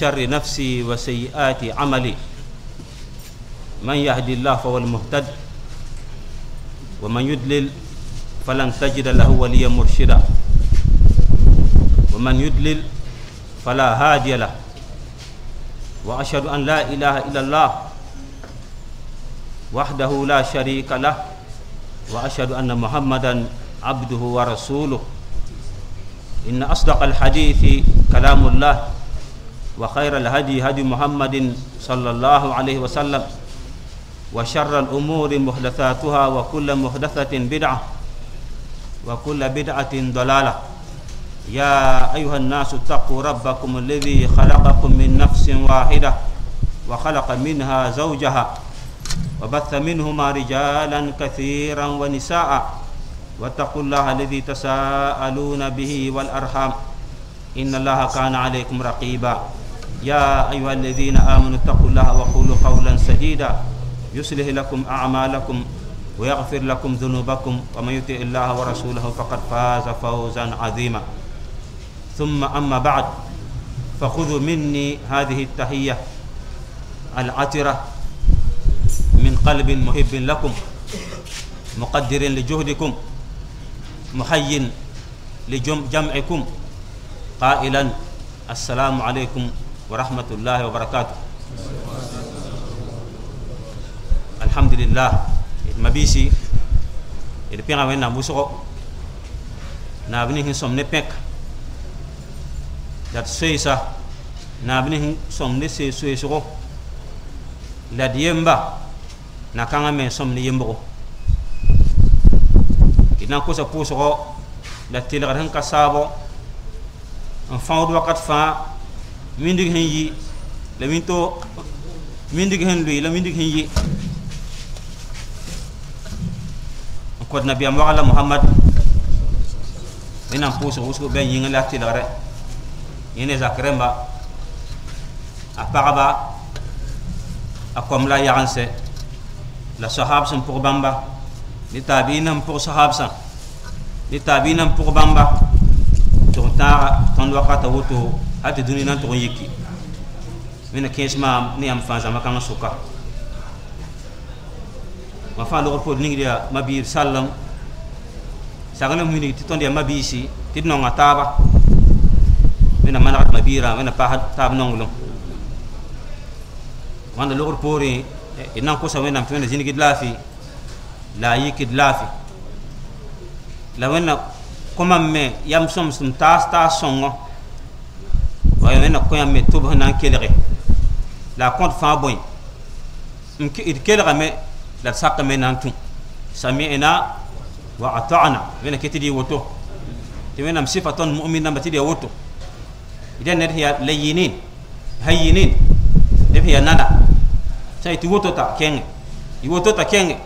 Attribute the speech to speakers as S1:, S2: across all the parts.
S1: شر نفسي وسيئات عملي من يهدي الله فهو المهتد ومن يدلل فلن تجد له وليا مرشدا ومن يدلل فلا هادي له واشهد ان لا اله الا الله وحده لا شريك له واشهد ان محمدا عبده ورسوله ان اصدق الحديث كلام الله وخير الهدي هدي محمد صلى الله عليه وسلم وشر الأمور محدثاتها وكل محدثة بدعة وكل بدعة ضلالة يا أيها الناس اتقوا ربكم الذي خلقكم من نفس واحدة وخلق منها زوجها وبث منهما رجالا كثيرا ونساء واتقوا الله الذي تساءلون به والأرحام إن الله كان عليكم رقيبا يا أيها الذين آمنوا اتقوا الله وقولوا قولا سديدا يصلح لكم أعمالكم ويغفر لكم ذنوبكم ومن يطع الله ورسوله فقد فاز فوزا عظيما ثم أما بعد فخذوا مني هذه التحية العطرة من قلب محب لكم مقدر لجهدكم محي لجمعكم قائلا السلام عليكم ورحمة الله وبركاته الحمد لله مبيسي إذا بينا وين نمسوه نابني هن سمني بيك دات سويسا نابني هن سمني سي سويسو لا ديمبا نكانا من سمني يمبو إذا كوسا بوسو لا تلغرهن كسابو ان فاود وقت فان min dig hen yi la min to min dig hen lui la min dig hen yi ko nabi am wala muhammad ina puso usko ben yi ngala ti lare ine zakremba a paraba a la yaganse la sahab sun pour bamba ni tabinam pour sahab san ni tabinam pour bamba tontara ton wakata ate dũni na n tʋg yiki wẽnna kẽes maam ne yãmb fãa zãma kãng sʋka ma fãa logr pod ningd yaa mabiir sallem saglem winig tɩ tõnd yaa mabiisi tɩ d nonga taaba wẽnna manegd mabiirã wẽnna paas taab nonglem wãnda logr poorẽ d eh, na n tɩ wẽnna zĩnigd laafɩ la a yikd laafɩ la wẽnna kõ mam me yam sõmsem taas taas wa yõ na kõa me tʋb sẽn na n kelge la a kõt fãa bõe d kelgame la d sakame na n tũ sami'na wa ata'na wẽna ket d woto tɩ wẽnnaam sifa tõnd mumin namba tɩ d ya woto dẽn ned sẽn yaa layinin hayinin deb sẽn yaa nana sã tɩ woto t'a kẽngẽ y woto t'a kẽngẽ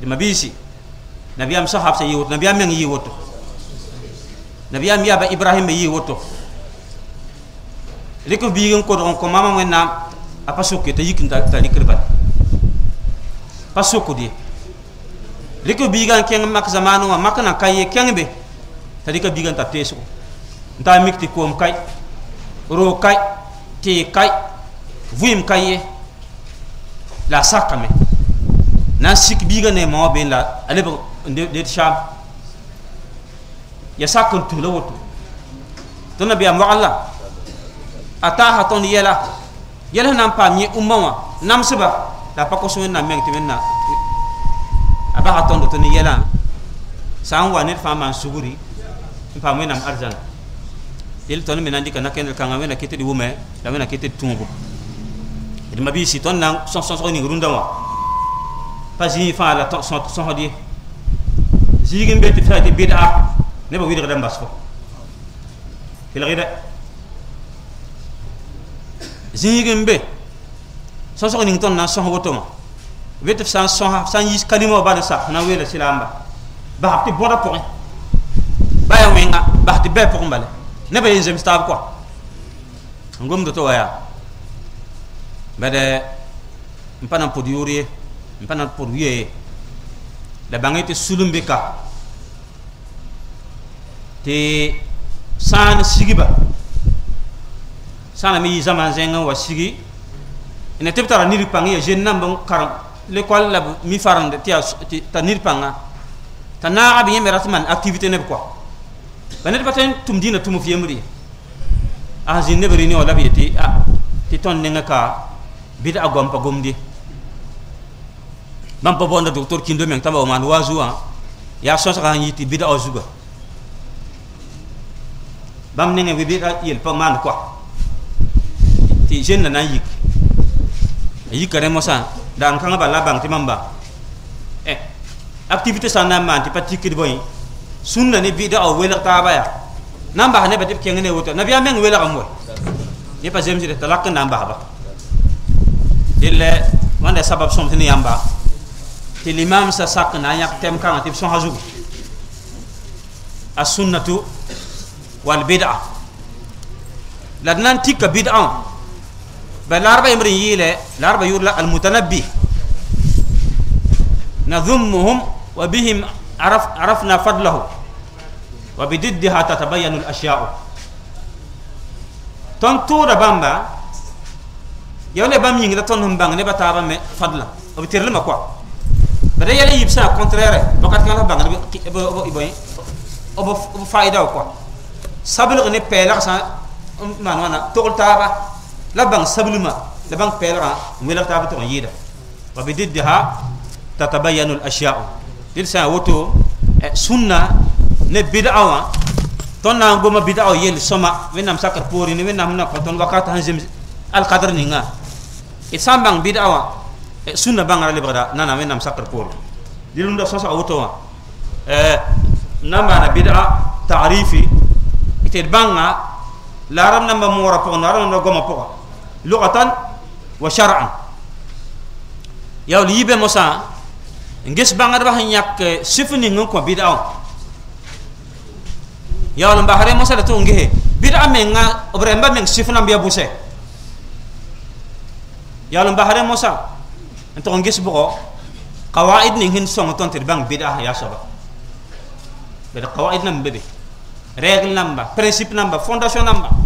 S1: d mabiisi nabiyaam sahab sẽn yɩ woto nabiyaam meng yɩ woto nabiyaam yaaba ibrahim me yɩ woto rɩk b biig n kodg n kõ mama wẽnnaam a pa sok ye t'a yik t'a rɩkr bala pa sokd ye rɩk b biigã keng mak zamaanẽ wã mak na ka ye be t'a rɩka biigã n tar teesgo n tar mik tɩ koom kae roog kae tɩɩ kae la sakame na n sik biigã ne ma wã la a leb n ded ya sak n tus la woto tɩ nabiyaam wagl ata haton yela yela nan pa mi umma wa nam pa ko na meng timenna aba haton to ni yela san wa ne fa man suguri pa mo nam arjal dil ton mi nandi kana kenel kanga wena kete di wume da wena kete tumbu et ma bi si ton nan son son ni runda wa pas yi fa la ton son son hodi jigin ti fa di bid'a ne ba wi de basko fil zĩig be sõsg ning tõnd na n sõs woto wã be tɩ f sã n sõsa sã n yiis bala sa na n weela sɩlaamba basb tɩ bõda pʋgẽ ba ya wẽnga bas tɩ bɛ pʋgẽ bale nebã yen zems taab koa n gomda tɩ wa yaa bad n pa na n pʋd yʋʋr ye n pa na n pʋd wiya ye la bãng tɩ sulum be ka tɩ sãan sigiba sana mi zaman zenga wa sigi ina tebtara niri pangi ya jenna bon karam kwal la mi farande tia ta niri panga ta na abi yeme ratman aktivite ne quoi banet baten tum dina tum fiyemri a zin ne berini wala bi ya a ti ton ne ngaka bida agom pa gomdi bam pa bonda doktor kindo men tamba o man wazu a ya so sa yiti bida ozuga bam ne ngi bida yel pa man kwa ti jen na nan yik yik kare mosa dan kanga ba labang ti mamba eh aktivitas sa nan man ti patikid boy sunna ni bida o welak ta ba ya nan ba ne batip kenge ne woto na biya meng welak amwe ni pa jem ti talak nan ba ba dille wanda sabab som ti yamba ti limam sa sak na yak tem kanga ti son hazu as sunnatu wal bid'ah la nan tikka bid'ah بلاربا يمرين يلا لاربا يورلا المتنبي نذمهم وبهم عرف عرفنا فضله وبضدها تتبين الأشياء تنتور بامبا يوم بام ينجد تنهم بان نبا تابا من فضلا وبتير لما كوا بدا يلا يبسا كونترير بقات كان بان يبوين أبو فايدة كوا سابلغ نبالغ سان مانوانا تغل تابا la bang sabluma la bang pɛɛlgã n welg taab tɩg n wa bi diddha tatabayanu al dil sa woto sunna ne bid'a ton na n goma bid'a yel soma wenam sakar pori ne wenam sẽn na ton tõnd wakat al zems alkadr ninga d sã n bãng bid'a bang ala libra na na wenam sakar pori dil ndo sosa woto wa eh na n maana bid'a taarifi ite d laram la ma namba moora pʋgẽ na goma pʋga lughatan wa shar'an yaw li yibe mosa ngis bangar wax ñak sifni ngun ko bid'a yaw lan bahare mosa da to ngehe bid'a me nga obremba me sifna biya buse yaw lan bahare mosa ento ngis bugo qawaid ni hin song ton tir bang bid'a ya saba bada qawaid nam bebe règle namba principe namba fondation namba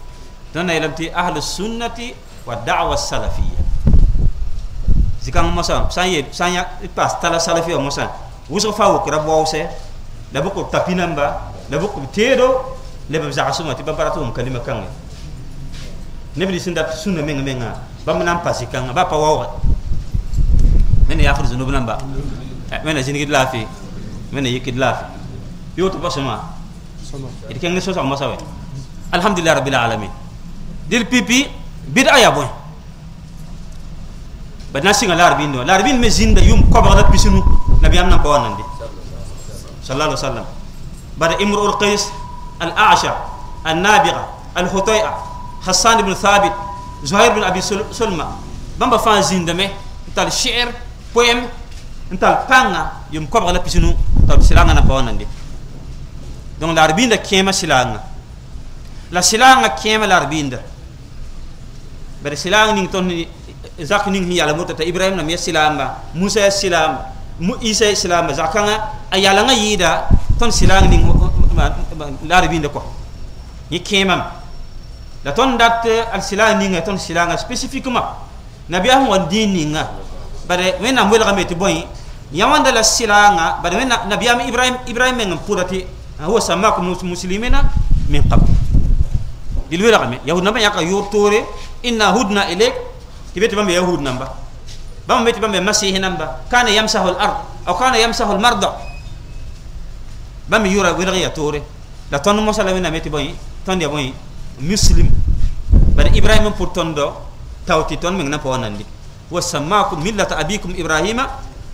S1: دون يلمتي أهل السنة والدعوة السلفية زكان مسا سانيا سانيا باس تلا سلفية مسا وسو فاو كرب واوسة لبوك تبينamba لبوك تيرو لبوك زعسوما تبى براتهم كلمة كانوا نبي سندا سنة مين مين بمنام باسي كان بابا واو من يأخذ زنوب نمبا من زنيك لافي من يكيد لافي يوتو بسما إذا كان نسوس عمسا الحمد لله رب العالمين dil pipi bid aya boy badna singa larbin do larbin me zinda yum ko bagala pisinu nabi amna ko wanande sallallahu alaihi wasallam bada imru al qais al a'sha al nabiga al hutay'a hasan ibn thabit zuhair ibn abi sulma bamba fa zinda me tal shi'r poem tal panga yum ko bagala pisinu tal silanga na ko wanande donc larbin da kema silanga la silanga kema larbin da bare silang ning ton zak ning hi yala mutata ibrahim nam yasilamba musa yasilamba mu isa yasilamba zakanga ayala nga yida ton silang ning larbi ndako ni kemam la ton dat eh, al silang ning ton silanga specifiquement nabi ahmu wadin ninga bare wena mwela gamete boy yawanda la silanga bare wena nabi am ibrahim ibrahim ngam purati huwa samakum muslimina min qabl dilwela gamet yahud namba yaka yortore inna hudna ilayk tibeti bambe yahud namba bambe meti bambe masih namba kana yamsahu al-ard aw kana yamsahu al-marda bambe yura wilghi tore la ton musala wina meti boy ton ya boy muslim bada ibrahim pour ton do tawti ton mingna ponandi wa sammakum millata abikum ibrahima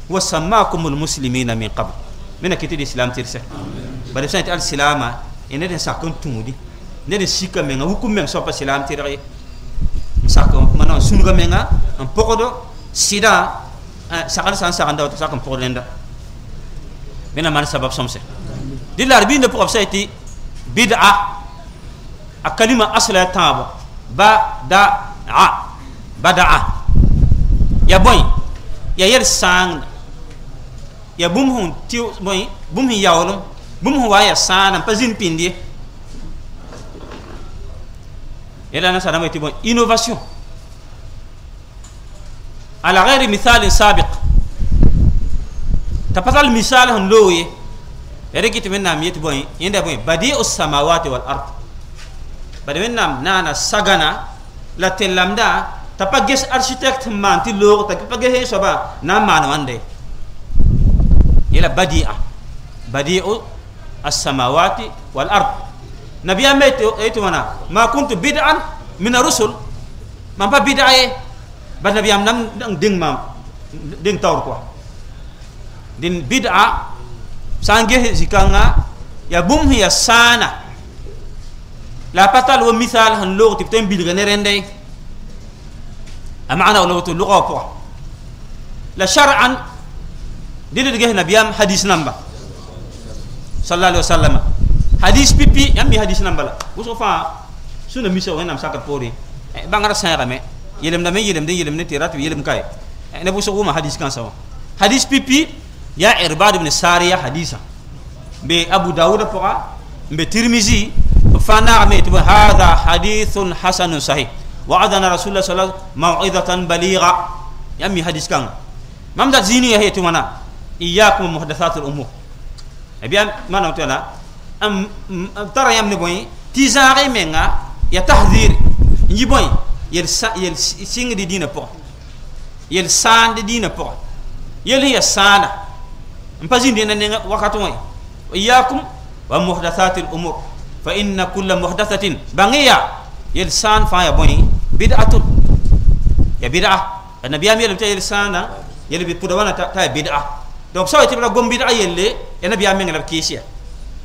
S1: wa sammakum al-muslimina min qabl mena kiti islam tirse bada sanati al-silama ene den sakon tumudi ne den sikka menga hukum men sopa silam tirse sakom mana sunuga menga an pokodo sida sakal san sakanda to sakom lenda bena man sabab somse dilar bi ne pokop saiti bid'a a kalima asla tabo ba da a bada'a ya boy ya yer sang ya bumhun ti boy bumhi hin yawlo bum hun wa ya sana pazin pindi Et là, ça été bon. Innovation. À la غير مثال سابق. تبطل مثال هنلوي. يريكي من نام يت بوين يندا بوين بديع السماوات والأرض. بدي من نام نانا سجنا لا تلامدا تبقيس أرشيتكت مان تلوغ تبقيه شبا نام مان وندي. يلا بديع بديع السماوات والأرض. nabi amma eh, itu mana ma kuntu bid'an min rusul mampa bid'a ye eh. ba nabi am nam ding mam ding tawr ko din bid'a sange zikanga ya bum hiya sana la patal wo misal han lo tip tem bil gane rende amana wala to luqa po la shar'an dilu ge nabi am hadis namba sallallahu alaihi wasallam hadis pipi yang yambi hadis nambala buso fa suna misa wena saka pori bangara sayra me yelem da me yelem de yelem ne tirat yelem kai ne buso wuma hadis kan sawa hadis pipi ya irbad ibn sariya hadisa be abu daud pora be tirmizi fa na me to hada hadithun hasanun sahih wa'adana rasulullah sallallahu alaihi wasallam mau'izatan baligha yammi hadis kan mamda zini ya hetu mana iyyakum muhdathatul umur ebian mana utala ام ترى يا ابني بوين تيزاري مينغا يا تحذير ني بوين يل سا يل سينغ دي دينا بو يل سان دي دينا بو يل هي سانا ام بازين دينا نينغا وياكم ومحدثات الامور فان كل محدثه بغيا يل سان فا بوين بدعه يا بدعه النبي امير تاع يل سانا يل بي بودوانا تاع بدعه دونك سويتي بلا غومبيدا يل لي النبي امير كيشيا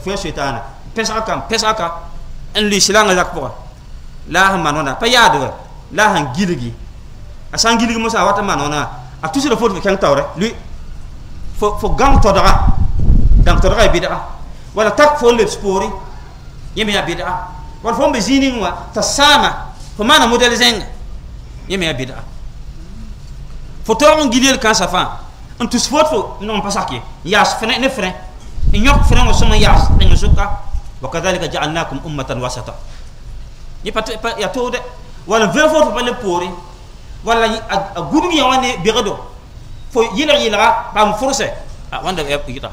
S1: fo shaytana pesa kam pesa ka en li silanga zak la han manona pa yadwa la han giligi a san giligi musa wata manona a tusi da fotu kan tawre lui fo fo gam todara gam todara wala tak fo le spori yemi ya wala fo bezini wa tasama fo mana model zenga yemi ya fo to toron gilel kan safa on tus fotu non pasaki ya fene ne fene inyok frango sama yas dengan suka wa kadzalika ja'alnakum ummatan wasata ni pat ya to de wala vefo to pale pori wala gurmi ya wane gado fo yila yila bam forse a ah, wanda ya kita ya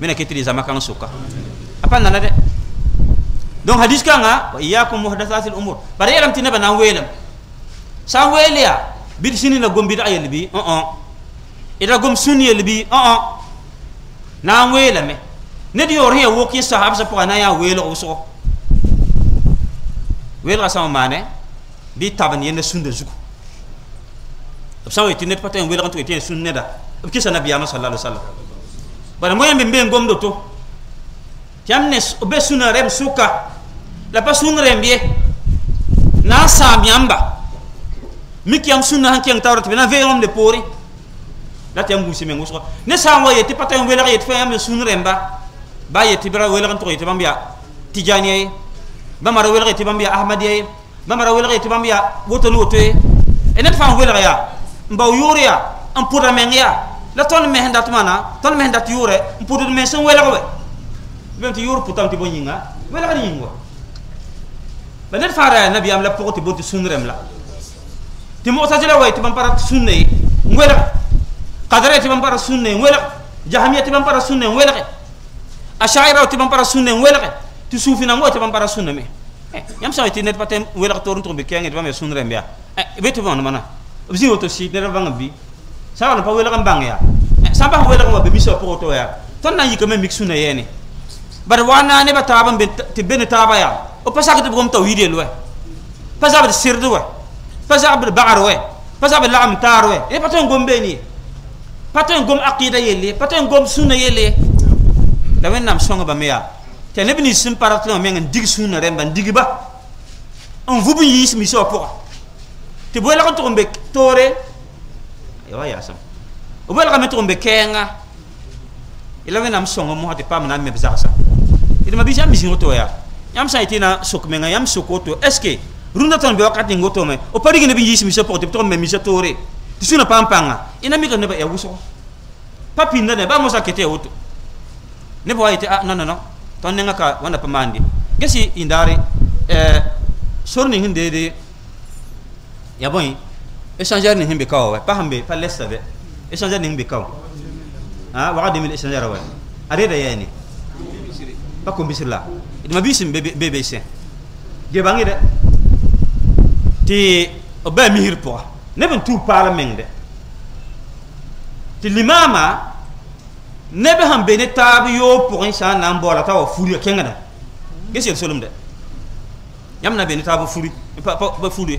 S1: mena kitri zama kan suka apa nana de Dong hadis kanga wa iyyakum muhdatsatil umur bare yaram tinaba na welam sa welia ya, bid sinina gombi da ayelbi ya uh uh ida gom sunni yelbi uh uh na n weelame ned yoor sẽn ya wok yẽ sahabsã pʋga na n yaa weelg wʋsgo weelga sã n maane bɩ y tab n yenda sũnda zugu b sã n we tɩ ned pa tɩ n welg n tɩ we tɩ yen sũnd neda b kɩsa nabiyaamã sal ali sallam bara moyã me n been gomdo to tɩ yãmb ne b be sũna rẽb sʋka la pa sũnd rẽmb ye na n sãam yãmba mik yãmb sũnã sẽn kẽng taoor tɩ b na veegemde poorẽ la tɩ yam gũuse meng wʋsga ne sã n wa yetɩ pa ta yẽ welg yetɩ fa yãmb n rẽmba ba yetɩ bra welg n tʋg yetɩ bãmb yaa tijania ye bãmb ra welg yetɩ bãmb yaa ahmadia ye bãmb ra welg yetɩ bãmb yaa woto woto ye ned fãa welg yaa n bao yʋʋr yaa n pʋda meng yaa la tõnd mes n dat maana tõnd mes n dat yʋʋrɛ n pʋdd me sẽn welg we bɩm tɩ yʋʋr pʋtame tɩ bõe yĩnga welgd yĩng wa ba ned fãa ra yaa nabiyaam la pʋg tɩ bõn tɩ sũn rẽm la tɩ mʋgtazɩla wa tɩ bãmb pa ra tɩ sũnna ye n welg qadariya ti bampara sunne wela jahamiya ti bampara sunne wela ashaira ti bampara sunne wela ti sufina mo ti bampara sunne me eh, yam sa ti net patem wela torun to be kenga ti bambe ya sunre mbia ya. e eh, betu mana bisi woto si ne rabanga bi sa wala pa wela kan bangya eh, samba wela kan be biso ko ya ton nan yikame mixuna yene bar wana ne bataba be ti bene taba ya o pasak ti bom tawhidi lo pasab sirdu wa pasab bagar wa pasab lam tar wa e paton gombe ni patan gom aqida yelle patan gom sunna yelle la wẽnnaam sõngba me yaa tɩ neb nins sẽn parat tɩ meng n dig ba rẽmba n digba n vub n yiis misã wã pʋga tɩ la n tʋg n be toore wa yaasem boelgame tʋg la wẽnnaam sõng mosã tɩ paam na n meb zagsa dma bɩ yãmb zĩ woto yaa yãmb ya yam yetɩ na sok menga yãmb yam woto est ce que rũndã ton be wakat ning wotome o pa rig neb n yiis misã pʋgẽ tɩ b me ti sẽna pa neba ina mika neba ya wuso papi nda ne ba mosa kete ya woto neb wa yetɩ a ah, no tõnd nengã ka wãnda pa maande ges yĩndaare sor ning sẽn ya boy, échangeur e ning himbe kawa pa hambe pa lesta be pa e lɛsa himbe kawa ha be mil échangeur e wa ade reeda yani pa kombisr la d ma biis n bangi be sẽ gebãngẽ dɛ neb n tu paal meŋ tɩ limaama neb sẽn be ne taab yoo pʋgẽ sã n na n baoola t'a wa furi a kẽngdã ges yel solem de yãmb na be ne taab furi ba furi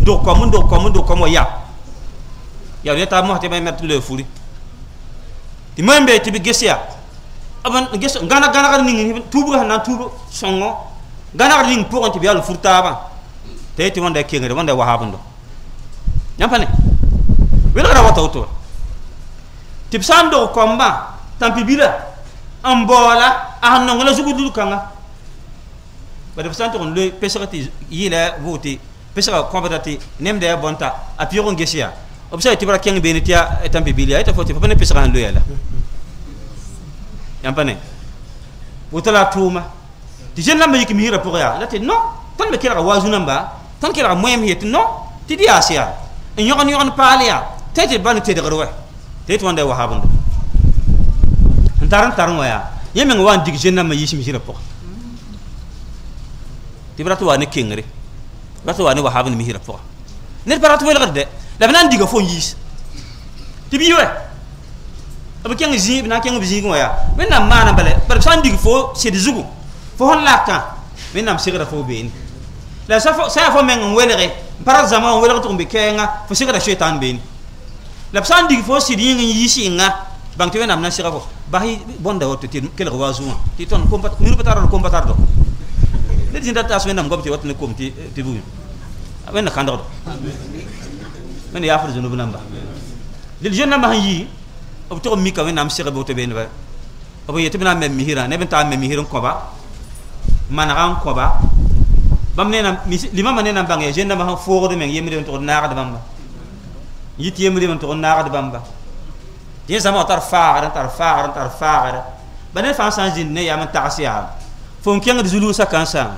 S1: dog kom n dog kom n dog kom wa ya yaa ne taab mosã tɩ mam tɩ b la furi tɩ mam be tɩ b ges ya ges gãna gãnegd ning tuubga sẽn na n tuub sõngo gãnegd ning pʋgẽ tɩ b yaa l fur taabã t'a yetɩ wãnda kengre wãnda wahabẽndo ñam fa wela ra wata wuto tip sando komba tampi bila ambola ahno ngola zugu dulu kanga ba def santo le pesakati yila voti pesaka nem de bonta apiro ngesia obsa tibra keng benitia eh, tampi bila eta foti fapane pesaka han loyala yam pa wutala tuma ti jenna ma yikmi hira pour ya ti non tan me kira wazunamba tan kira moyem yet non ti di asia n yõgn yõgn paal yaa tɩ tɩ bal n tedgr wɛ tɩ tɩ wãnda wahabn do wa yaa yẽ meng wa n dig zẽnnãmbã yiism zĩrã pʋgẽ tɩ b wa ne kengre b wa ne wahab ne misrã pʋgẽ ned pa rat welgd dɛ la b na n diga fo n yiis tɩ b yi wɛ na n kẽng b zĩigẽ wã yaa wẽnnaam maana bala bala b sã dig fo sed zugu fo sẽn la a kã wẽnnaam segda fo beene la sa yaa fo meng n para zama wela to be kenga fo sikara shaitan be la san dig fo si yin yi si nga bang te wenam sira ko bahi bonda wotu ti kel ko wazu ti ton kombat niru pataro kombatar do le jinda tas wenam gobti wotu ne komti ti bu wenna kandor do men ya fur zunubu namba lil jonna ma yi ob to mi ka wenam sira bo to be ba ob yetu na mem mihira ne ben ta mem mihiron ko ba manaran ko ba bam nena limama nena bange jenda ma fogo de men yemre to naara de bamba yit yemre men to naara de bamba ye zama tar faara tar faara tar faara banen fa san jin ne ya taasiya fon kenga de zulu sa kansa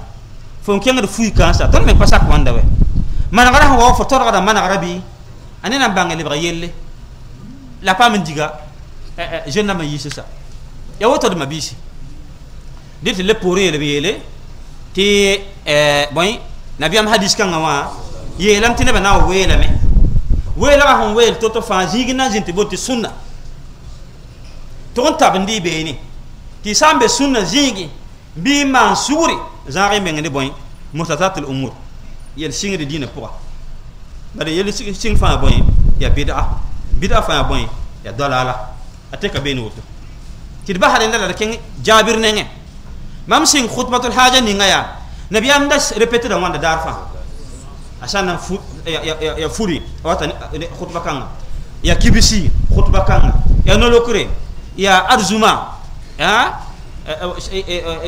S1: fon kenga de fui kansa ton men pasak wanda we man gara ho fo torga da man arabi anena bange le yelle la pam diga eh, eh, jenda ma yisi sa ya de mabisi dit le pourri le yelle ti boy nabiyam hadis kan wa yelam ti neba na wela me wela ba hon wel to to fa jigi na jinti boti sunna to on tabndi be ni ti sambe sunna jigi bi mansuri zare me ngende boy mustatat al umur yel singri dina pour bare yel sing fa boy ya bid'a bid'a fa boy ya dalala ateka be ni woto ti bahare ndala ken jabir nenge مام سين خطبة الحاجة نينغايا نبي أمدا ريبيتي دعوان دارفا عشان نف يا يا يا يا فوري وات خطبة كان يا كيبسي خطبة كان يا نولوكري يا أرزوما يا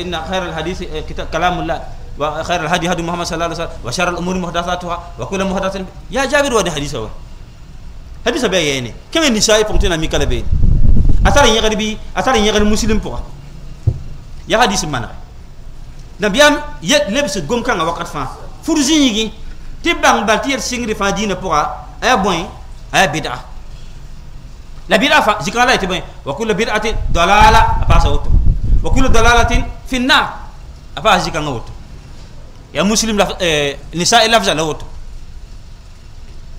S1: إن خير الحديث كتاب كلام الله وخير الهدي هدي محمد صلى الله عليه وسلم وشر الأمور محدثاتها وكل محدثة يا جابر وادي حديثه حديثه بيعني كم النساء فقط نامي كلبين أثر يعني غربي أثر يعني غير مسلم فقط ya hadis mana na ya, biam yet lebs gom kanga wakat fa furzi yigi ti bang batir singri fa dina pora ay boy ay bid'a la bid'a fa zikala ti boy wa kullu bid'atin dalala apa sa auto wa kullu dalalatin apa zikra ya muslim la eh, nisa lafza la auto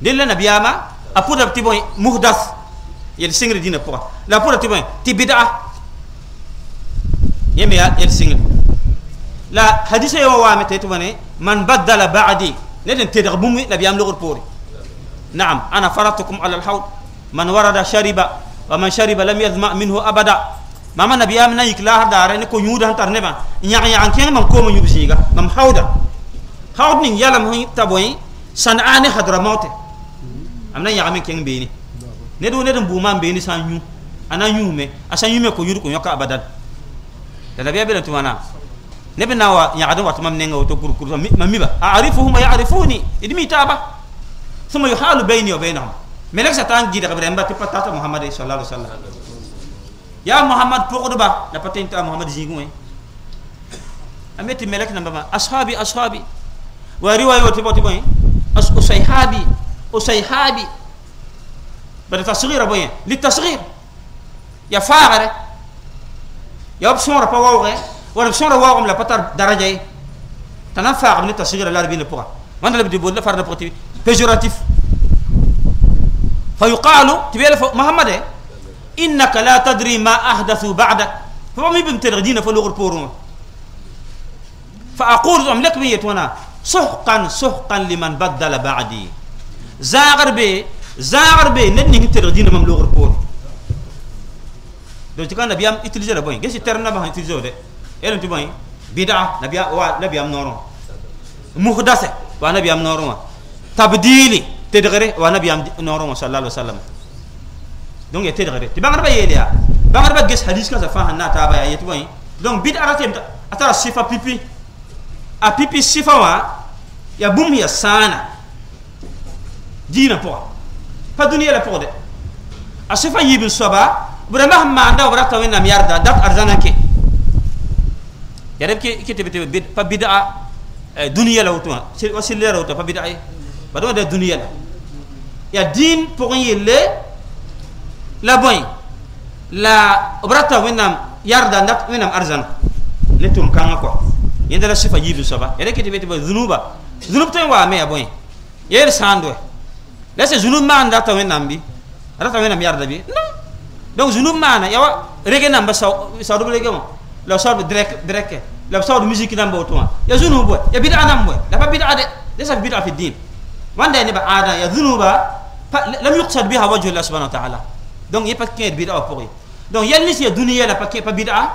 S1: dilla nabiyama ah, apuda ti boy muhdath yel singri dina pora la pora ti boy ti bid'a يمي يل سينغل لا حديث يوا وامي تيتوني من بدل بعدي لين تدغ بومي نبي ام لغور بوري نعم انا فرضتكم على الحوض من ورد شرب ومن شرب لم يظما منه ابدا ماما نبي ام نايك لا دار نكو يودا تر نبا نيا نيا ان كان من كوم يبسيغا مم حوضا حوض نين يلم هي تبوي سنعان حضر موت امنا يا امي كين بيني ندو ندو بومان بيني سان يو انا يومي اسان يومي كو يوركو يوكا ابدا لا بيا بلا تمانا نبنا وا يعدم وقت ما منين أو تقول كرز ما ميبا أعرفهم يعرفوني إدمي تابا ثم يحال بيني وبينهم ملك ستان جيدا قبل أن بات بات محمد صلى الله عليه وسلم يا محمد بقول با نبتين تا محمد زيغوي أميت ملك نبما أصحابي أصحابي ورواية وتبات بوي ياب سورة فواوغة ولا سورة واغم ملا بتر درجة تنفع من التصغير العربي لبقى من اللي بدي بقول له فرد بقتي بيجوراتيف فيقال تبي محمد إنك لا تدري ما أحدث بعدك فما مي بنتر دينا فلوغر بورون فأقول أم لك ميت وانا سحقا سحقا لمن بدل بعدي زاغر بي زاغر بي ندني هنتر دينا مملوغر بورون donc quand nabi am utiliser le boy gesi terme na ba utiliser de elen tu boy bid'a nabi wa nabi am noron muhdasa wa nabi am noron tabdili tedgare wa nabi am noron sallallahu alaihi wasallam donc ya tedgare ti bangar ba yelia bangar ba ges hadith kan sa fa hanna ta ba ya tu boy donc bid'a ratem atara sifa pipi a pipi sifa wa ya bum ya sana dina po pa dunia la po de a sifa yibin soba برا مهما عنده برا توين نم ياردا دات أرزانا كي رب كي كي تبي تبي بد فبدعة دنيا لو تونا وسيلة لو تونا فبدعة بدو ده دنيا لا يا دين بقول يلي لا بوين لا برا توين نم ياردا دات توين نم أرزانا نتوم كانا كوا يندلا شفا يلو سبا يارب كي تبي تبي ذنوبا ذنوب توين وامي يا بوين يير ساندوه لسه ذنوب ما عنده توين نم بي رتا وين نم ياردا بي نعم donc nous mana yawa reggae namba saw saw do reggae mo la saw direct direct la saw musique namba otuma ya bo ya bid'a namba la ba bid'a de lesa bid'a fi din wanda ni ba ada ya ba lam yuqsad biha wajhu allah subhanahu wa ta'ala donc il pas qu'un bid'a pour eux donc yel ni ya dunia la paquet pas bid'a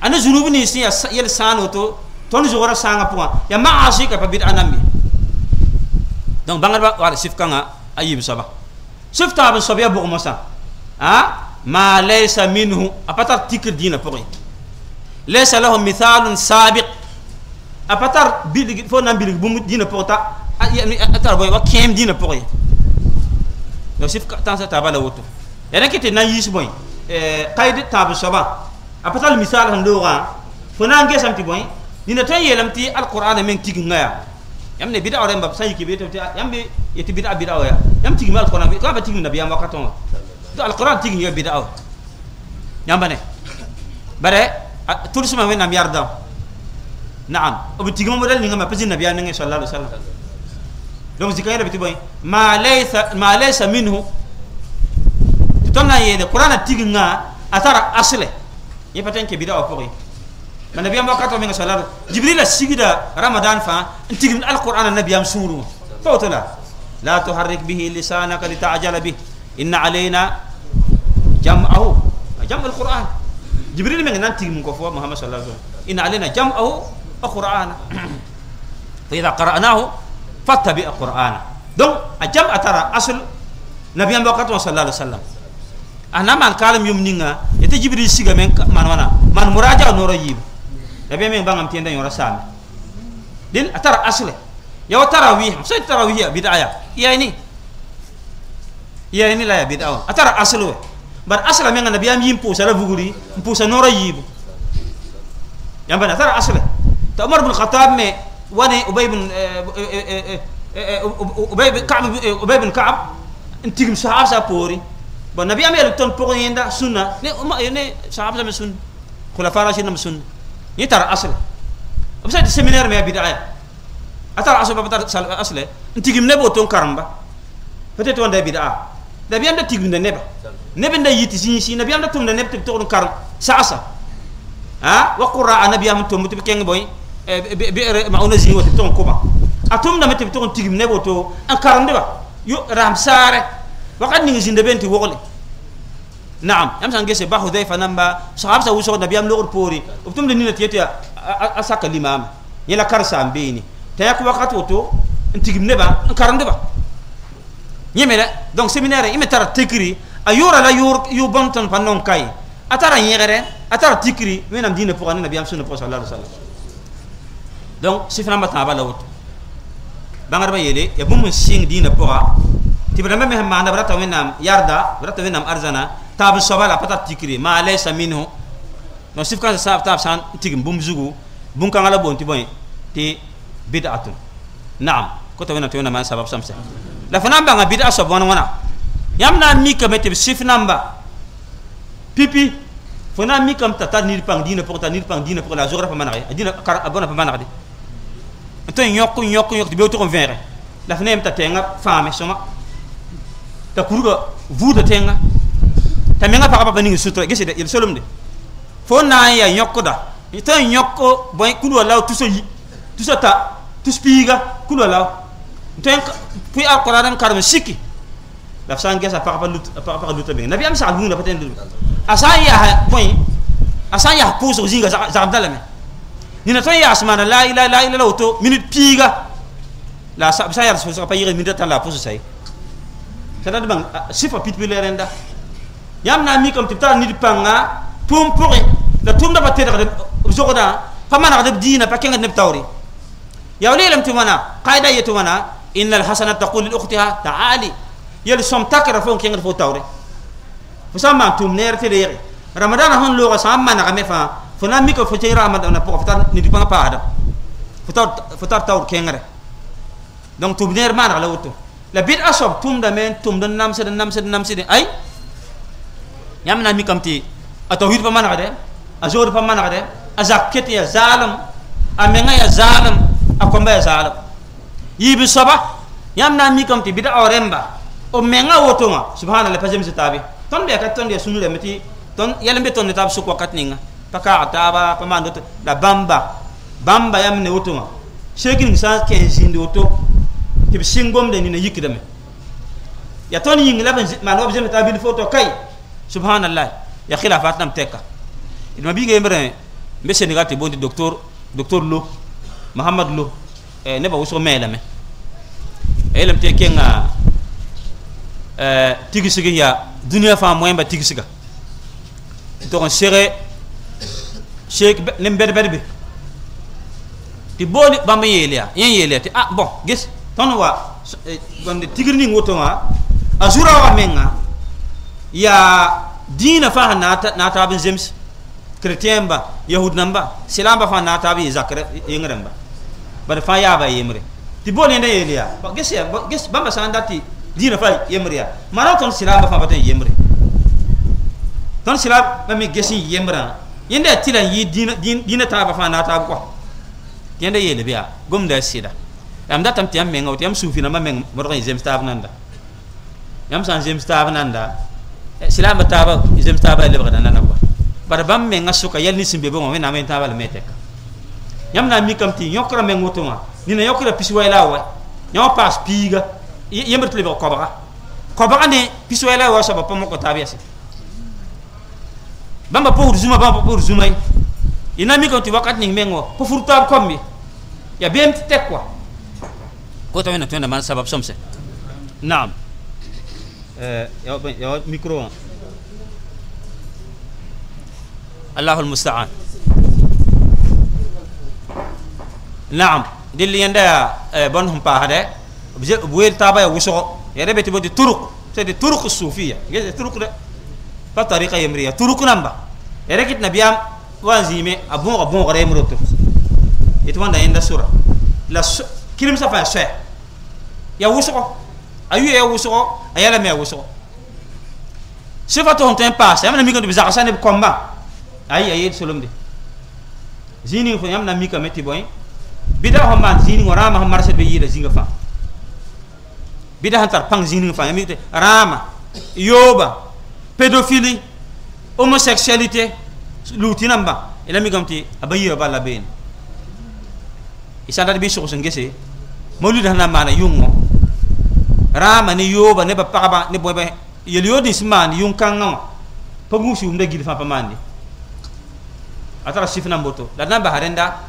S1: ana zunub ni si yel sano to ton wara sanga pour ya ma'asi ka pas bid'a nambi donc bangar ba wala sifkanga ayib sabah sifta ba sabiya bu mosa ha ما ليس منه أبتر تكر دينا بقي ليس له مثال سابق أبتر بيلغ نام بيلغ بوم دين بورتا يعني أتر بوي وكيم دينا بقي لو كتان تانسا تابا لوتو يعني كتير نيس بوي إيه، قيد تاب سبا أبتر المثال هندورا فونا نجس أمتي بوي نينا تاني تي القرآن من تيجي نعيا yam نبيدا أورين ore mbab sayi ki beta yam be yeti bida bida oya yam tigi mal kona ko ba do Quran tigi yo ya, bida o nyambane bare tulis suma wen am yardam na'am obu tigi mo dal ni ngama nabi nabiya ni sallallahu alaihi wasallam donc zikaya bi tiboy ma laysa ma laysa minhu tonna ya, yede quran tigi nga atara asle ye paten ke bida o pori man nabiya mo kato min sallallahu jibril sigida ramadan fa tigi nabi nabiya suru fawtala la tuharrik bihi lisanaka litajala bihi inna alaina jam'ahu nah, jam al-Qur'an Jibril mi nanti mu ko fo Muhammad sallallahu alaihi wasallam inna alaina jam'ahu wa qur'ana fa idha qara'nahu fattabi' alquran. donc a jam atara asl nabi am bakatu sallallahu alaihi wasallam ana ah, man kalam yum ninga Jibril siga men man wana man muraja no yib nabi men bangam tienda yo rasal din atara asle yaw tarawih so tarawih ya, bid'ah ya, ya ini iya ini lah ya bid'ah atara aslu bar asla yang nabi am yimpu sala buguri mpu sa nora yibu yang bana atara asla ta umar bin khattab me wani ubay bin eh, eh, eh, ubay bin ka'b ubay bin ka'b intigim sahab sa pori ba nabi am yel ton pori yenda sunna ne umma ne sahab sa sun khulafa rashidin sun ni tara asla di seminar me ya, bid'ah ya? atara asla atara asla intigim ne bo ton karamba peut-être on beda nabiyam da tigunda neba neba da yiti zinsi nabiyam da tumda neba tib tokon karam sasa ha wa qur'a nabiyam tum tib keng boy bi mauna zin wa tib tokon kuma atum da metib tokon tigim nebo to an karam deba yo ram sare waqad ni zin da benti wogle نعم أمس أن جسي بحو ذي فنما صحاب سووا صوت نبيام لغر بوري وبتم دنينا تيتي أساك الإمام يلا كرسان بيني تياك وقت وتو انتجم نبا انكرم نبا ñemere donc séminaire ime tara tekri a ah, yora la yu bonton pa non kay atara yegere atara tikri wenam dine pour annabi am sunna sallallahu alaihi wasallam donc sifna mata bala wot bangar bayele ya bum sing dine pour tibra meme ha manda brata yarda brata wenam arzana tab sobala pata tikri ma laysa minhu hein. no sifka sa tab san tigim bum zugu bum kangala bon ti bon ti bid'atun na'am ko tawena tawena ma sabab samsa la fa na n bãnga bɩd a soab wãn na n mikame tɩ b namba pipi fo na n mikame t'a tar nir pãng dĩinã pʋgẽ tar nir pãng la a zogra pa manege a bõna pa manegde n tõe n yõk be yõk n yõk tɩ beo tʋg n vẽege t'a tɛɛngã fãame sõma t'a t'a menga pagba pa ning sutra ges yel-solemde fo n na n yaa yõkda tõe n yõk bõe kũlwa lao tusa yi tusa ta tus piiga kũlwa lao tõen pʋɩ alqurana n karem siki la b sã n gɛsa pagba luta meng nabiyam sagl bũngda pa tẽn luta a sã n yaas bõe a sã n yaas pʋʋsg zĩnga zagmda lame nina tõe n yaas maana la ila la ila la woto ah, minit la b sã n yals pa yɩg minita la a pʋsg saye sẽn dat bãng sɩfa pit bɩ lɛ rẽnda yãmb na n mikame tɩ b tara nid pãnga tʋʋm pʋgẽ la tʋʋmda pa tẽdgd b zogdã pa manegd b diinã pa kẽngd ne b taoore yaa leelame tɩ wãna إن الحسنة تقول لأختها تعالي يل سوم تاكر فون كينغ فو تاوري فسما توم نير في ريغي رمضان هون لو لوغا سما نغمي فا فنا ميكو فتي رمضان بو فتار ني با بادا فتار فتار تاور كينغ دونك توم نير مان على وتو لا بيت اسوب توم دا مين توم دا نام سد نام سد نام سد اي يامنا ميكامتي اتوحيد بمان غدا ازور بمان غدا ازاكيت يا زالم امينا يا زالم اكومبا يا ظالم yibi soba yam na mi kam ti bida oremba o menga wotonga subhanallah pajem sitabi ton de kat ton de sunu remeti ton yalembe ton tab su ko katninga paka ataba pamando da bamba bamba yam ne wotonga shekin sa ke jinde woto ti singom de ni na yikidame ya ton yingi laban ma no bjem tabil foto kai subhanallah ya khilafat nam teka idma bi ngemre mbe senegal ti bondi docteur docteur lo mohammed lo Eh, ne neba wʋsg mɛɛlame yeelame tɩ kenga eh, eh tigsg n yaa dũniyã fãa moẽmba tigsga n tog n sege sheek nembɛd-bɛd be tɩ boole bãmb n yeel yaa yẽ yeel yaa tɩ a bõn ges tõnd wa bõnd tigr ning woto wã a wa menga Ya dĩinã fa sẽn na a taab n zems chrétien ba yahud nãmba silamba fãa na a taab yɩ bar fa ba yemre ti bone nda yeliya ba gesi ya gesi bamba sanda ti dina fa yemre ya mara ton ba fa bata yemre ton silab ba mi gesi yemra yende tilan yi dina dina ta ba fa na ta kwa yende yele biya gomda sida am tam ti am ngaw ti am sufi na ma meng mo ron jem stab nanda yam san jem stab nanda ta taba jem ba le ba nanda ba ba bam menga yel ni simbe bo mo na ta ba le metek yam mi kam ti yokra ni na yokra wa yam pas piga yam ba ne wa de pa moko bamba pour zuma bamba pour zuma ina mi kam ti wakat ni mengo po furta kombi ya bem tekwa ko to na man sabab somse eh, micro Allahul musta'an نعم دل يندا آه، بنهم باهدا بوير تابا وسو يا ربي تبغى طرق تبغى طرق الصوفيه جزء طرق ده فطريقه يمريه طرق نمبا يا ركيت نبيام وانزيمة ابون ابون غري مرتو يتوان ده يندا سوره لا كلمه سفا سه يا وسو أيوة يا وسو ايا لما يا وسو صفاتهم تن باس يا من ميكن بزاقسان بكمبا اي اي سلم زيني فيام نميكا متي بوين bida ho man zini ngo rama ho marse be yida zinga fa bida hantar pang zini fa yami te rama yoba pedofili, homosexualité luti namba ila mi gamti abayi ba la ben da bi so ngese mawlid hana mana yungo rama ni yoba ne ba ba ne bobe yodi sman yung kanga pagusi umda gilfa pamandi atara sifna mboto la namba harenda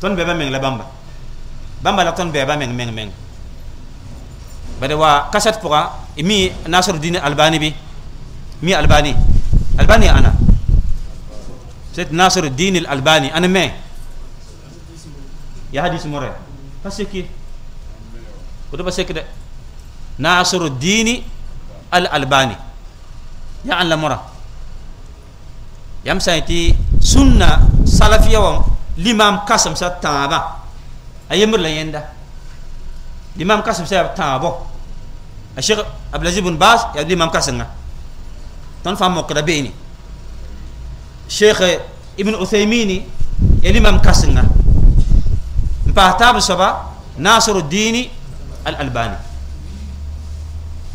S1: ton beba meng la bãmba bãmba la tõnd bɛɛbã meng meng meŋ bad wa kasat pura mi nasrudin albani bi mi albani albani ana c'est nasrudin albani ana me ya hadis more pa seki woto pa seki de nasrudin al albani ya an la mora yam sayti sunna salafiya كاسم limam kasam sa taba ayemir la yenda limam kasam sa tabo ashir ablazi bun bas كاسم limam kasanga ton famo krabeni شيخ ابن عثيمين كاسم كاسنغا باتاب سبا ناصر الدين الالباني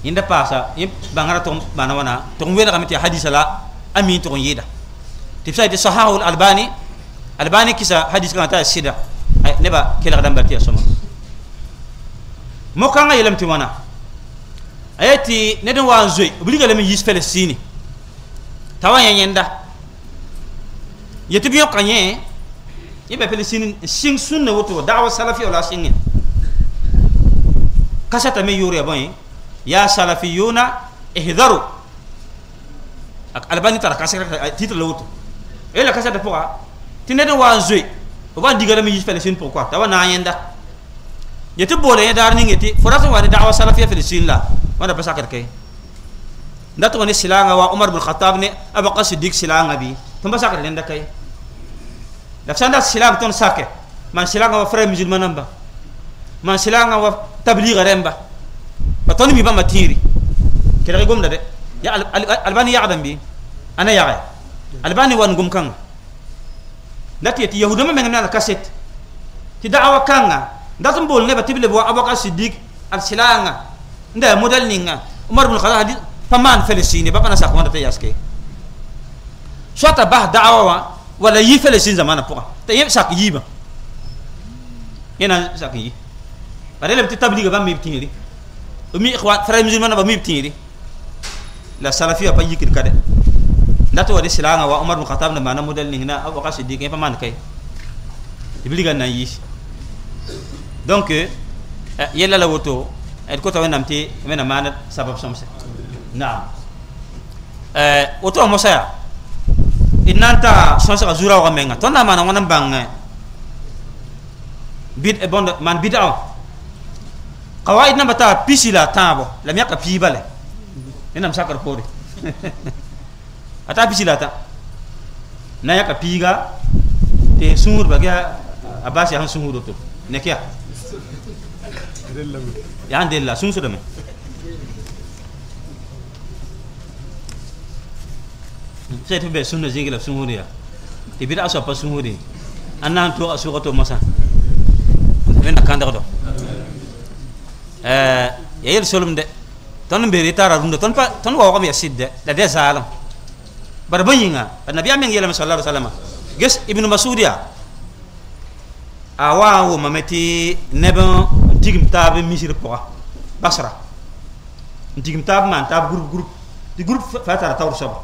S1: يندا باسا بانغراتوم بانوانا تومبينا غاميتي حديث لا امين تون ييدا تفسا دي صحاح الالباني albani kisa hadis kan ta sida neba kila gadan batiya soma mo kan yelam timana ayati nedon wan zoy obliga lem yis palestine tawan yenda yeti kanye ibe palestine sing sunna woto da'wa salafi wala singin kasata me yuri abon ya salafiyuna ihdaru albani tara kasata titre lawto ila kasata poa ti ned n wa n zoe b wan diga lame yis palestine pʋg koa t'a wa na n yẽnda yẽ tɩ boole yẽ daar ninge tɩ fo rat n wa ne dawa salafia palestine la wãnda pa sakd ke da tɩ wa ne silanga wa omar bn khatab ne abaka sidik silanga bɩ tɩ n pa sakd rẽnda kaye la b sã n dat silang tõnd sake maan silanga wa frɛ musulma namba maan silanga wa tabliga rẽmba pa tõnd mi bãmba tĩiri kelg gomda de albani yagdẽn bɩ ana yagɛ albani wan gom kãnga dati yeti yahuda ma mengna kaset ti da'awa kanga datum bol ne batible bo abaka siddiq al silanga nda model ninga umar bin khattab hadith paman felesini bapana sa kwanda tayaske swata bah da'awa wa wala yi felesin zamana poka ta yem sak yiba yana sak yi barelem ti tabliga bam mi tiniri umi ikhwan frère musulman ba mi tiniri la salafiyya pa yikir kade ndato wadi silanga wa umar bin khattab na mana model ni hina abu bakar siddiq pa man kay ibli gan nan yi donc eh, yella la woto et eh, ko tawen namti mena mana sabab somse na eh woto mo saya inanta sonse ka zura wa menga tonna mana wonam bang bid e eh, bon man bid'a qawaid namba ta pisila tabo lam yaqa fi bale enam sakar kore ata pisilata na yaka piga te sungur bagya abasi han sungur to ne kya ya ande la sun su da me sai ta bai sunna jingila sungur ya te bi da aso pa sungur an nan to aso to masa men da kandar do eh yayil solum de ton be ritara dum de ton pa ton wa ko mi sidde da de salam barba yĩnga bad nabiyaam meng sallallahu sala wasallam ges ibnu masud yaa a wa n wʋmame tɩ neb n tigim basra digim tab man tab maan taab di grup fatara tawr fa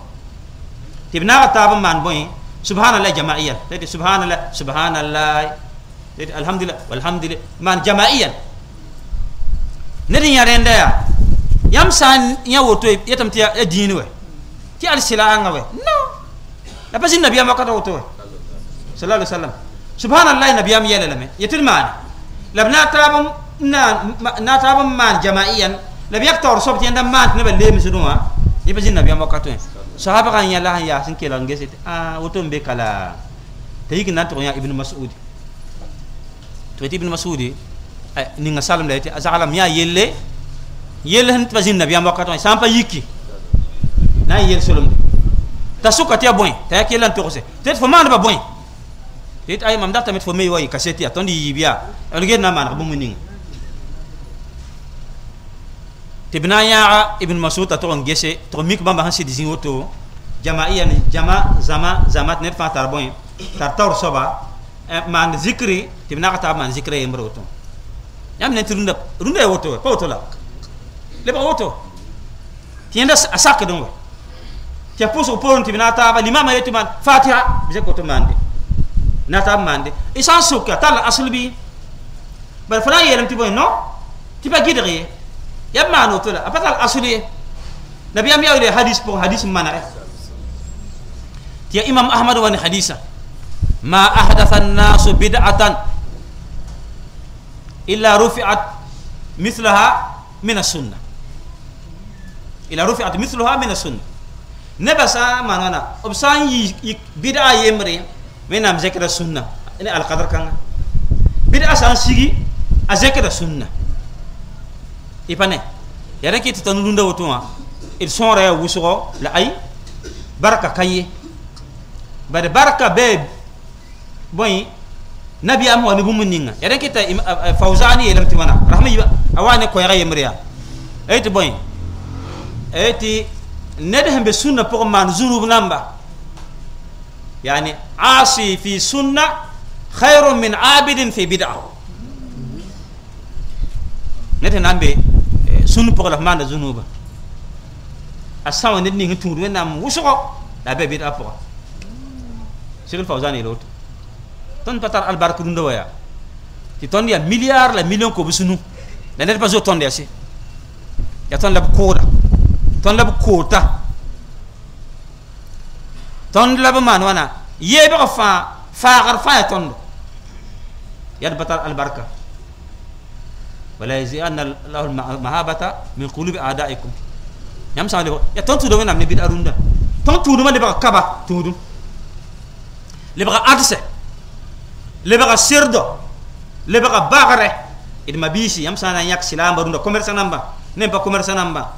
S1: tibna tab man boy subhanallah jamaiyan tadi subhanallah subhanallah tadi alhamdulillah walhamdulillah man jamaiyan ned n yã yam san nyawoto sã n yã woto ti al sila anga we no la pasin Nabi ma kata to sallallahu sallam subhanallah Nabi mi yele lame man la labna tabam na na tabam man jama'iyan labiya tor sobt yanda man ne balle mi sunwa ye pasin nabi ma sahaba kan yalla han ya sin lan gesit ah woto mbe kala tayik na to ya ibnu mas'ud to ibnu Mas'ud ni nga salam la azalam ya yelle yelle han pasin nabi ma kata sampa yiki na yel solom ta suka tia boy ta yake lan to kose tet fo man ba boy tet ay mam data met fo mey way kaseti atondi yibia algen na man bumu ning tibna ya ibn mas'ud to on gese to mik bamba hansi dizin oto jamaiya ni jama zama zamat net fa tar boy tar tor soba eh, man zikri tibna ka ta man zikri emro oto yam net runda runda oto pa oto la le ba oto tienda asaka don wa tia ya pusu pon ti binata ba ma yetu man fatiha bise koto to mande nata mande isan suka tala asulbi bal fana yelam ti boy no ti ba gidri ya manu to Apa tala asuli nabi am yawle hadis po hadis mana eh tia imam ahmad wani hadisa ma ahdatha an-nas bid'atan illa rufi'at mithlaha min as-sunnah illa rufi'at mithlaha min as-sunnah neba sa manana obsan yi bid'a yemre menam zekra sunna ini al qadar kan bid'a san sigi a zekra sunna ipane yare ki tan lunda wotuma il son re wusugo la ay baraka kaye bare baraka be boy nabi am woni bumun ninga yare ki ta fawzani yelam timana rahmi awani ko yare yemriya ayti boy ayti ندهم بسنة بقى من زنوب نمبا يعني عاصي في سنة خير من عابد في بدعة ندهم نمبي إيه، سنة بقى من زنوب أسمع ندني هتور ونام وشوا لا بيد أبوا شغل فوزان يلوت تون بتر البارك رندويا تون يا مليار لا مليون كوب سنو لا نربزو تون يا سي يا تون لا بكورة ton lab kota ton lab man wana yebe fa faagar fa ton yad batar al baraka wala yazi'anna lahu al mahabata min qulubi a'daikum yam sa ya ton tu do nam ne bid arunda ton tu do ma lebaka kaba tu do lebaka adse lebaka sirdo lebaka bagare idma bishi yam sa na yak silam barunda commerce namba ne ba commerce namba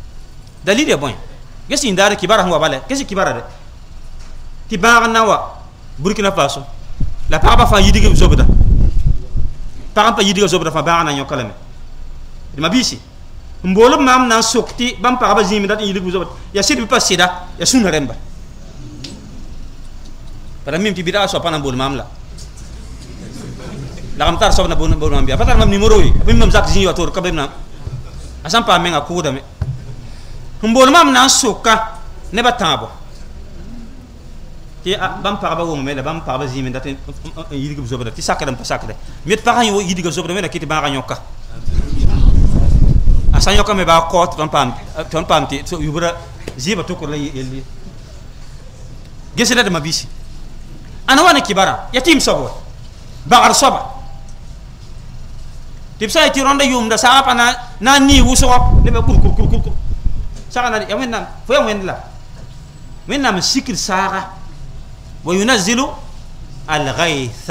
S1: dalil ya boy gesi indare kibara hwa bale gesi kibara de tibara nawa burkina faso la papa fa yidige zobda param pa yidige zobda fa na nyo me de mabisi mbolo mam na sokti bam pa ba zimi dat yidige zobda ya sidi pa sida ya sunna remba para mim ti bidaso pa na bol mam la la ramtar so na bol mam biya patar mam nimoro yi bim mam zak zinyo tor kabe na asam pa menga kuda me n boon mam na n soka nebã tãabo tɩ bãmb pagba wʋmame la bãmb pagba zĩime dat n yidg b zobda tɩ sakd n pa sakdɛ me tɩ pagã yidga zobda me la tɩ bãaga yõka a sã yõka me baa kao tɩ tõnd paam tɩ yubra zɩɩba tʋkrã yelle gesda dama bisi ana wa ne kibara yatim sobo bagar soba tɩ b sã n tɩ rõnda yʋʋmda saga pa na n nii wʋsgɔ ne ba kurkurkurkur سارنا يا وين نام فيا وين لا وين نام سكر سارة وينزل الغيث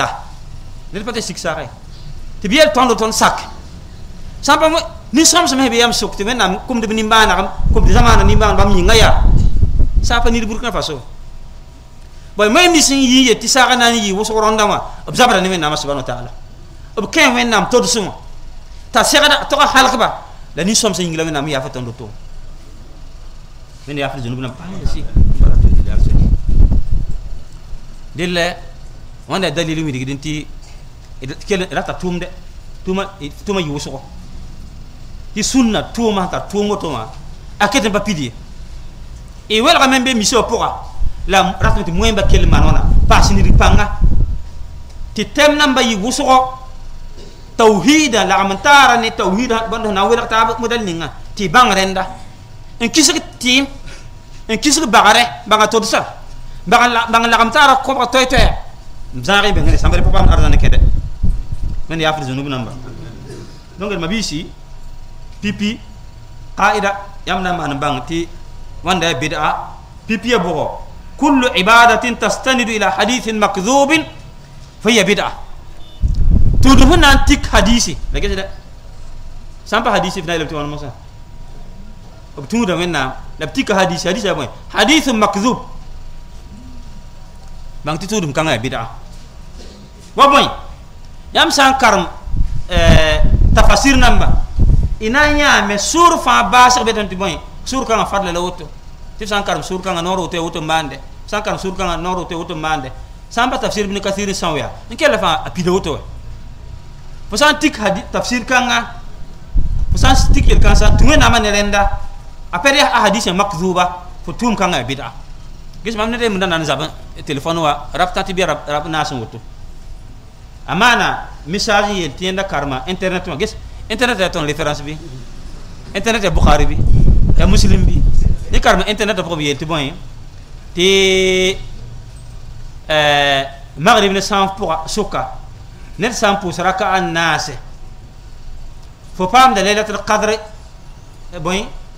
S1: نل بدي سك سارة تبيل تون لو تون ساك سامبا مو نسام سمه بيام سوك تمين نام كم دب نيمان نام كم دب زمان نيمان بام ينعيا سامبا نيل بركنا فاسو boy may mi sin yi ye tisaka nan yi wo soro ndama ab zabra ne men namas banu taala ab ken wen nam todo suma ta sera to khalqba la ni som sin ngi la men nam ya men yaghfir na pale si bara to di darse ya dille wanda ya dalilu mi digidin ti kele rata tumde tuma tuma yusuko ti sunna tuma ta tumo tuma akete pidi e welga membe misio pora la ratmeti moyemba kele manona pasiniri panga ti tem namba yi wusuko tawhida la amantara ni tawhida bando na welga ta modal ninga ti bang renda In kisg tim, in kisg bagrɛ bãnga sa bãng lagm taara kõbga toɛ-toɛɛ m zãag y bẽngẽ sãmb d pa paam arzãne kẽdɛ wẽnd yaa fd namba donc pipi qaida Yam na n ti, bãng tɩ bid'a pipi ya kullu ibadatin tastanidu ila hadithin makdhubin fa bid'a tʋʋdf n hadisi. n tik hadisi la gesdɛ sã n pa da menna hadith hadis hadis apa hadith makzub bang titu dum kanga bid'a wa boy yam karam eh tafasir namba inanya me sur fa basir betan ti boy sur kanga fadla la woto ti karam sur kanga noro te woto mande karam sur kanga noro te woto mande samba tafsir bin kathir sawya nkela fa apida woto posan tik hadith tafsir kanga posan tik kanga sa tunga nama nerenda أبيري أحاديث مكذوبة فتوم كان بدعة جس ما ندري من دنا زبون تلفون وا رابطة تبي راب راب ناس وتو أما أنا مساج يتيندا كارما إنترنت ما جس إنترنت يتون ليفرنس بي إنترنت يبخاري بي يا مسلم بي دي كارما إنترنت أبغى يتبون تي مغرب نسام فوق سوكا نسام فوق سرقة الناس فبام دليلة القدر بوين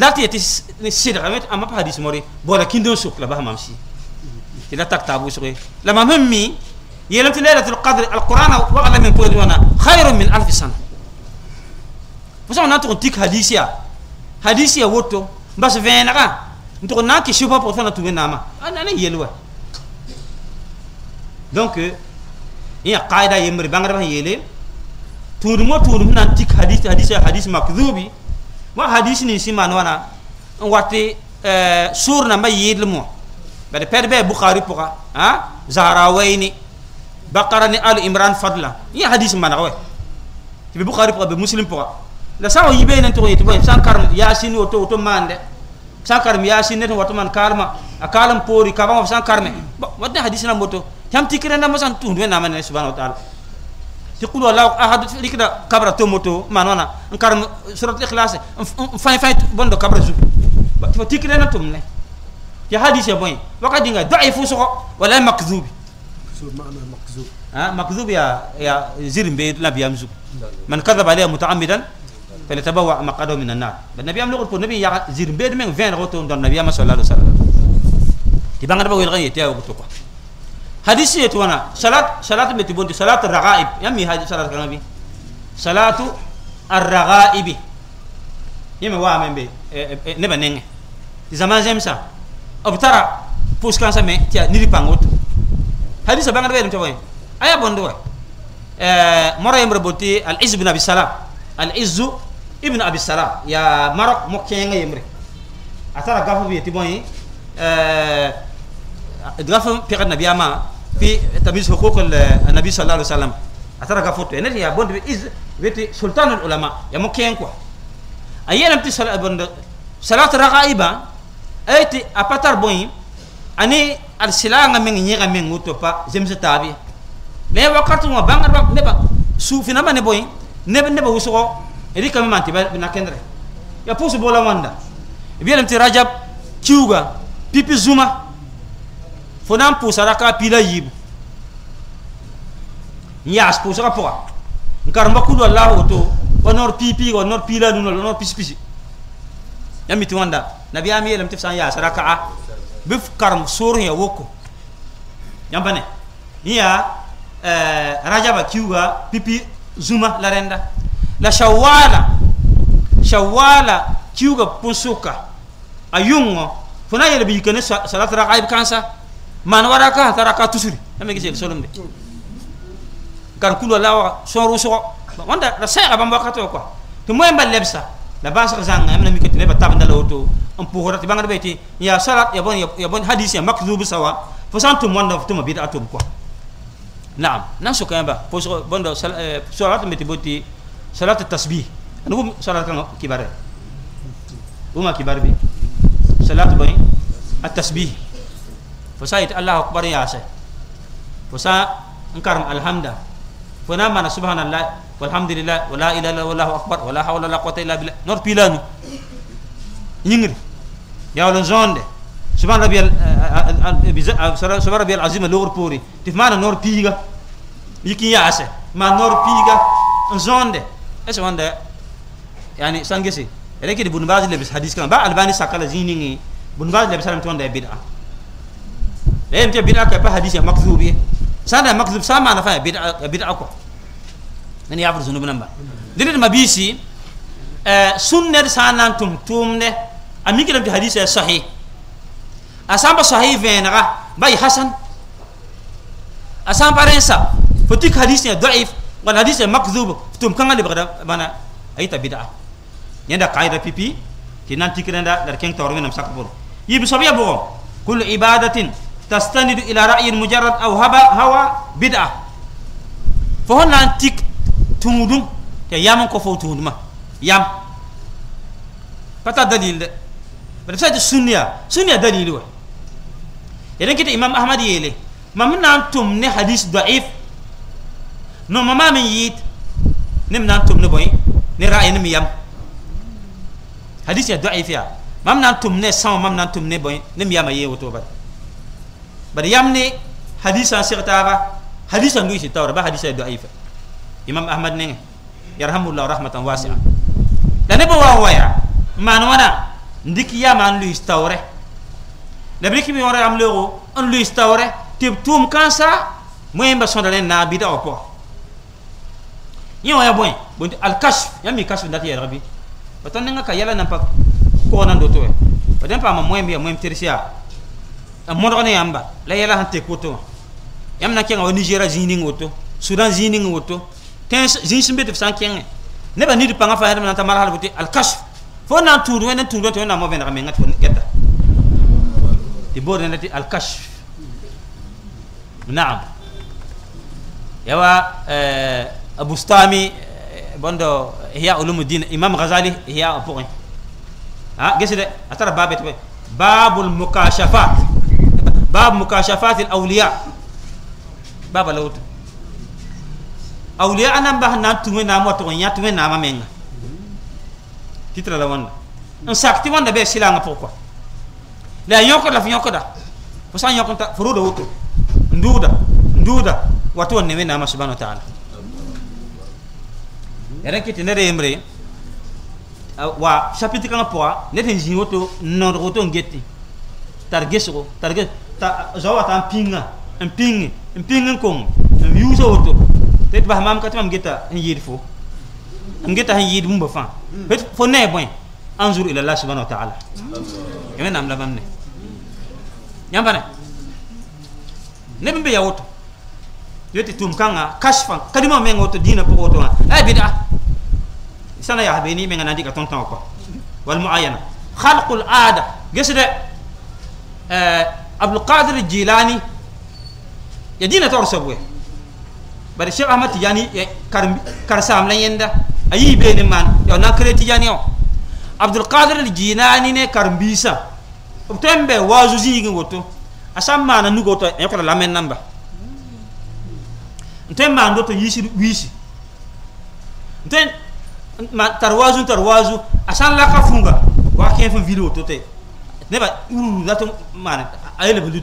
S1: نأتي تسير عمت أما بحديث موري بولا كندو سوك لا بها مامسي كنا تكتابو سوكي لما ممي يلمت ليلة القدر القرآن وقال من قول دوانا خير من ألف سنة فسوما نانتو تيك حديثيا حديثيا وطو بس فينغا نتو نانكي شوفا بوطفانا توبين ناما أنا أنا يلوه دونك يا قاعدة يمري بانغربان يلي تودمو تودمو نانتيك حديث حديث حديث مكذوبي wa hadis ni si man wana wati eh, sur na ma yid mo bade perbe bukhari poka ha waini bakara ni al imran fadla ya hadis man wa tibe bukhari poka be muslim poka la sawo yibe nan to yitu boy sankaram yasin oto oto mande sankaram yasin net wato man karma akalam pori kabam sankarme wadde hadis na moto tam tikire na masan tundu na ne subhanahu wa ta'ala تقول الله أحد ليك دا كبر توموتو ما نونا نكر سورة الإخلاص فاي فاي بندو كبر زوب تفتيك لنا تومنا يا حديث يا بوين وقد دينا ضعيف سوق ولا مكذوب مكذوب ها مكذوب يا يا زيرم بيد لا بيامزوب من كذب عليه متعمدا فليتبوأ مقعده من النار النبي أملك النبي يا زيرم بيد من فين غوتون دون النبي صلى الله عليه وسلم تبان غير بقول غير تيا وقتوكوا hadis itu ya, mana salat salat itu bonti salat ragaib yang mi hadis salat kan nabi salatu ar-ragaibi yami wa membe eh, eh, eh, ne banenge di zaman zaman sa obtara puskan sa me niri pangut hadis ada yang dum ayah bondo eh mora yang boti al izu bin salam al izu ibnu abi salam ya marok yang yamre atara gafu bi tiboyi eh drafa piga na ma fi tamiz hukuk nabi sallallahu alaihi wasallam atara ga foto enel ya bond iz weti sultanul ulama ya mokken ko ayena mti salat bond salat raqaiba ayti apatar boyi ani al silanga men nyiga men nguto pa jemse tabi ne wakati mo bangar ba ne ba sufi na mane boyi ne ne ba usoko edi kam manti ba na kendre ya pusu bola wanda biya mti rajab kiuga pipi zuma fo pusara ka pila yibu nyas pusara poa nkarma kudu allah oto onor pipi go nor pila nuno onor pispisi yami tuanda nabi ami lam tifsan ya saraka ah. bif karm sur ya woko yambane iya eh rajaba kiwa pipi zuma larenda la shawala shawala kiwa pusuka ayungo oh. fona yele bi kene ibu raqaib kansa man waraka taraka tusuri ame gisel solum de kan kulo lawa soro so wanda da sai aban bakato ko to moy mbal lebsa la basa zanga amna mi ketine batab ndala oto on rat bangar beti ya salat ya bon ya bon hadith ya makdhub sawa fo santu mon da to mabida atum ko na'am nan so kamba fo so bondo salat eh, meti boti salat tasbih anu salat kan kibare uma kibare bi salat bay at tasbih fosa it allah akbar yase fosa nkaram alhamda fona mana subhanallah walhamdulillah wala ilaha illa wallahu akbar wala hawla wala quwwata illa billah nor pilanu yingri yawlan zonde subhan rabbiyal subhan rabbiyal azim lor pori tif mana nor piga yiki yase ma nor piga zonde esa wanda yani sangesi eleki bun bazi lebis hadis kan ba albani sakala ziningi bun bazi lebis salam tonda bid'a la yem bid'a ka pa ya sana makzub sama na fa bid'a bid'a ko nani yafur sunu namba dinin mabisi eh sunnar sana tum tumne ami ah, kiram te hadis ya sahih asamba ah, sahih venera ah. bay hasan asamba rensa fotik hadis ya da'if wal makzub, ya makdhub tum kanga de bagada bana ayta bid'a yanda kaida pipi kinanti kenda dar keng tawrnga nam sakbur yibi sabiya bo kul ibadatin تستند إلى رأي مجرد أو هبا هوا بدعة فهنا أنتك تمودم يام كفو تمودم يام فتا دليل ده بس هذا سنية سنية دليل واحد إذا كده إمام أحمد يلي ما من أنتم نه حديث ضعيف نو ما ما من يد نم نانتم نبوي نرأي نم يام حديث ضعيف يا ما من أنتم نه سام ما من أنتم نبوي نم يام أيه وتوبات bari yamne hadisa sirtaba hadisa ndu isi tawra ba hadisa dhaif imam ahmad ne yarhamullah rahmatan wasi'a dane bo wa waya man wana ndiki ya man lu istawre da ki mi wara am lego an lu istawre tib tum kansa moyen ba dalen na bida opo yo ya boy bonti al kashf yami kashf ndati ya rabbi patan nga ka yala nan ko nan eh. do to e badan pa ma bi tersia n ah, ne yãmba la yɛla sẽn tek woto wã yãmb na kẽnga wa nigéria zĩig ning woto sudan zĩig ning woto tẽes zĩig sẽn be tɩ b sã n kẽngẽ nebã nid pãngã fa sẽdm na n ta malsd woto alkasf fo na n tũud wẽnd n tũud wa tɩ wẽnnaam wa vẽnega eh, menga tɩ fo gɛta tɩ bood neda tɩ alkasf naam yawa abustami eh, bondo ihya ulumuddin imam ghazali ihya pʋgẽ gesd a tara baabet bɩ baabul mukashafat Bab mukashafati al-awliya Bab al-awliya Bab anambah nan tungwe nam wa tungwe nyan tungwe nam amenga Titra gitu la wanda En sakti wanda be silanga pourquoi Lea yonkod la Nduda Nduda Watu wa newe nama subhanu wa ta'ala Ya emre ah, Wa shapitika nga poa Nete njiwoto Nondroto ngeti Targesu Targesu ta zawa ta pinga en ping en pingi kong en yuza woto tet bah mam katam geta en yid fo en geta en yid mumba fa bet fo ne bon anzur ila allah subhanahu wa ta'ala yemen am la bamne nyambane ne bimbe ya woto yoti tum kanga kashfa kadima menga woto dina po woto ay bid'a sana ya habini menga nandi ka tonton ko wal muayana khalqul ada gesde eh abdulkadir jilani ya dina tor sabwe bari sheikh ahmad tijani ya kar kar sam la yenda ayi bene man yo na kare tijani o abdulkadir jilani ne kar mbisa tembe wazu zigi goto asam mana nugoto to e ko la men namba nten ma yisi wisi nten ma tarwazu tarwazu asan la kafunga wa ken fo video to te neba uru na mana ay le bludi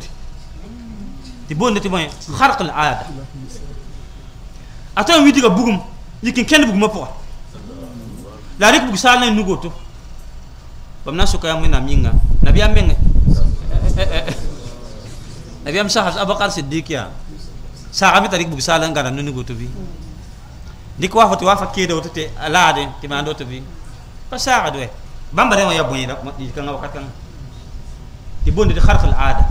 S1: di bon neti moy kharq al ada atam widi ga bugum yikin kenn bugum mapo la rek bug sal na bamna suka yam na minga nabi am meng nabi am sahab abakar siddiq ya sahab tari bug sal na ngara nugoto bi ni ko wafati wafa ke do tete alade ti mando to bi pa sahab do bamba rewa yabuni da mo di kan kan يبون خرق العادة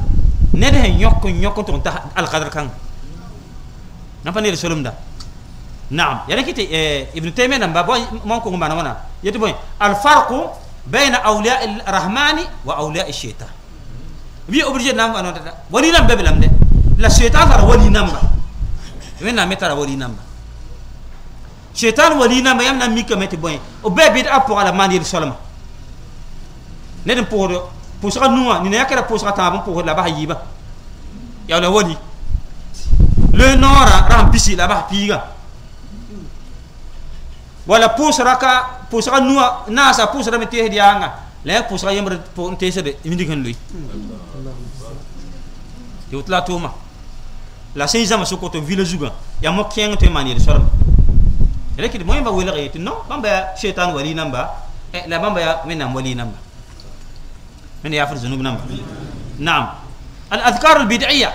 S1: نده يوكو يوكو تون تح القدر كان نفني رسولم دا نعم يعني كت آه، ابن تيمية نبى بوي مانكو غمان وانا يتبوي الفرق بين أولياء الرحمن وأولياء الشيطان بي أبرج نام وانا تدا ولي نام ببلام ده لا شيطان ترى ولي نام با وين نام ترى ولي نام با شيطان ولي نام يام نام ميكو متبوي وبيبيد أبو على ماني رسولم نين بورو pʋʋsga nuwã ni yaa kɛra pʋʋsga ta n pour la bas yiiba yaa la wadi le noorã ra pisi la bas piiga wala pʋʋsra ka pʋʋsga nuwã naasa pʋʋsdame teesd yaanga la yaa pʋʋsga yembr n teesd mindig n loe tɩ wʋtɩ la tʋʋma la sẽn zãma sʋk tɩ vɩla zugã yaa mo-kẽeng tõe n maan yel-soarba rẽkd ba welg ye non bamba yaa wali namba eh, la bamba ya mena wali namba من يافر ذنوب نم نعم الأذكار البدعية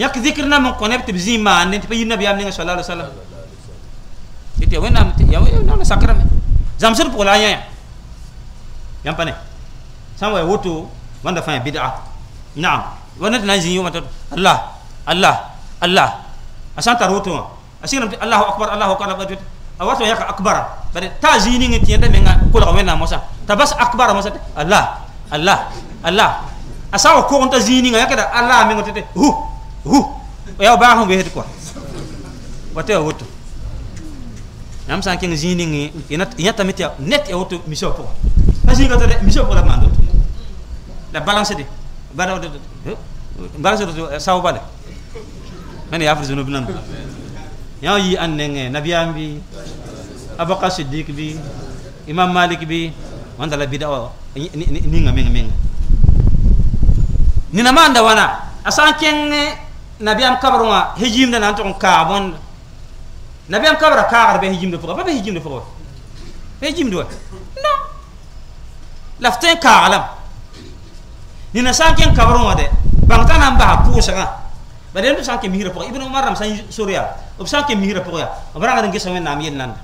S1: يك ذكرنا من قنبت بزين ما انت تبي النبي أمين صلى الله عليه وسلم يتي وين أم يا وين أنا سكرم زمسر بولانيا يا آية يعني. يام بني سامو يوتو وند فاي بدعة نعم وند نانزين يوم الله الله الله أسان تروتو أسير الله أكبر الله أكبر أواتو يك أكبر بعد تازيني نتيجة من كل قوينا موسى تبص أكبر موسى الله Allah Allah asa o ko onta zini nga yakada Allah mi ngotete hu hu ya ba hon be het ko wate o wotu nam san king zini ngi ina ina tamit ya net ya wotu miso ko asi ngata de miso ko la mando la balance de bala de balance de saw bala man ya afrizu no binan ya yi annenge nabiyambi abaka siddiq bi imam malik bi wanda la bidawa ni ni nga menga menga ni na manda wana ah? asan kenge eh, nabi am kabro ma ah? hijim na nanto ka bon nabi am kabra ah, ka arbe eh, hijim do ba hijim do fo be hijim do no laften ka alam ni na san ken kabro ma de eh. bang ta na ba ku sa ba de san ken mihira po ibnu umar ram san surya ob san ken mihira po ya obra nga ngi sa men nam yen nan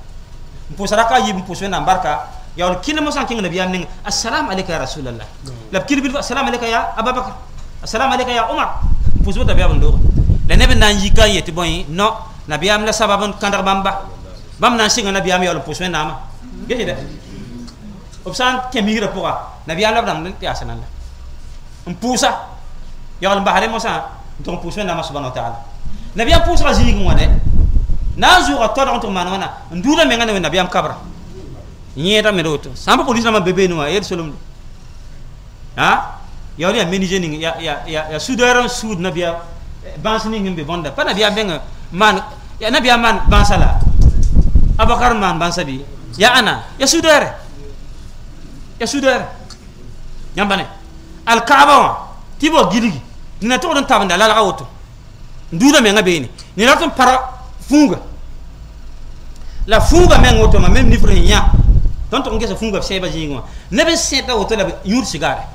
S1: pusaraka yim mpu sa barka ya or mo san kin nabi amin assalamu alayka ya rasulullah hmm. lab kin bil assalamu alayka ya abubakar assalamu alayka ya umar fuzu ta biya ndo la nabi nan yika yeti boy no nabi am la sababun kandar bamba bam nan singa nabi am yo lo nama na de obsan kemira poa nabi am la bam ya sanalla mpusa ah. ya al bahare mo san don fusu nama subhanahu wa ta'ala nabi am pusa zigi ngone na zuwa todon manona ndula mengana nabi am kabra ñeeta me roto sampa polisi nama bebe nuwa yer solom ha yori ya, ya menije ni ya ya ya, ya sudaran sud na biya eh, bansi ni ngimbe bonda pa na biya benga man ya na biya man bansala abakar man bansa bi ya ana ya sudare ya sudare nyambane al kaaba wa tibo giligi dina to don tabanda la la woto nduna me be ni ni raton para funga la funga me ngoto ma même ni frenya don ton gesa funga seba jingo ne be seta woto la yur sigare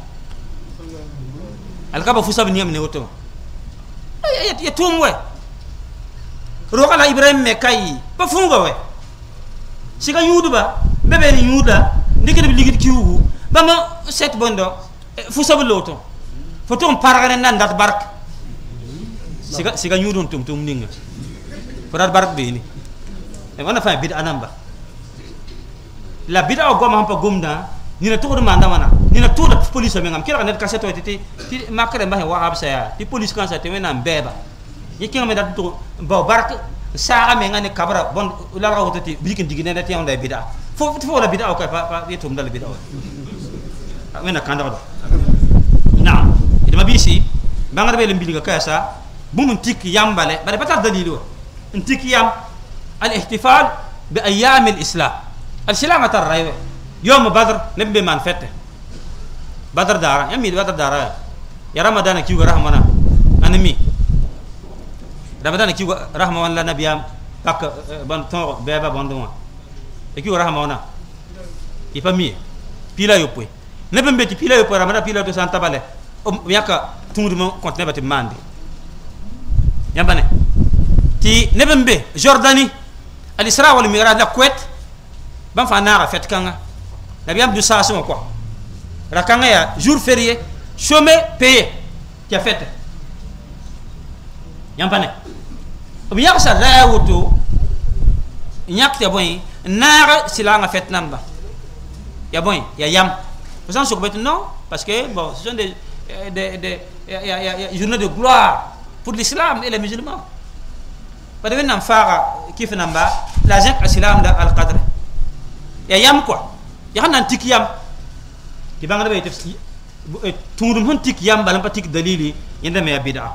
S1: al kaba fusa bi niyam ne woto ya tumwe we rogala ibrahim me kai pa funga we siga yudu ba bebe ni yuda ndike de ligid kiwu ba ma set bondo eh, fusa bi loto foto on paragane nan dat bark siga siga yudu tum tum ninga farar bark be ni e eh, wana fa bid anamba la bida o goma hampa gumda ni na tuur manda mana ni na polis police mengam kira kanet kaseto o titi ti makre mbahe wahab saya ti polis kan sa te wena mbeba ni kinga meda dat to ba bark saga menga ni kabra bon la ra hotati bikin digine na tiang dai bida fo fo la bida o ka fa ye yetum dal bida o mena kanda do na ida mabisi bangar be lembi ga kasa bumu tik yambale bare patar dalilo tik yam al ihtifal bi ayyam al islam al silama tar rayo yo mo badr nebe man fete badr dara ya mi badr dara ya ramadan e ki go ane mi. ramadan e ki go rahma wala nabiya pak e, ban ton beba ban dum e ki go rahma wana e fami pila yo poi nebe mbeti pila yo poi ramadan pila to santa bale o ya ka tumu dum ko te beti mande ya bane ti nebe mbé jordani al isra wal miraj la kwet ban fa naara fɛt La nabiyam du saasẽ quoi la ra kaŋa jour férié chômé payé qui a yãmb pa ne b yagsa raa woto n yãk tɩ ya bõe n naag sɩlaangã namba ya bõe ya yam fo sã n sokbe non parce que bon ce sont des, euh, des, des ya, ya, ya, journée de gloire pour l'islam et les musulmans pa de wẽnnaam faaga kɩf namba la zẽk a da al qadr. ya yam quoi ya hanan tik yam ti bangare be tafsir tundum hon tik yam balam patik dalili inda me bid'a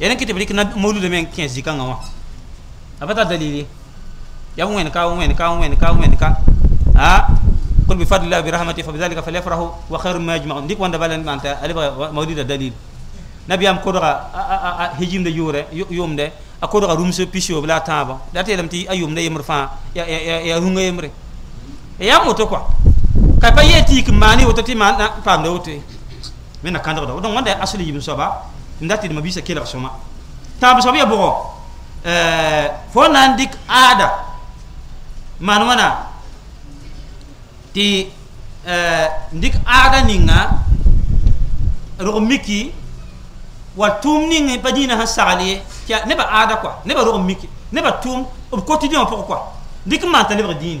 S1: yana kiti brik na mauludu men 15 zikan ngawa abata dalili ya wen ka wen ka wen ka wen ka ha قل بفضل الله برحمته فبذلك فليفرحوا وخير ما يجمعون ديك وان دبالن انت البا مولد دليل نبي ام كودرا هجيم دي يوره يوم ده روم رومسو بيشو بلا تابا داتي لمتي ايوم دي يمرفا يا يا يا هونغ يمري e ya moto kwa ka pa ye ti ki mani woto tati man pa ndo te mena kandro do don wanda asli yibin soba ndati de mabisa kela soma ta ba soba ya bo eh fo nan dik ada man wana ti eh ndik ada ninga ro miki wa tum ninga padina ha sali ne ba ada kwa ne ba ro miki ne ba tum au quotidien pourquoi dik man ta libre dine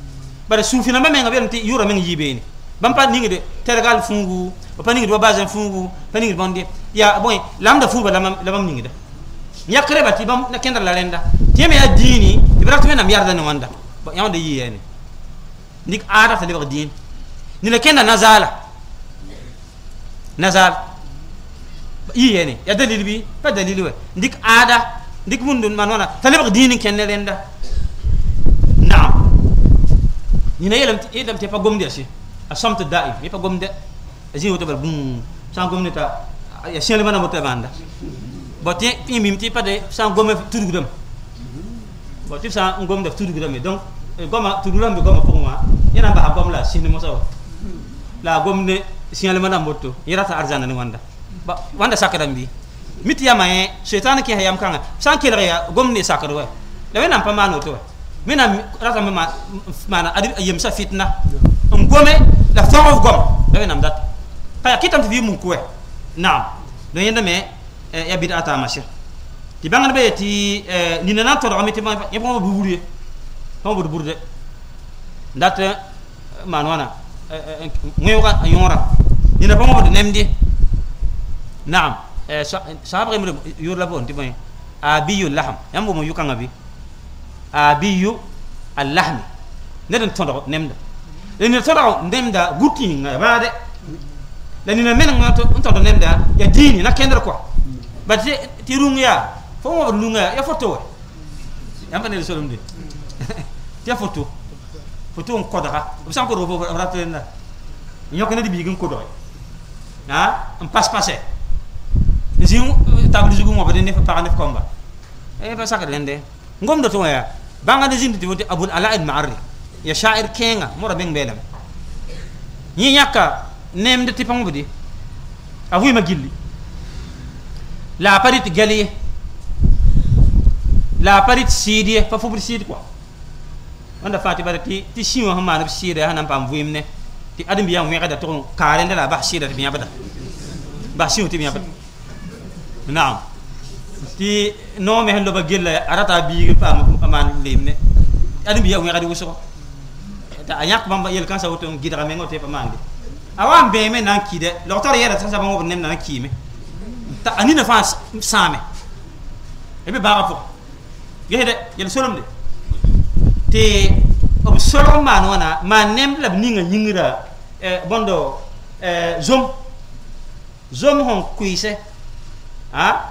S1: bara sufi ma menga bem ti yura meng yibeni bam pa ningi de tergal fungu pa ningi do bazen fungu pa ningi bonde ya boy lamda fungu lam lam bam ningi da nyakre bati bam na kendra la lenda tieme ya dini men am yarda no wanda ya wanda yiyeni nik ara fa lebak dini ni la kenda nazala nazala yiyeni ya dalil bi pa dalil we dik ada dik mundun manona talib dini kenelenda Iya iya iya ni na yelam yelam te pa gomde si asamt dai mi pa gomde azi woto bal bum gom ni ta ya sel mana moto banda anda? imim ti pa de gom gome tudu dum bote san gome gom a dum donc goma tudu dum goma pour moi yana ba gom la sin mo saw la gomne sel mana moto ta arjana ni wanda ba wanda sakadam bi mit yamaye shaitan ki hayam kanga san kelre ya gomne sakado wa la wena pa manoto wa eh. Mena, rasa mama mana adi sa fitna ya. ngome la fort of gom da we nam dat paya kitam tivi mun kuwe naam yenda me eh, ya bid ata masir ti bangan be ti eh, ni na to rami ti ya bon bu wuri ton bu burde dat eh, man wana ngoy ka yora ni na bon bu nemdi sa sa mu yur la bon ti bon abiyul laham yambo mo yukanga bi abiyu allahmi ned n toro nemda ni toro nemda gut ni ngabade la nina menenga n tõd nemda ya dini na kender ko ba ti rung ya fo wõbd lunga ya, ya foto wa yãmb pa ned solemde tɩ ya foto foto on kodga b sã n kodg fo rat rẽnda n yõk ned biig n kodge n pas pase n zĩ tabl zugu wõbd ne pag ne f e eh, pa sakal ngomda tɩ ya banga de jindi tiwonti abul Alaid Maari, ma'arri ya sha'ir kenga mura beng belam ni nyaka nem de tipang budi ahui magilli la parit gali la parit sidi fa fubri sidi ko wanda fati barati ti ti wa hamana na sidi hanan pam vuimne ti adim biya ngwe kada to karen da la ba sidi da biya bada ba sidi ti biya bada na'am ti no me hello ba gella arata bi pam aman lemme adum biya ngi di wuso ta ayak bamba yel kan sa woto gidra me ngote pam ande awan be me nan kide loktar yera sa ba ngob nem nan kime ta ani na fas same ebe baga fo gehde yel solom de te ob solom man wana ma nem lab ninga nyingira eh, bondo eh, zom zom hon kuise ah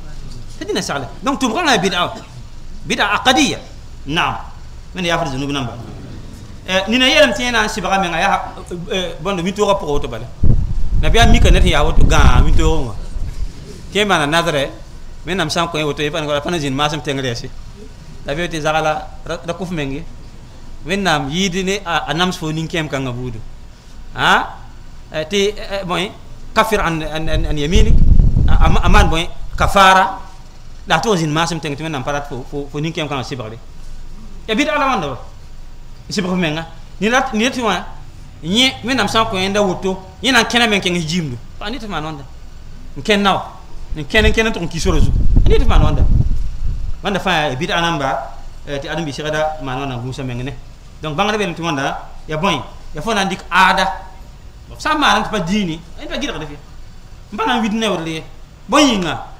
S1: تدينا سعله دونك توب غنا بدعه بدعه عقديه نعم من يافر ذنوب نمبر أه، نينا يلم تينا سبغا من يا أه، بون ميتو رابور اوتو بالا نبي امي كان يا اوتو غا ميتو كيما نظره من نام سان كوي اوتو يفان فانا زين ما سم تنغريسي نبي تي زغالا ركوف منغي من نام يديني انامس فونين كيم كان غبودو ها أه، تي بون كفر عن عن يمينك امان بون كفاره la nah, to zin masem teng tumen nam parat fo fo fo ninkem kan sibare ya bid ala wanda sibare menga ni lat ni tuwa ah. nye men nam san ko enda woto ni nan kena men ken jimdo pa ah, ni tuma nonda ken naw ni ken ken Il ki sorozu ni tuma nonda wanda fa eh, bid anamba eh, ti adam bi sigada manona musa mengene donc bangare ben tuma nda ya boy ya fo nan dik ada sa manan pa dini en pa gidak defi mbana ah, widne wor li boyinga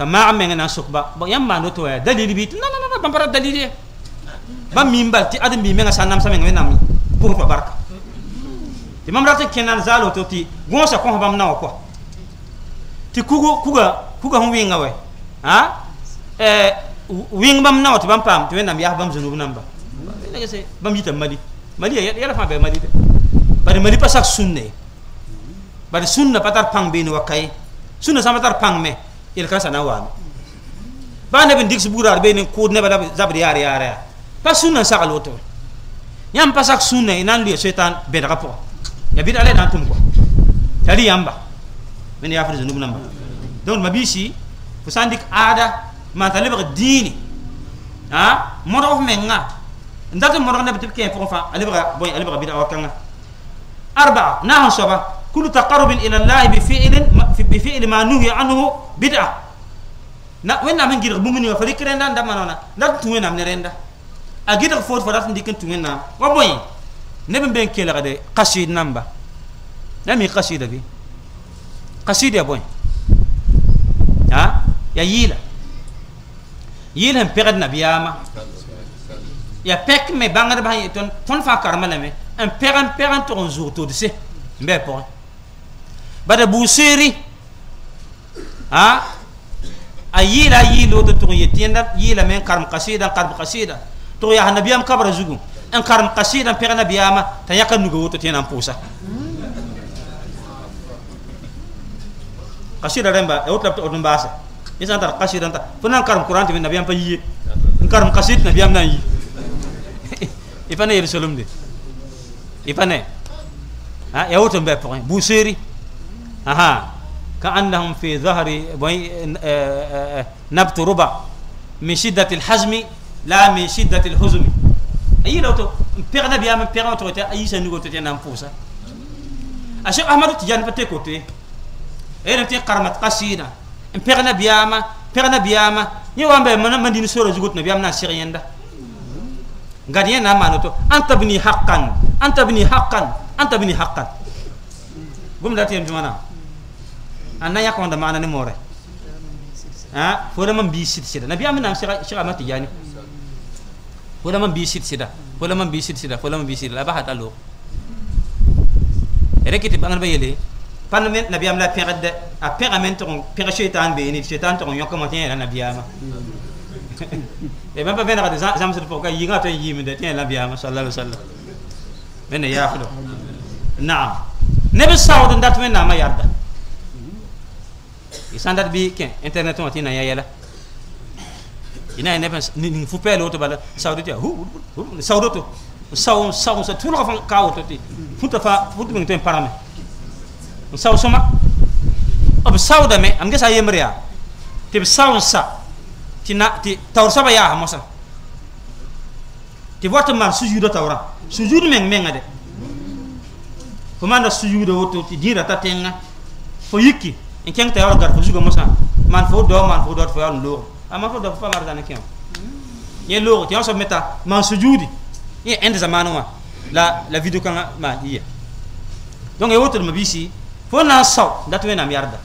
S1: tamam men na sokba ba yam mando to dalili bit non non non pampara dalili ba mimbal ti adam bi men na sanam samen men nam pour ko barka ti mam rata kenan zalo to ti gonsa ko bam na ko ti kugo kuga kuga hon winga we ha eh wing bam na to bam pam to nam ya bam zunub nam ba ne se bam yita mali mali ya ya fa be mali de bari mali pasak sunne bari sunna patar pang bin wakai sunna samatar pang me il kasa na wa ba ne bin dik subura be ne kud ne ba zabri yare yare pa sunna sa kaloto nyam pa sak sunna inan li setan be da rapo ya bi dalen antum tum ko tari yamba men ya farzu num namba bi mabisi fo sandik ada ma talib dini ha nga menga mo do ne bitke fo fa alibra boy alibra bid'a wakanga arba na han soba كل تقرب الى الله بفعل بفعل ما نهي عنه بدعه نا وين نعم نعم نعم. من غير مؤمن وفريق رندا دا ما نونا لا توين من رندا اغير فور فرات ديك نعم نا وبوي نبن بين كيل غدي قصيد نمبا نمي قصيده بي قصيده يا بوي ها يا ييلا ييلهم بيرد نبياما يا بيك مي بانغر باي تون فون فا كارما لامي ان بيرن بيرن تون زور تو دي سي مبي بوي bada busiri ha ayila yilo to to yetinda yila men karam qasida karam qasida to ya nabiyam kabra zugu en karam qasida pe nabiyama ta yakan nugo to tinan pusa qasida remba e utla to odum basa isa tar qasida ta funan karam qur'an to nabiyam pa yi en karam qasid nabiyam nan yi ifane yerusalem de Ipane, ha ya e utum be point busiri أها كأنهم في ظهر آه، آه، آه، نبت ربع من شدة الحزم لا من شدة الحزم أي لو تو بيرنا بيا من بيرنا تو أي سنو تو تينا نفوسا أشوف أحمد تجان بتكوتي أنا تي قرمت قصينا بيرنا بيا ما بيرنا بيا ما يوم بيا من من دين سورة زوجت نبيا من سيرين ده غادي أنا ما نتو أنت بني حقا أنت بني حقا أنت بني حقا قم لا تيجي جمانا anna yakon da mana ne more ha fola man bi sit sida nabi amina shira shira mati yani fola man bi sit sida fola man bi sit sida fola man bi la ba hata lo rekiti bangal bayele men nabi amla la a pergament on pere shaitan be ni shaitan ton yo comment tien la nabi ama e ba ba venir à jam se pour yinga y yimi de tien la ama sallallahu alaihi wasallam men ya khlo na'am nabi saud ndat men na ma yarda sanda bi ken internet on tina ya yela ina ne ben ni fu pelo to bala saudi ya hu saudi to saw saw sa fa o to ti ta fa parame saw soma ob sauda me am gesa yemriya ti saw ti na ti tawr ya ti wata tawra meng manda woto ti dira tatenga fo yiki in kyang tayar gar fu sugo musa man fu do man fu do fu yon lo ama ah, fu do fu mar dana kyang ye lo ti so meta man sujudi ye end zaman anu ma la la video kan ma iya donc e wotor mabisi fo na saw dat we na miarda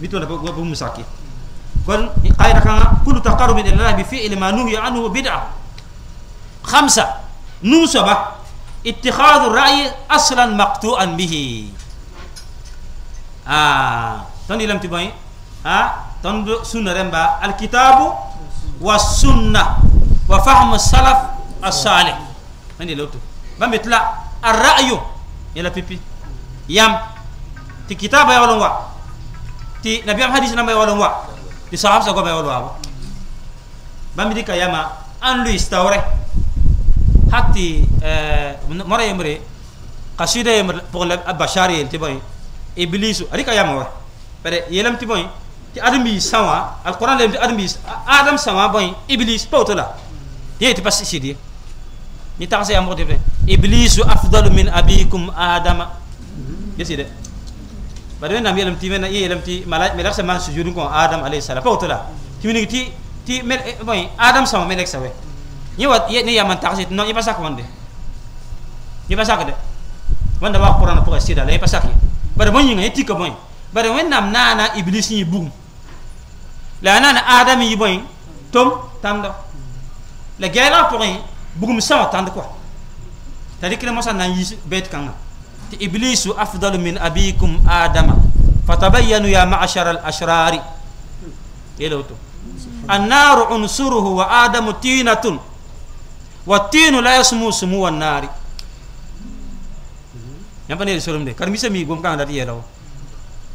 S1: bitu na bu musaki kon qaida kan kullu taqarrub ila allah bi fi'l ma nuhi anhu bid'ah khamsa nusaba اتخاذ ra'yi aslan maqtu'an bihi ah ton ilam ti boy ah ton sunna remba al kitabu was sunna wa fahm salaf as salih mani lotu bamitla ar ra'yu ila pipi yam ti kitaba ya walwa ti nabi am hadis namba ya walwa ti sahab sa go ba walwa bamidika yama an lu istawre hatti euh mora yemre qasida yemre pour le bashari tibai iblisu ari ka yamwa pare yelam ti boy ti adam bi sawa alquran lem ti adam bi adam sawa boy iblis potola ye ti pas sidi ni taxé am ko iblisu afdalu min abikum adama yeside bare na am yelam ti men yelam ti malaj melak sama sujudun ko adam alayhi salam potola ti mini ti ti men eh, boy adam sawa melek sawe ni wat ye ni yaman taxé non ni pasak wonde ni pasak de wanda wa qur'an pour sida lay pasak ye bara bon yinga tika bon wen nam nana iblis ni bum la nana adam yi bõe tom tãmda la gɛɛlgã pʋgẽ bugum sãwã tãnd koa t'a rɩkr mosã na n yis bɛt kãngã ti iblis afdal min abikum adama fatabayanu ya mashara alashrari yela woto annaru unsuruhu wa adamu tinatun والتين لا يسمو سمو النار ñampanede solum de kadi mi gom kan dati yelaw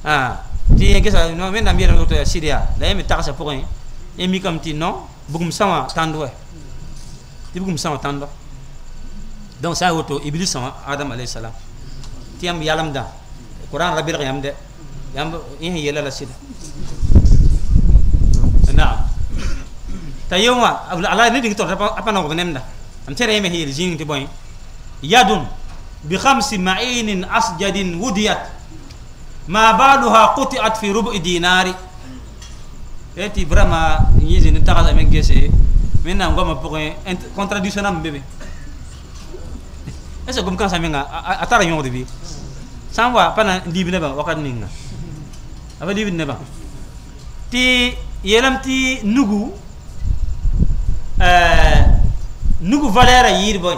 S1: ah ti gesa no men dam yelaw to sidia la yemi taksa pour en mi kam ti bukum bugum sama tandoe ti bukum sama tando donc sa woto iblis sama adam alayhi salam ti am yalam da qur'an rabbil qiyam de yam in yela la sida na'am tayoma ala ne ding to apa na ko nemda am tere me hil jing ti boy yadun bi khamsi ma'inin asjadin wudiyat ma baluha quti'at fi rub'i dinari eti brama yizi ni taxa men gese men na ngoma pour contradiction am bébé est ce gum kan sa menga atara yon bi sanwa pana libine ba wakat ninga aba libine ba ti yelam ti nugu euh nugu valera yir boy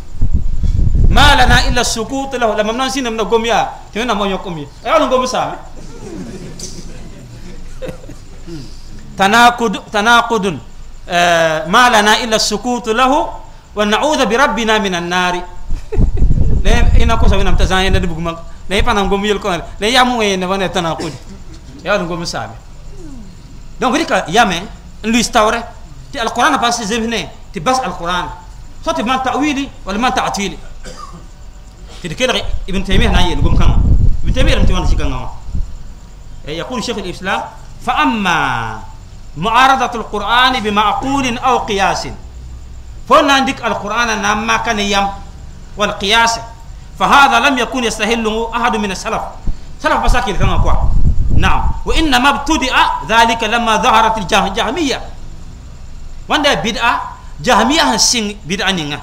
S1: ما لنا إلا السكوت له لما ننسي نمنا قوم يا تمنا ما يقوم يا أعلن قوم سامي تناقض تناقض آه، ما لنا إلا السكوت له ونعوذ بربنا من النار لا إن كوسا من متزاين ندبق مال لا يبان قوم يلقون لا يامو إن إيه، وانا تناقض يا أعلن قوم سامي دونك هذيك يامن لويس تاوري القرآن بس زمنه تبص القرآن صوت ما تأويلي ولا ما تعطيلي تدي كده ابن تيمية نعي لقوم كنا ابن تيمية لم تيمان شكان إيه، يقول شيخ الإسلام فأما معارضة القرآن بمعقول أو قياس فهنا عندك القرآن نما كان يم والقياس فهذا لم يكن يستهله أحد من السلف سلف مساكين كان أقوى نعم وإنما ابتدأ ذلك لما ظهرت الجهمية وأن بدأ جهمية سين بدأ نينا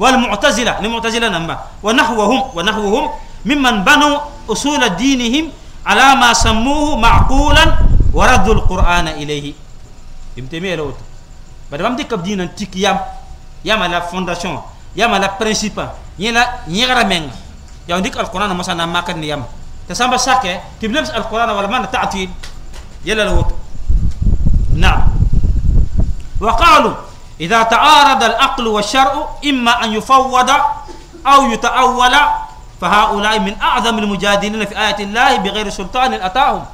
S1: والمعتزلة لمعتزلة يعني نما ونحوهم ونحوهم ممن بنوا أصول دينهم على ما سموه معقولا وردوا القرآن إليه يمتمي تيمية لوت بعد ما ديك دين انتيك يام يام على فونداسيون يام على برينسيپ يلا يغرا مين يا ديك القرآن مثلا ما كان يام تسمى ساكه تبلمس القرآن ولا ما نتعطيل يلا لوت نعم وقالوا إذا تعارض العقل والشرع إما أن يفوض أو يتأول فهؤلاء من أعظم المجادلين في آية الله بغير سلطان أتاهم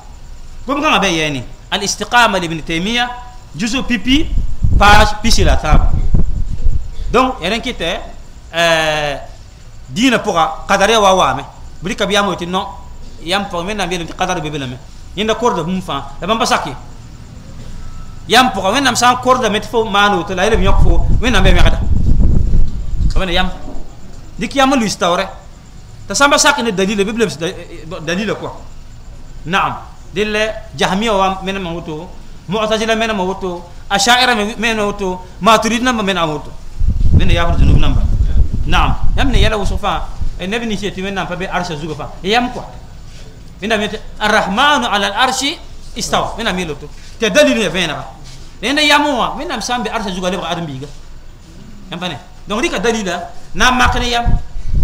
S1: قم كما يعني الاستقامة لابن تيمية جزء بيبي باش بيشي لا ثاب دونك يعني كيتا آه، تي دينا بوغا قدري واوامي بريكا بيامو نو يام فومين نبيل قدر بيبلمي يندا كورد مفا لما بساكي yam pʋga wẽnnaam sã un kordame tɩ fo maan woto la un yõk be yam dɩk yam n luis taoorɛ t'a un ba sak ne dalila bɩ b eh, un dalila pʋa naam dɩllɛ jahmia wa un woto mutazila menema woto ashaira menema un maturid Ma un namba naam yam ne un e be un e yam arrahmanu ala al arshi istawa Te dalil ya lenda yamuwa min nam sambe arsa juga lebra adam biga yampane donc dika dalila na makne yam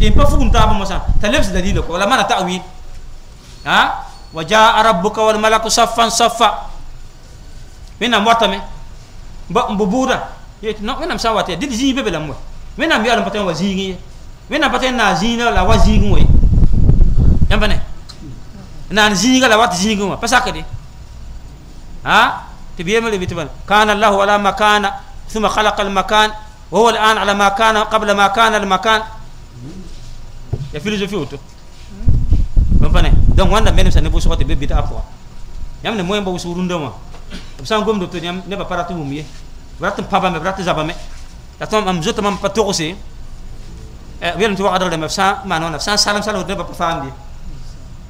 S1: in pa fugum taba mosa talebs dalila ko la mana ta'wil ha wa jaa rabbuka wal malaku saffan saffa min nam watame ba mbubura yet no min nam sawate dil bebe lamwa min nam yalam patan wa zingi min nam paten na zina la wa zingi moy yampane nan zinga la wat zingi mo pasakade ha تبيمل بتمل كان الله على مكان ثم خلق المكان وهو الآن على ما كان قبل ما كان المكان يا فيلسوفي وتو comprenez donc wanda menem sa ne busu hote be bita akwa yam ne moyemba usu runda ma sa ngom do to yam ne ba paratu mum ye brat papa me brat zaba me la tom am jota mam patoko se eh wiram to wadal dem sa ma non sa salam salam de ba fam di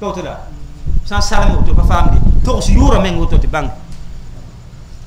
S1: to to la sa salam to ba fam di to su yura men to to bang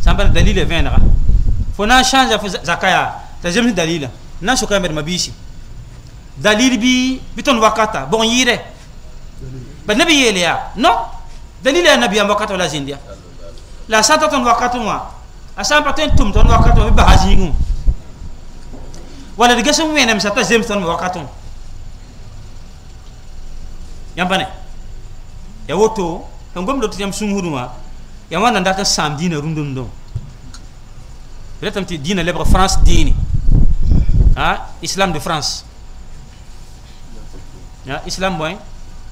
S1: sambal dalila venera fona change fo zakaya ta jemni dalila na so kamer mabishi dalil bi biton wakata bon yire ba nabi yele ya no dalil ya nabi wakata la jindia la santa ton wakata wa asan paten tum ton wakata bi bahajingu wala de gasum wenem sata jem ton wakata yambane ya woto kan gomdo to yam sunhuruma yang mana da sam dina rundum do retam dina lebar france dini ha islam de france ya islam boy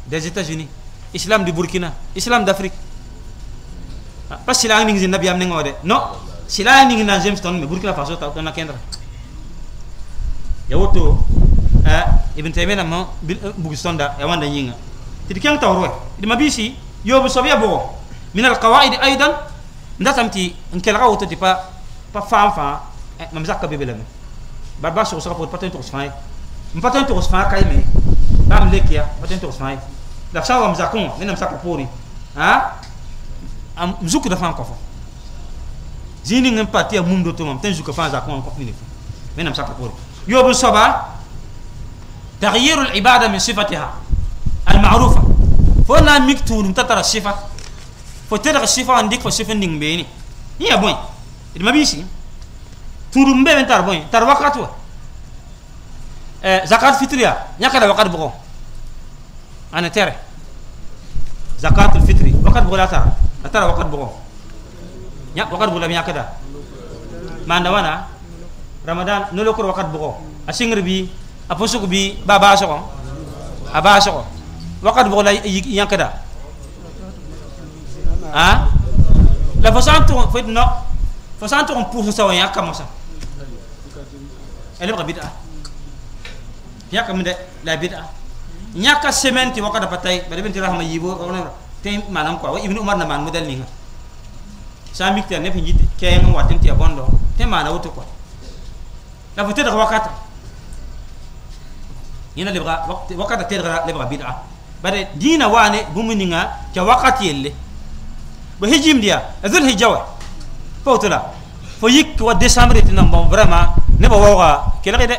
S1: des états-unis islam de burkina islam d'afrique pas sila ning zin nabi am ning ode no sila ning na james Town burkina faso ta ton kendra ya woto ha ibn taymiyyah mo eh, bugistonda ya wanda yinga tahu tawro di mabisi yo bu sobiya bo من القواعد ايضا ندسمتي ان كل غوتو تي با با فام فا ممزاك بيبلمي بابا شو سوف باتين تو سفاي باتين تو سفاي كايمي بام ليكيا باتين تو سفاي لا شاو مزاكون من مزاك بوري ها مزوك دا دفان كوفو زيني نم باتي موم دو توم مام جوك فان زاكون كفو نيفو من مزاك بوري يوب صبا تغيير العباده من صفتها المعروفه فولا ميكتون تترى الصفه fo tedg sɩfa andik dɩk fo sɩf ning beni iya boy bõe d ma be tar tar wakat wa zakat fitr nyaka da wakat bugo a tere tɛrɛ zakat fitri ya. wakat bugo la a wakat bugo nya wakat bugo wakat bʋgɔ manda wana ramadan nolokr wakat bugo asingir bi apusuk bi põsg bɩ ba a baasgɔ wakat bugo la yãkda Hein? La façon dont fait non. Façon dont on pousse ça on comme ça. Elle est bid'a. Ya comme de la bid'a. Nyaka semaine ti wakada patay, bare ben ti rahma yibo on te manam quoi. Ibn Umar na man model ni. Sa mi ti ne pinji ke en watin ti abondo. Te mana woto quoi. La vote de wakata. Yina lebra wakata te lebra bid'a. Bare dina wane bumuninga ke بهجيم ديا ذل هي جوا فوتلا فيك وديسمبر تنبا برما نبا واوا كلا كده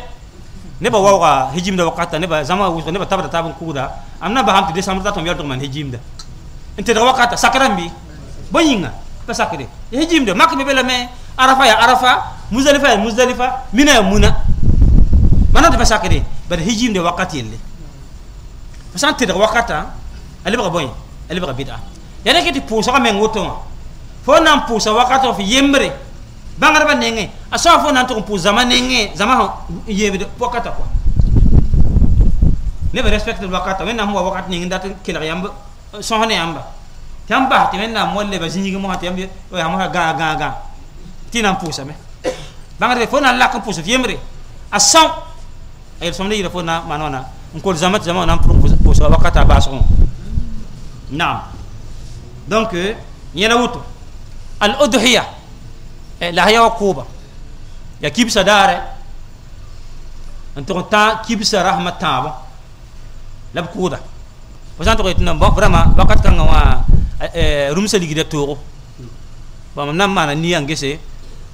S1: نبا ووغا هجيم ده وقتا نبا زما وش نبا تبر تابن كودا امنا بهم ديسمبر تاتم يردم من هجيم ده انت ده وقتا سكران بي بينغا بسكري هجيم ده ماك بلا مي عرفه يا عرفه مزدلفه يا مزدلفه منا منا ما نت بسكري بل هجيم ده وقتا يلي بس انت ده وقتا اللي بغا بوين اللي بغا بيدعه yana kiti pusa ngoto ma fo nan pusa wakato fi yembre bangar ba nenge aso fo nan to pusa zaman nenge zaman yebre wakata ko ne be respect wakata wenna mo wakato nenge dat kila yamba sohne yamba yamba ti wenna molle ba jinyi mo hati yamba o ha ga ga ga tinan pusa me bangar be fo nan ko pusa fi yembre aso ay somne yira fo na manona ngol zamat zama nan pusa wakata baso Naam. donc nyɛla wuto al udhiya a eh, la autre. ya kibsa a autre. Il kibsa la y vous fo autre. Il vraiment wakat y wa autre. Il y a autre. gese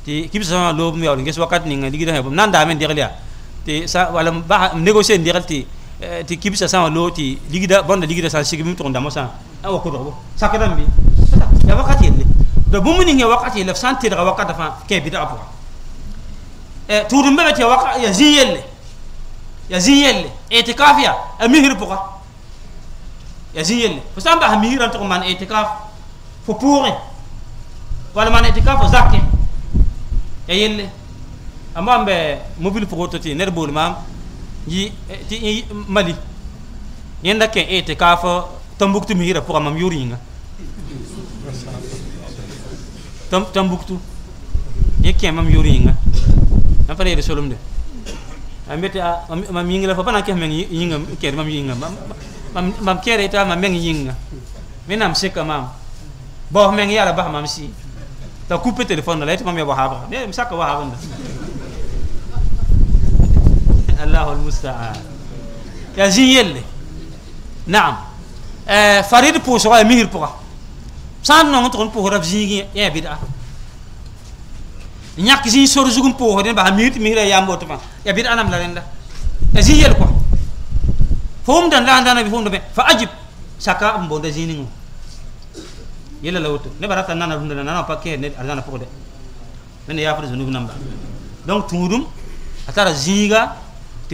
S1: ti kibsa Il y a wakat ni ngi Il y a men Il y a wala autre. Il ti kibisa san lo ti ligida bonda ligida san sigi mutun da mosa an wa kodo sakadan bi ya wakati ne da bumuni ya wakati la san ti da wakata fa ke bida apu e tudum be ti wakati ya ziyelle ya ziyelle itikafiya amihir puka ya ziyelle fo san ba amihir an to man itikaf fo pourin wala man itikaf fo zakke ya yelle amma be mobile fo to ti ner bol mam yi ti mali yenda ken ete eh, kafa tambuktu mi hira pour mam yuringa tam tambuktu ye ken mam yuringa na pare de solum de ambete mam yinga fa bana ken yinga ker mam yinga mam mam kere ta mam meng yinga minam seka mam bo meng yala bah mam si ta couper téléphone la ete mam ya wahaba ne msaka wahaba الله المستعان يا زين يلي نعم آه، فريد بو يا مير بو سان نون تكون بو راب زين يا بيدا نياك زين سور زوغم بو دين با مير مير يا موتما يا بيدا انام لا رندا يا زين يلي كو فوم دان لا دان بي فهم دبي فاجب سكا مبودا زينين يلا لو لوتو نبرات نانا رندا نانا باكي نت ارزانا بو دي من يا فرز نوب نمبر دونك تودم atara زيغا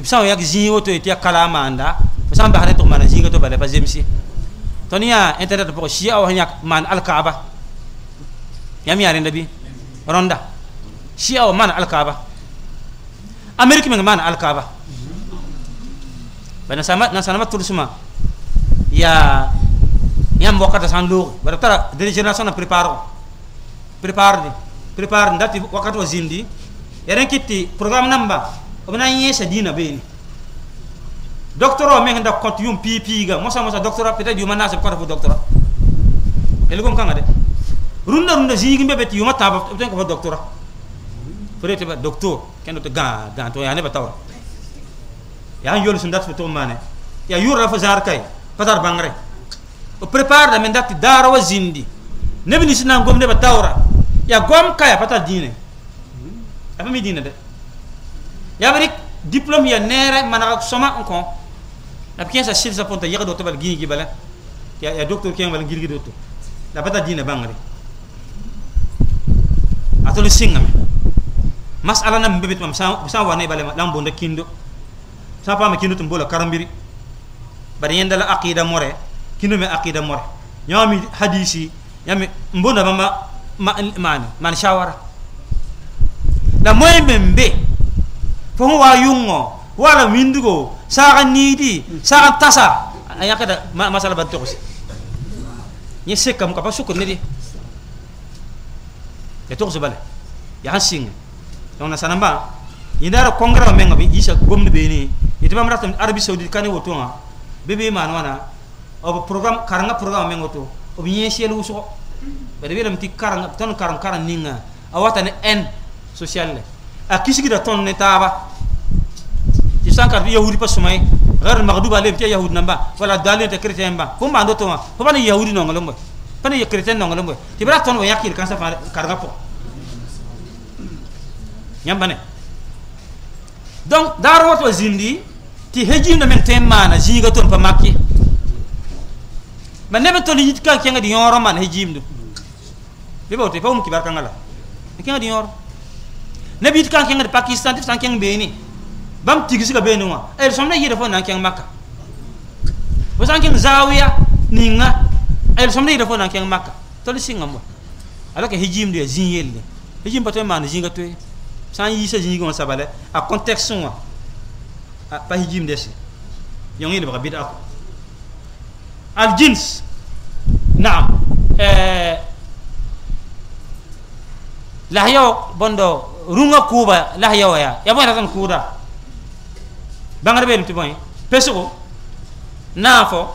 S1: sao yak zingo to etia kala manda pesan ba hare to mana zingo to bale pa zemsi tonia ya, internet po shi aw hanyak man al kaaba yami yare bi ronda shi aw man al kaaba amerika men man al kaaba bana sama na sama tursuma ya yam wakata san lo bara tara de generation na preparo prepare prepare ndati wakati wa zindi yaren kitti program namba bna yẽsa dĩinã beene doctora meng da kõt yʋm piig-piiga ga mosa doctora peut-être yʋma kot kõta fo doctora elgom kãnga de Runda runda zĩig gi be be tɩ yʋma tãab b tõe n ka fo doctora fo de ba doctor kẽnd tɩ ga ga to yaa nebã tawa yaa n yol sun dat fo to mane ya yur yaa yʋrra fo zaar kae pa tar bãngre b dat tɩ wa zĩndi neb nins ni n gom nebã taoora ya gom kaya pa tar dĩine a mi de ya yabrik diplôme ya nere managa soma onko na kien sa shil sa ponta ya do tabal gini gibala ya ya docteur kien bal gilgi do to da pata dina bangare atol singame masala na mbebet mam sa sa wane bale lam bonda kindo sa pa ma kindo tum bola karambiri bari yenda la aqida more kindo me aqida more nyami hadisi nyami mbonda mama ma man shawara la moy membe pongo wa yungo wala windugo saka nidi saka tasa aya ah, kada masalah bantu ko ni sekam ka pasuko nidi ya to bale ya hasing don na sanamba indara kongra menga bi isa gomde be ni ma ratam arabi saudi kani wotu nga bebe man wana ob program karanga program mengo to ob nyesiel be bade bilam ti karanga ton karang karang ninga awata ne en social le a kisigi da ton ne taba sanka yahudi pas sumai gar magduba le te yahudi namba wala dalin te chrétien ba ko mando to ko bani yahudi no ngalombo bani ye chrétien no ngalombo ti bra ton yakil kan sa karga po nyambane donc daro wato zindi ti heji no men tem mana jinga ton pa makki man nebe ton yit kan kenga di yoro man heji mdu be bote fa um ki kan ala kenga di yoro nabi yit kan kenga di pakistan ti san kenga beni bam tigisi ka beni wa eh, e som na yire fo na kyang maka fo san kyang zawiya ninga eh, e som na yire fo na kyang maka to li singa mo ala ke hijim de zin yelle hijim patoy man zin gato san yi se zin gon sabale a contexte wa a pa hijim de se yong yele ba bid ako al jins na'am eh lahyo bondo runga kuba lahyo ya ya na tan kuda bangar ben ti boy pesugo nafo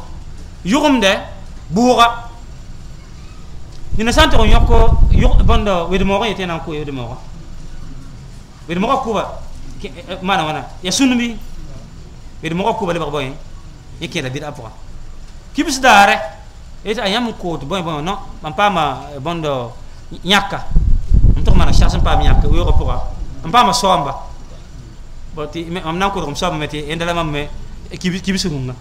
S1: yugum de buuga ni na santo on yokko yok bando wedi mo ko yetena ko wedi mo wedi mo ko kuba eh, eh, mana wana ya sunumi wedi mo ko kuba le boy yake kibis dare et ayam ko to boy boy no man pa ma nyaka on mana chasen pa nyaka wi ko poa on pa ma soamba but amnankoro msa mete endala mamme kibi kibi sunna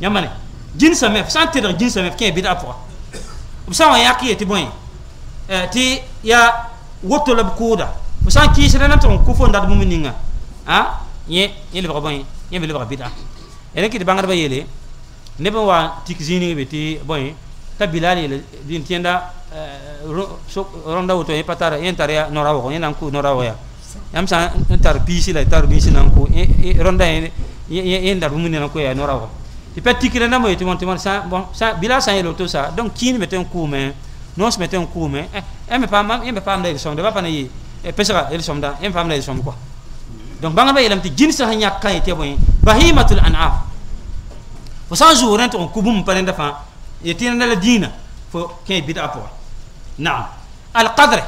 S1: nyamane jin sa mef sante sa mef ti ti ya eh, eh? eh, woto lab kuda msa ki sere na ton ku fo ndad mumininga ha hein? ye le boy ye le de bangar ba yele ne ba wa tik ti en ko yam sa n tar biisi la tar biisi nan ko ronda yen dar bumuni nan ko ya nora ko ti pet tikira na moyti mon ti mon sa bon sa bila sa yelo to sa donc kin meten kume non se meten kume eh, eh me pa pam em pam da ilsom de ba pana yi e pesra ilsom da en fam da ilsom ko donc ba nga ba yelam ti jin sa hanya kay te boy bahimatul anaf fo sa jour rent jouren to kubum pare da fa ti na la dina fo kay bid'a po na'am al qadr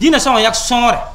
S1: dina sa yak sonre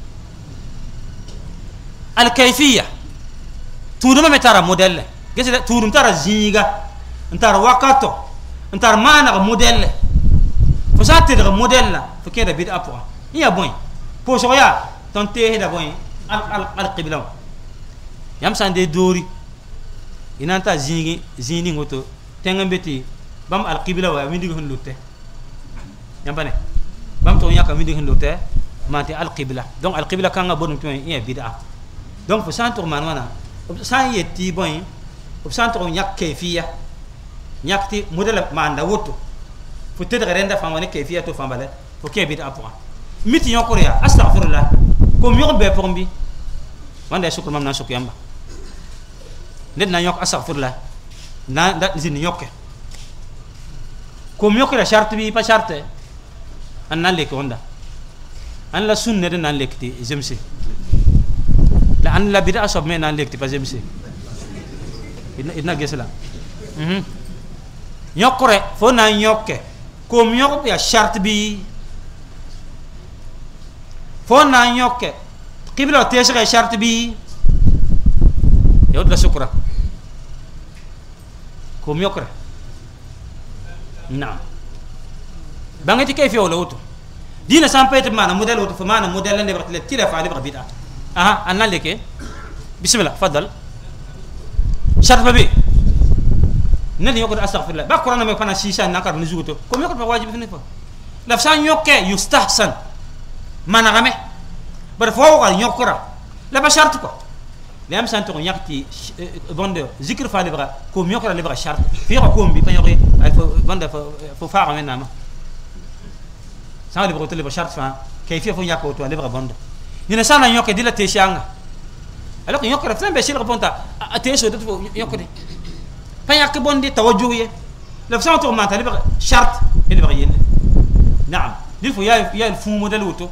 S1: الكيفيه تورم ما ترى موديل جيس تورم ترى زيغا انتار وقتو انتار ما نغ موديل فسات تدغ موديل فكيدا بيد ابوا يا بوي بوشويا تنتي هدا بوي ال ال القبله يام سان دي دوري ينانتا زيغي زيني غوتو تنغم بيتي بام القبله وا ميدي هن لوتي يام باني بام تو ياكا ميدي هن لوتي ما تي القبله دونك القبله كان غبون توي يا بيد ابوا donc fo sã n tʋg maan wãna b sã n yet tɩ bõe b sã n tʋg n yãk kɛɛfiya yãk tɩ modã maanda woto fo tedg rẽnda fãa wa ne kɛɛfiya to fãa bala fo kẽ bɩd a pʋgã mi tɩ yõkr yaa astagfirla kom yõg bɩ a pʋgẽ bɩ wãnda ya sʋkr mam na n sʋk yãmba ned na n yõk astagfirla na zĩnd yõke kom yõkra shart bɩ pa sharte n na n lek wẽnda ãn la sũn ned n na n lek tɩ zemse la an la bida asob me nan lekti pas jemsi idna idna gesla hmm nyokore fo na nyokke ko myok ya chart bi fo na nyokke qibla tesh ga chart bi yod la shukra ko myokre na bangati kay fi wala wutu dina sampayte mana model wutu fo mana model ne bratle tilafa li bra bid'a اها انا لك بسم الله تفضل شرط بي نن يقول استغفر الله باكر انا ما فانا شيشا نكر نزوتو كم يقول واجب فيني فا لفسان يوكا يستحسن ما نغمه برفوق يقرا لا بشرط كو لام سانتو يقتي بوند ذكر فا لبغا كم يقرا لبغا شرط في كوم بي فيقي بوند ففاق منما سان لبغا تلبغا شرط فا كيف يفون يقوتو لبغا بوند ina sana nyoke dila te shanga alok nyoke rafna be shil ponta te so dat nyoke di pa yak bondi de tawajjuh ye laf sama to ma tali ba shart ele ba yende na'am dil fu ya ya fu model wuto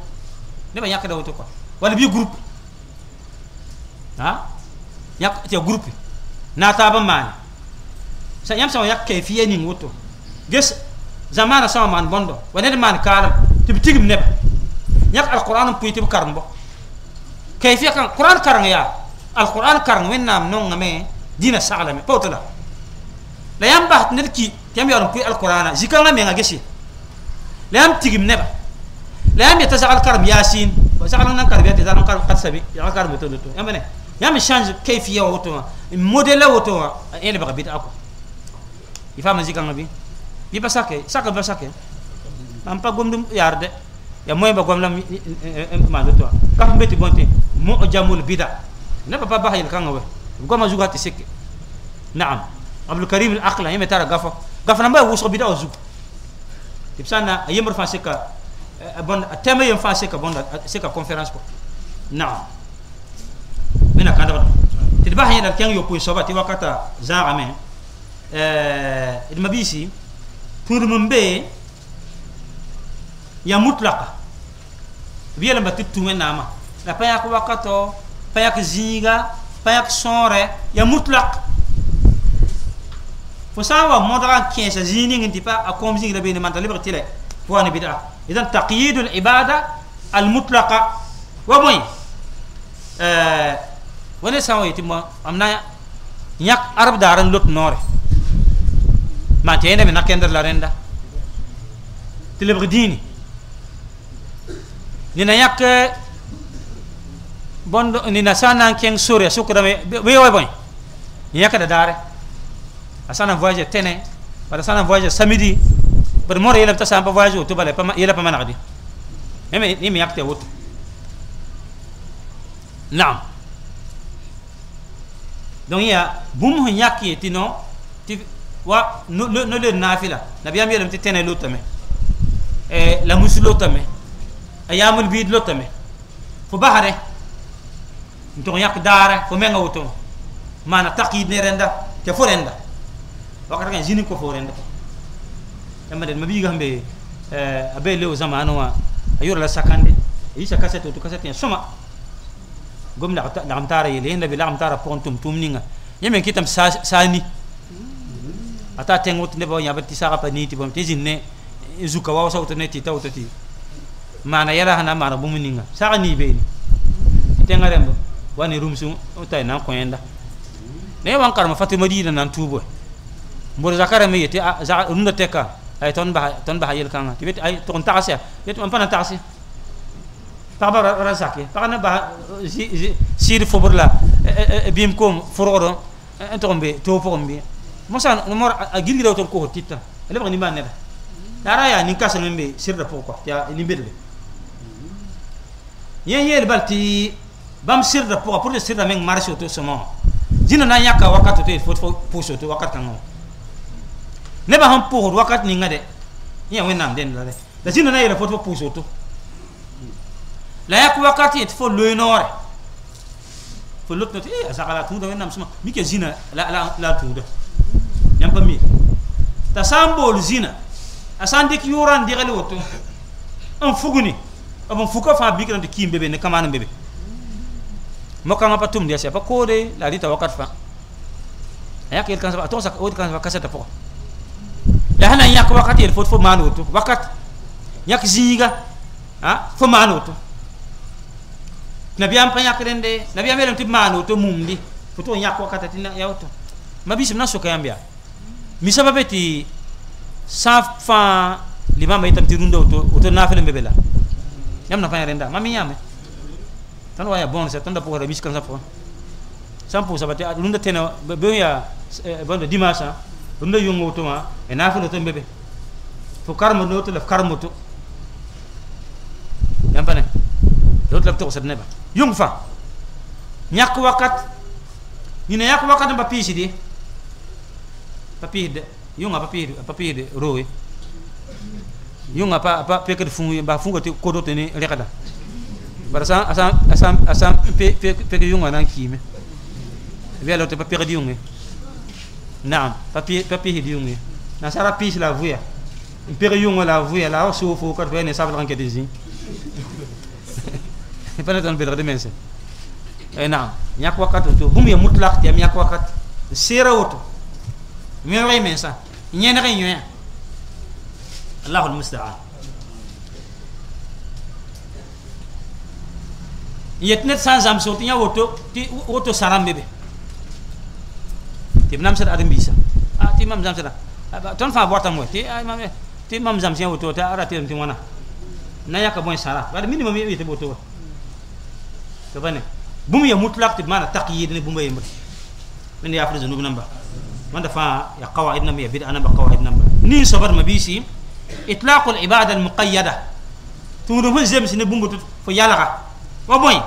S1: ne ba yak da wuto ko wala bi groupe ha yak te ya groupe na ta ba man sa yam sa yak ke fiye ni wuto ges zamana sama man bondo wadede man kalam tibtigim neba yak alquran bu karmbo kayfiya kan qur'an karang ya al qur'an karang wen nam non ngame dina sagala me potla la yam baht ner ki tiam yaron ku al qur'ana zikanga me ngagesi la yam tigim neba la yam yata zagal karam yasin wa zagal nan karam yata zagal karam qatsabi ya karam to to yamane yam change kayfiya woto modela woto ele ba bita ako ifama zikanga bi bi basake saka basake am pa gomdum yarde ya moyen ba ma do to ka mbeti bonte mo jamul bida na papa ba hayel kan we gwama zuga ti sekke na'am abdul karim al aqla yema tara gafa gafa namba so bida o zug tibsana yemr fa sikka bon tema yem fa sikka bon sikka conférence ko na'am mena do kanda ba hayel kan yo puy soba ti wakata zaame eh il mabisi pour mbe ya mutlaqa biya la batit tumen nama la pa yak wakato pa yak zinga pa yak sore ya mutlaq fo sawa modra kensa zini ngi pa akom zinga la bene manta liberté le fo ani bid'a idan taqyid al ibada al mutlaqa wa moy euh wala sawa yitima amna yak arab daran lot nore ma tene me nakender la renda tilibridini nina yak bondo nina sana keng sore sukra me we we boy yak da dare asana voyage tene para sana voyage samedi per mor yela ta sampa voyage to bale pama yela pama nagdi eme ime yak te wot naam donc ya bum ho yak yetino ti wa no le nafila nabiyam yelam ti tene lotame e la musulotame ايام البيد لطمه بحرة انتو ياك داره فمنغا وتو ما نتقيد نرندا تفورندا وقت كان جيني كو فورندا دين دم بيغا همبي آه، ابي لو زمانوا ايور لا سكاندي ايشا كاسيت وتو كاسيت سما قم نعم تاري يلين بلا عم تارا بونتم تومنينغا يمكن كتم ساني ata tengo tne bo yabe tisara paniti bom tizine zuka wa sa utne tita utati mana yara hana mara ninga saka ni be ni tenga rembo wani rumsu utai na ko yenda ne wan karma fatima dina nan tubo mbor zakara me yete za runda teka ay ton ba ton ba yel kanga tibet ay ton taxia yet on pana ra tabar ta na ba sir fobor la e, e, e, bim kom fororo entombe to pombe mosan mor agilgira ton ko titta ele ba ni manela dara ya ni kasal membe sir da pourquoi ya ni yen yel balti bam sirda pour pour le sirda meng marche auto somo jina na yaka wakat auto il faut pousser auto wakat kango ne ba han pour wakat ni ngade yen wen nam den la de da jina na il faut pousser auto la yak wakat il faut le nord faut l'autre note eh ça la tuda wen nam somo mi ke jina la la la tuda yam pa mi ta sambol jina asandik yuran digale auto en fuguni abon fuka fa bi kan tikim bebe ne kamana bebe moka ngapa tum dia siapa kode la dita wakat fa ya kel kan sa to sa od kan sa kaseta poko la hana yak wakat el fot fo manu wakat yak zinga ha fo manu to nabi yak rende nabi elam tib manu mumdi foto yak wakat tin ya to mabisim na soka yambia safa limama itam tirundo to to nafel mbebela yam na nafanya renda mami yame tan waya bon se tan da pour remis comme ça pour sampo sabati lunda tena be ya de dimasa lunda yungo tuma e fa no tan bebe fo karma no to la karma to yam pane lot la to sa neba yung fa ñak wakat ñu ne ñak wakat ba pisi di papide yunga papide de roe yung apa apa peket fungu ba fungu te kodo rekada asam asam asam pe pe pas de kime n'y te naam papi a pas de la vuya de yunga la vuya la pas de Il n'y ne pas de Il n'y a de nyak wakat to ya mutlaq n'y nyak wakat mensa Allahul musta'an. Yetnet iya, san zam sotinya woto ti woto saram bebe. Ti nam sada adam bisa. Ah ti mam zam sada. Ton fa bortam we ti ay mam ti mam zam sia woto ta ara ti ti wana. Na yaka boy sara. Bad minimum yi ti woto. To bane. Bum ya mutlaq ti mana taqyid ni bum ya mutlaq. Min ya afrizu nubnamba. Man da fa ya qawaid nam ya bid'a nam qawaid nam. Ni sabar mabisi. اطلاق العباده المقيده تونغ فن زمس نبونغ في يالغا وبوين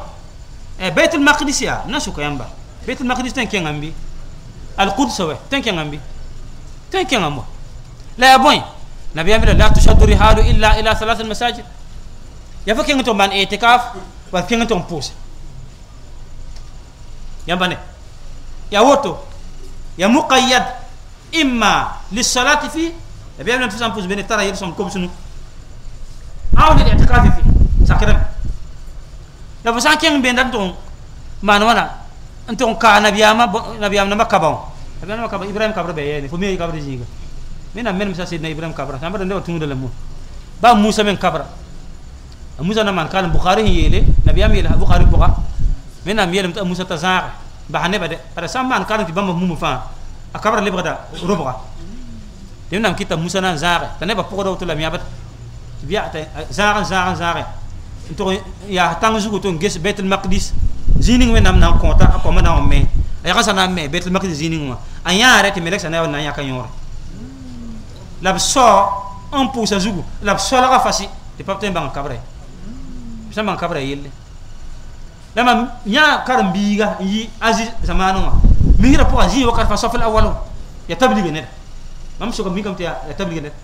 S1: إيه، بيت المقدس يا ناسو كيامبا بيت المقدس تنكي غامبي القدس وي تنكي غامبي تنكي غامبو لا يا بوي نبي يامبي لا تشد الرحال الا الى ثلاث المساجد يا فكين تو مان اعتكاف وفكين تو بوس يامبا نه يا وتو يا مقيد اما للصلاه فيه بيعملوا انفسهم انفس بين ترى يرسم كوب شنو عاود الاعتقاد فيه ساكرم لا بس انا كان بين دكتور ما انا وانا انت كان نبيام نبيام نما كباو نبيام نما كباو ابراهيم كبر بيه فمي كبر جيغا من من مسا سيدنا ابراهيم كبر سامر ندو تنود لمو با موسى من كبر موسى نما كان بخاري يلي نبيام يلي بخاري بوغا من ام يلي موسى تزاق بحنبه ده رسام ما كان تبم مو مفان اكبر لبغدا ربغا yẽmnam kɩta musa na n zãage t'a nebã pʋgda woto la yãbd tɩ b yaata zãag n to ya zãage n tʋg ges betel maqdis zĩig ning wẽnnaam na n kõota a kõma na n me a yagã sã me betel maqdis zĩig ma wã a yãare tɩ melek sã na yaa na la b sao n pʋʋsa zugu la so la fasi tɩ pa b tõe n sa kabrɛ b sã n bãng kabrã yelle la mam yã karen-biiga n yɩ a zĩ zamaanẽ wã misrã pʋgã zĩig fa sɔfl awalo ya tab liga neda mam so kam kam tiya ya, tabli genet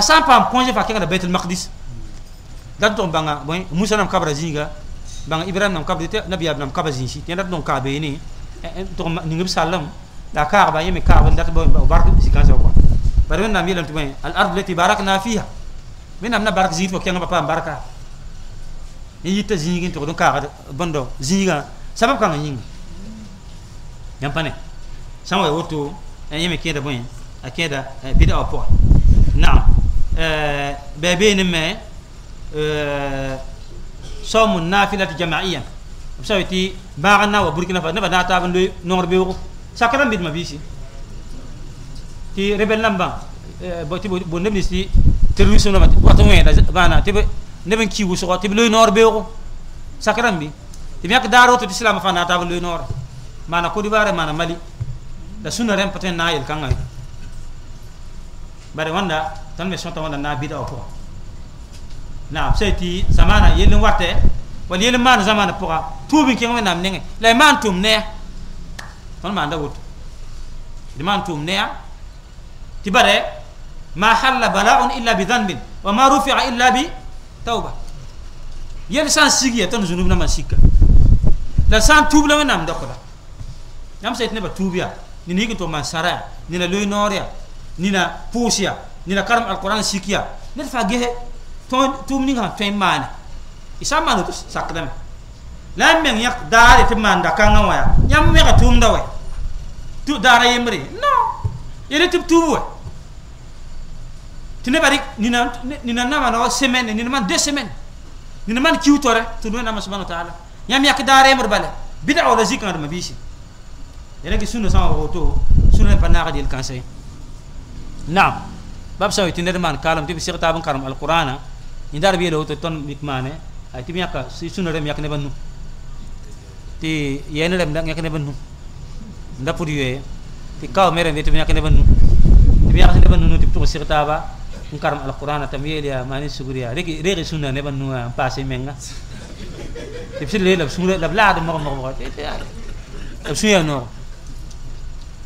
S1: sa pam ponje fa kenga da betul maqdis dat ton banga moy musa nam kabra zinga banga ibrahim nam kabra te nabi nam kabra zinsi tiya dat don kabe ni to ni ngi salam da kaaba yemi kaaba dat bo kan so ko bar men nam yelam tumen al ard lati barakna fiha men nam na barak zin fo kenga papa baraka ni yitta zingin to don kaaba bondo zinga sabab ngi nyinga yampane sama woto en yemi kenda أكيد آه، بدا أبوا نعم بابين آه، ما آه، صوم النافلة جماعيا بسويتي بارنا وبركنا فنا بدنا تابن لي نور بيو سكرم بيد ما بيسي تي ريبل نمبا بوتي بو نبنيسي تروسو نمبا واتو وين بانا تي نبن كيو سو تي لي نور بيو سكرم بي تي ميك دارو تو اسلام فنا تابن لي نور مانا كودي بار مانا مالي da sunna rem paten nayel kangay bari wanda tan me sonta wanda na bida ko na ti samana yelin warte wal yelin man zamana poka tubi ke ngam nam nenge la man tum ne ton man da wut di man tum ne ti bare ma halla bala'un illa bi dhanbin wa ma rufi'a illa bi tauba yel san sigi ton zunub na masika la san tubla la da ko da nam ti ne ba tubiya ni ni to man sara ni la loy noriya nina pusia nina karam alquran sikia ned fa gehe ton tumni ha fe man isa man to sakdam la men yak dare te da kan waya nyam me ka da we tu dare yemri no ele tip tu we tine bari nina nina na mana semaine nina man deux semaines nina man utore to no na ma subhanahu ta'ala nyam yak dare yemre bale bid'a wala zikra ma bishi ele ki sunna sama to sunna pa na ka dil conseil Nam, bab sa itin der man kalam tim sir tabang karam al qurana indar bi do to ton mik mane ay tim yakka si sunu rem yak ne banu ti yen rem dak yak ne banu nda pur yue ti kaw mere ne tim yak ne banu tim yak ne banu tim to sir taba karam al qurana tam yeli ya mane suguri ya regi regi sunna ne banu am passe menga tim sir le lab sunu lab la de mo mo ko ti ya lab sunya no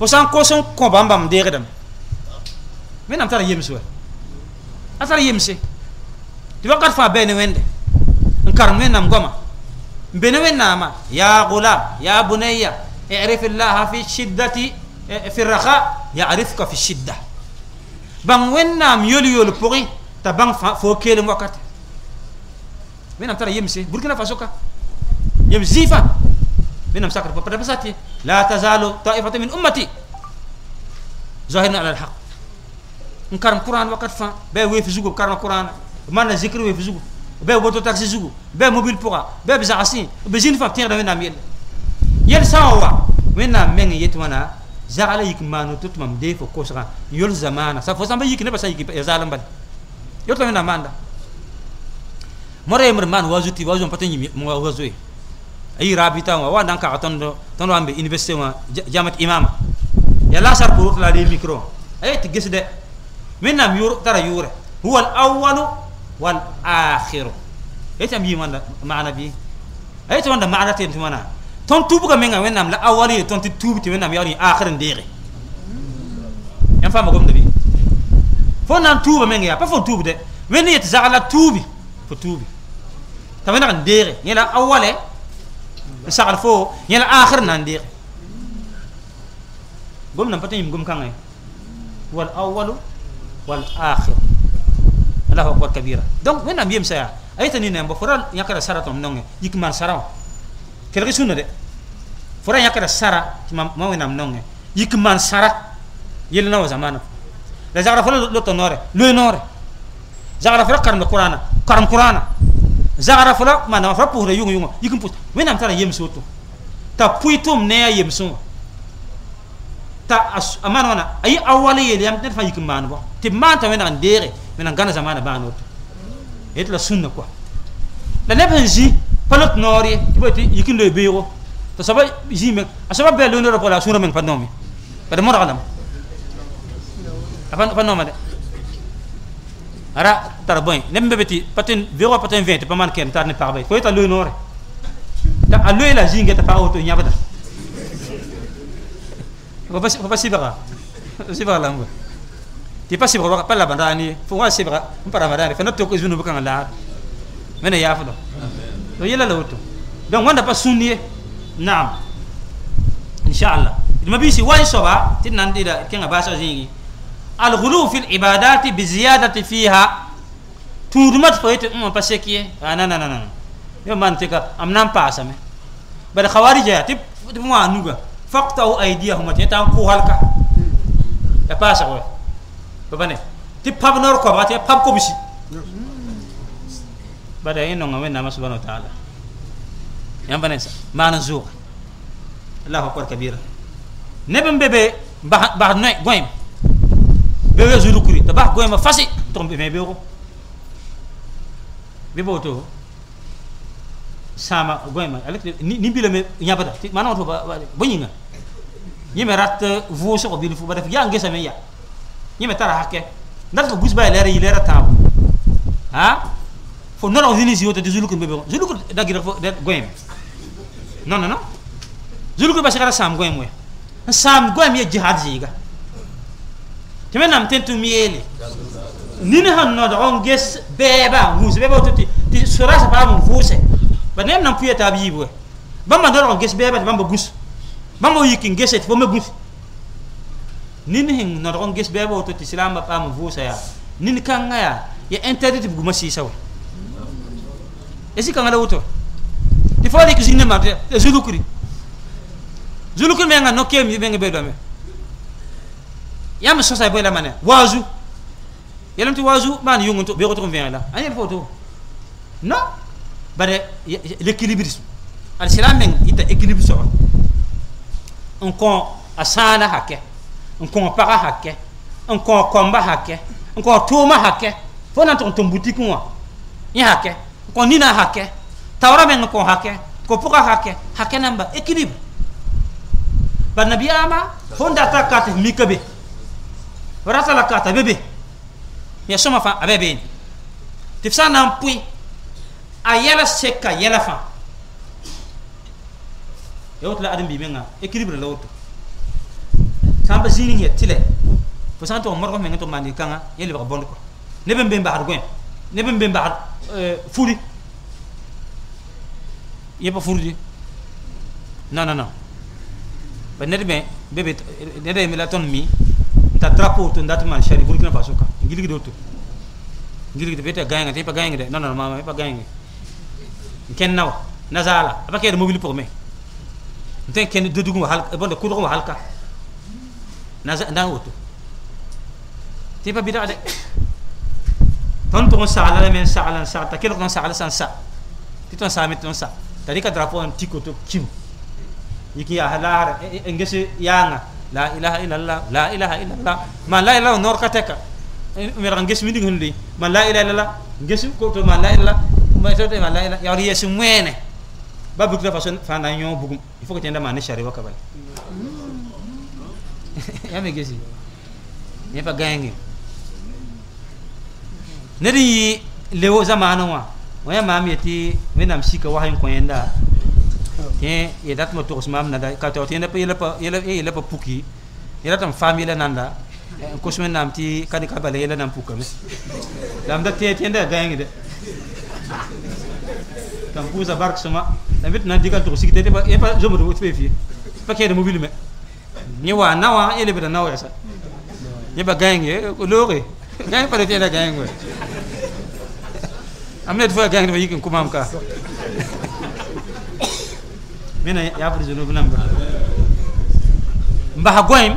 S1: وسان كوسون كومبام بام ديردم مين امتار يمسو اثر يمسي دي وقت فا بين وين ان كارم وين نام غوما بين وين ناما يا غولا يا بنيا اعرف الله في الشده في الرخاء يعرفك في الشده بان وين نام يولي يولي بوغي تبان فوكيل وقت مين امتار يمسي بوركينا فاسوكا يمزيفا منهم سكر فبرفساتي لا تزال طائفة من أمتي ظاهرنا على الحق نكرم قرآن وقد فان بي ويف زوجو كرم قرآن مانا ذكر ويف زوجو بي بوتو تاكسي زوجو بي موبيل بوغا بي بزعسين بزين فان تيغ دمينا ميل يل ساوا مينا مين يتوانا زعلا يك مانو توت مام ديفو كوسرا يول زمانا سا فو سامبا يك نبسا يك يزالم بال يوتو مينا ماندا مريم مان وازوتي وازو مباتن يمي وازوي ay rabita wa wa danka tondo tondo ambe université wa jamat imama ya la sar pour la des micro ay ti gis de minam yuru tara yure huwa al awwal wal akhir ay tam yi man maana bi ay tam da maana tem tumana ton tubu ka menga wenam la awwali ton ti tubu ti wenam yari akhirin dege en fama gom de bi fo nan tubu menga ya pa fo tubu de weni yet zala tubi fo tubi tamena kan dege ngela awwale sakar fo yel akhir nandi Gum deeg gomda gom wal awalu wal akhir Allah akbar kabira donc wena biem saya ay tani nina yãmba fo yakara saratom sara yikman nonge yik maan sara wã kelg de fo yakara sara tɩ ma wẽnnaam nonge yik maan sara yel na zamana la zara fo lo lota noore loe noore fo karam qurana karam qurana zagara fala mana fa puhra yungu yungu yikum we nam tara yem soto ta puitum yem ta amana wana ay awali yam net fa yikum man bo ta gana zamana ba et la sunna quoi la lebenji palot nori boti yikum do ta sabay jime asaba belo ndoro pour la men de ara tar boy nem bebeti patin zero patin 20 pa man ken tar ne parbe bay ko ta ta alu la jinga ta auto nya nyabada ko pas ko pas sibara sibara lango ti pas sibara pa la ni fo wa sibara on para bandani fa notto ko izunu bukan la mena ya fa do do yela la auto donc wanda pas sunniye naam inshallah dima bisi wa soba tin nan dida kenga basa jingi الغلو في العبادات بزيادة فيها تورمت فويت أم بسكية آه نا نا نا نا يوم أنتك أم نام باسمه بل خوارج يا تب دموا نوجا هم أيديهم تام كوهالك يا باسا ويا بابني تب باب نور كوبات يا باب كوبشي بدأ إنه من نام سبحانه وتعالى يوم بنسى ما نزوق الله أكبر كبير نبم ببي بعد بعد نوي قيم ɓe weesuru to ba goyema fasi tomɓe ben me ko sama goyema alek ni mbila me ñabata vous me boñinga ñime rat eh, vous soko bil fu ba def ya Il men ya ñime tara hakke n'a ko ha fo non zini yote zulu ko bebe zulu ko dagira non non non zulu parce ba ça sam goyem we sam jihad tɩ wẽnnaam tẽn tʋm yeele nin sẽn nodg n ges beba wũus bɛɛbã woto tɩ sorasã paam n vʋʋse ba nem nan pʋya taab yiib wɛ bãmba nodg ges beba ba bãmba gũs bãmba yik n gese tɩ fo me gũs nin sẽn nodg n ges bɛɛbã woto silam ba paam n vʋʋsa yaa nin kãngã yaa yaa interdit b guma sɩɩsa wɛ esi kãngã la woto tɩ fo rɩk zĩnd mam zulukri zulukr menga no keem menga be dɔme yam so sai bola mana wazu yelam ti wazu ban yungu to be ko to vin la ani photo no bare l'équilibrisme al islam men ita équilibre so on kon asana hakke on kon para hakke on kon komba hakke on kon tuma hakke fo nan ton boutique moi ni hakke kon nina hakke tawra men kon hakke ko puka hakke hakke namba équilibre ba nabi fonda ta mikabe rasa la kata bebe ya soma fa abebe tifsa nan pui ayala seka yala fa yawtla adam bi menga équilibre la wotu samba zini ya tile fo santo morgo menga to mandi kanga yeli ba bond ko nebe mbem ba hargo nebe mbem ba fuli yepa furdi non non non ba nede be bebe nede mi la ton mi nta trapo to ndati ma shari burkina faso ka ngili do to ngili de beta gaynga te pa gaynga de non non mama pa gaynga ken nawa nazala apa ke mobile pour me nten ken de dugu hal bon de kudu ka naza nda woto te pa bida ton ton sa ala men ala sa ta kilo ton ala san sa ti ton sa met ton sa tadi ka trapo an tikoto kim yiki ya halar engese e, e, yanga لا إله إلا الله لا إله إلا الله ما لا إله نور كتك ميران جسم دي هندي ما لا إله إلا الله جسم كوت ما لا إله ما يسوي ما لا إله يا ريا سمين بابك ده فشان فانا يوم بقوم يفوق تيندا ما نشاري وكبل يا مجزي يا بعاني نري لو زمانه ما ويا مامي تي منام شيك واحد كويندا tiẽ yeelrat me togs mam nanda ka tɩ tɩ yeela pa puki yeela tɩ m faam yeela nanda n kos wẽnnaam tɩ ka dɩka bala yeela nan pukame lam da tẽ tẽnda gãengde tɩ m pʋʋsa bark sõma la me tɩ na n dɩka n tog sig tɩ pa zomd tɩ pa fie pa kẽeda mobil me yẽ waa na wã ye lebda na wɛɛsa yẽ pa gãeng ye looge gãeng pa da tẽeda gãeng wɛ am ned fo ya gãengd fa yik n kʋmam ka mena yafuri zunubu namba mbaha goyim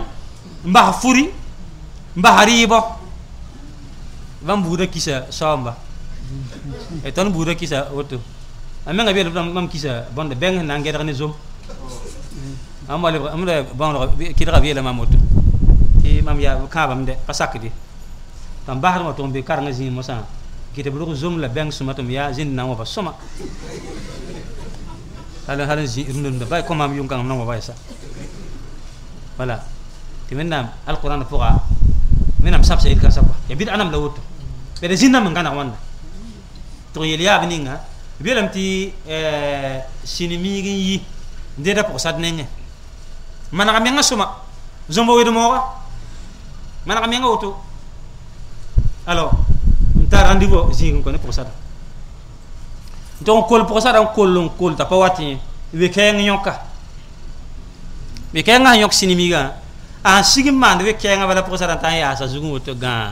S1: mbaha furi mbaha haribo van kisa shamba, e ton kisa woto amenga biyel mam kisa bonde beng na ngedar ne le amale amle bon kidra vie la mamoto ki mam ya kaabam de pasak di tam bahar ma tombe karanga zin mosan kita bulu zom la beng suma ya zin na wa soma hala hala zi irnum da bay komam yung kang namo bay sa wala timinam alquran fuqa minam sab sa ilka sabba ya bid anam lawut be de zinna man kana wanda to yel ya bininga bilam ti eh sinimi gin yi de da pour sad nenge ya. mana kami nga suma zombo wedo mora mana kami nga auto alors ntar rendez-vous zinga ko ne pour ton kol pour ça dan kolon kol ta pawati be ken nyoka be ke nga yok sinimiga an sigi man be ken nga wala pour ça dan ta ya sa zungu to ga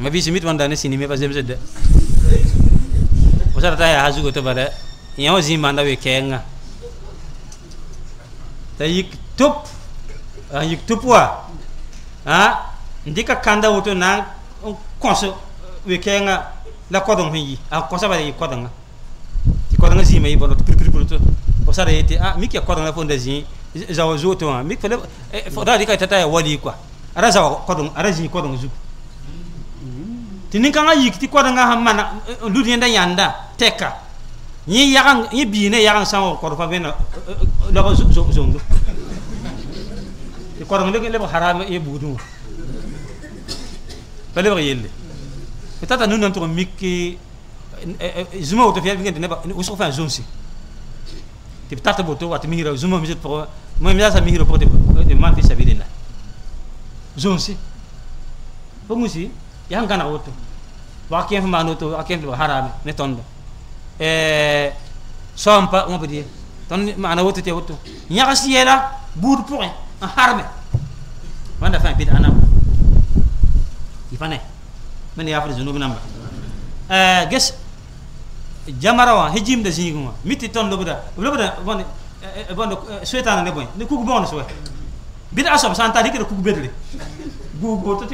S1: ma bi simit wanda ne sinimi pas dem de pour ça ta ya zugu to bare yon zi man da be ken nga ta yik top an yik top wa ha ndika kanda woto na konso we ke nga la kodon hin yi a kosa ba yi kodon ga ti kodon zi mai bono pri pri pruto o sara yete a mi ke kodon la fonda zi za o zo to mi fele fo da dika tata ya wali kwa ara za kodon ara zi kodon zu ti nin kanga yik ti kodon ga ah, hamma na eh, lu ni nda yanda teka ni yagan ni bi ne yagan san o oh, korfa bena eh, eh, la ko zo zo zo ti kodon le le haram e budu pele ba yelle peut-être nous n'entrons miki eh, eh, eh, zuma auto fiya vinga neba usu fa zonsi te peut-être boto wat mihira zuma mi pro mo mi sa mihira pro de de manti sa bidena zonsi pomusi yang kana auto wa kien fa manoto a kien fa haram ne tondo eh sompa on peut dire ton mana auto te auto nyaka siela bour point en harme wanda fa bidana ifane je vais y revendre These清楚 Şeref Jamara wa, W de Z즋k même si l'obuda, ce bon, manque maintenant Semdi died c'est une maille file Mon dieu Non que d'autres monde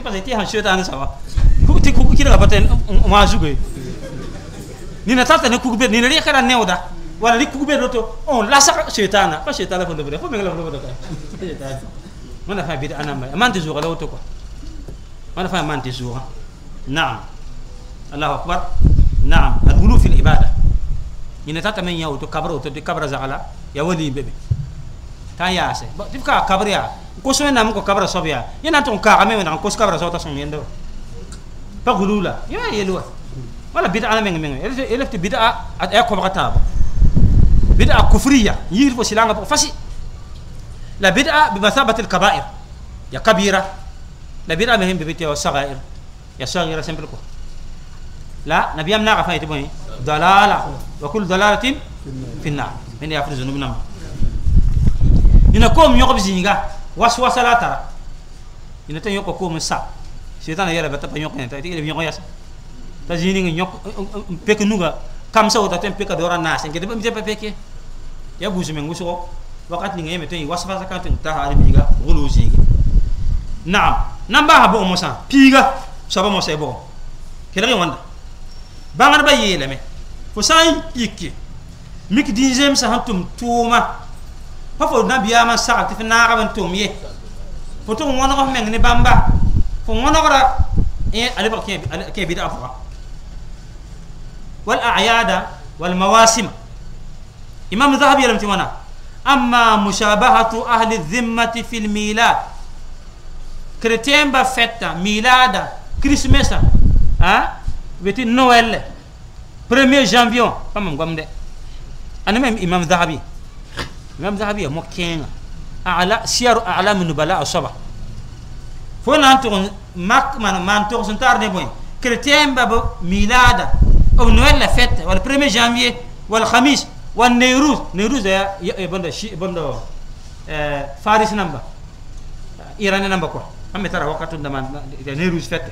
S1: les pieds pour moi donc ce que Crystal fait le plus large 6000 De la faillite interested fait de na logique je ne Raisson source Ni na site D'get les Du doute de toutes en space Hwang STR 可以 Par pas 150 je vais Avant une étape les la l'obuda large Soldier tout et pas memories Et Daha peu sans Heureux mais pour moi en Amherst L'attac نعم الله أكبر نعم الغلو في العبادة إن تتمنى يو تكبر أو تكبر زغلا يا ولي بيبي تان يا سي تفكا كبر يا كوسو نعم كو كبر صبيا ينا تون كا أمي من كوس كبر صوتا سون يندو بغلو لا يا يلوا ولا بدعة من من إلفت بدعة أت أكو بغتاب بدعة كفرية يرفو سلانا فاسي لا بدعة بمثابة الكبائر يا كبيرة لا بدعة مهم ببيتي والصغائر يا شاغرة سمبل كو لا نبي أمنا غفاية تبوني ضلالة وكل ضلالة في النار من يفرز ذنوبنا نكوم يقب زينغا وسوسة لا ترى ina ta yoko ko musa shetan yala bata pa yoko ta ile yoko yasa ta jini ngi yoko peke nuga kam sa wata tem peka dora nasen ke debam jepa peke ya buzu men guso wakat ni ngeme ten wasfa zakatun ta hari biga gulu zigi na'am namba habo musa piga soaba mo sey bo ngi wanda bangar ba yele me fo san yikki mik dinjem sa hantum tuma fa fo na biya ma sa ti na ga bantum ye fo to ngono ko meng ni bamba fo ngono ko ra e ale ba ke ke bi da afwa wal a'yada wal mawasim imam zahabi yalam ti wana amma mushabahatu ahli dhimmati fil milad kretemba fetta milada Christmas, hein? Ah, noël, 1er janvier, pas mon gomme. Et même Imam Zahabi, Imam Zahabi, il est un ala siaru ala minubala asaba fo nan to mak man man to son tar de boy chrétien babo milad ou noël la fête wal 1er janvier wal khamis wal neyrouz neyrouz ya ya bonda shi bonda euh faris namba iran namba quoi am tara wakatu d'aman, man neyrouz fête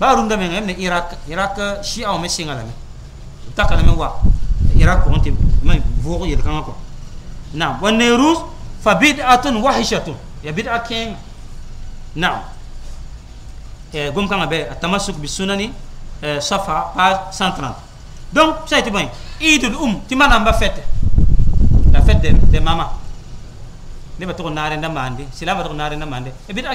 S1: Baru nda mengem ne irak irak shi au mesin la me taka na me wa irak on tim me vogo yel kan ko na ne rus fa bid'atun wahishatun ya bid'a ken na e eh, gum kan be atamassuk bi sunani eh, safa pa 130 donc ça été bon idul um ti mana mba fete la fete de, de mama ne ba to na renda mande sila ba to na renda mande e eh, bid'a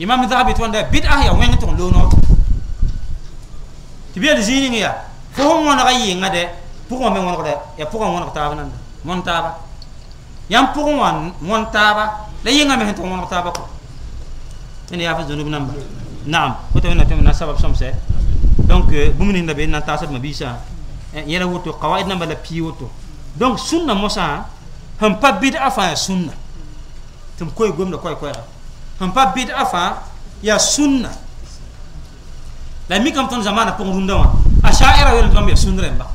S1: imam dhahabi tonda bid'ah ya wenga ton lono tibiya de zini ya fo hon wona gayi ngade pour on me ko de ya pour on taaba nan mon taaba yam pour on mon taaba la yinga me ton wona taaba ko ene ya fa zunub namba naam ko to na tem na sabab somse donc bumni ndabe na tasab ma bisa yela eh, woto qawaid namba la pi woto donc sunna mosa han pa bid'a fa sunna tum koy gomna koy koy hampa bid'a fa ya sunna la mi kam ton zamana pon runda wa asha'ira wel kam ya sunna remba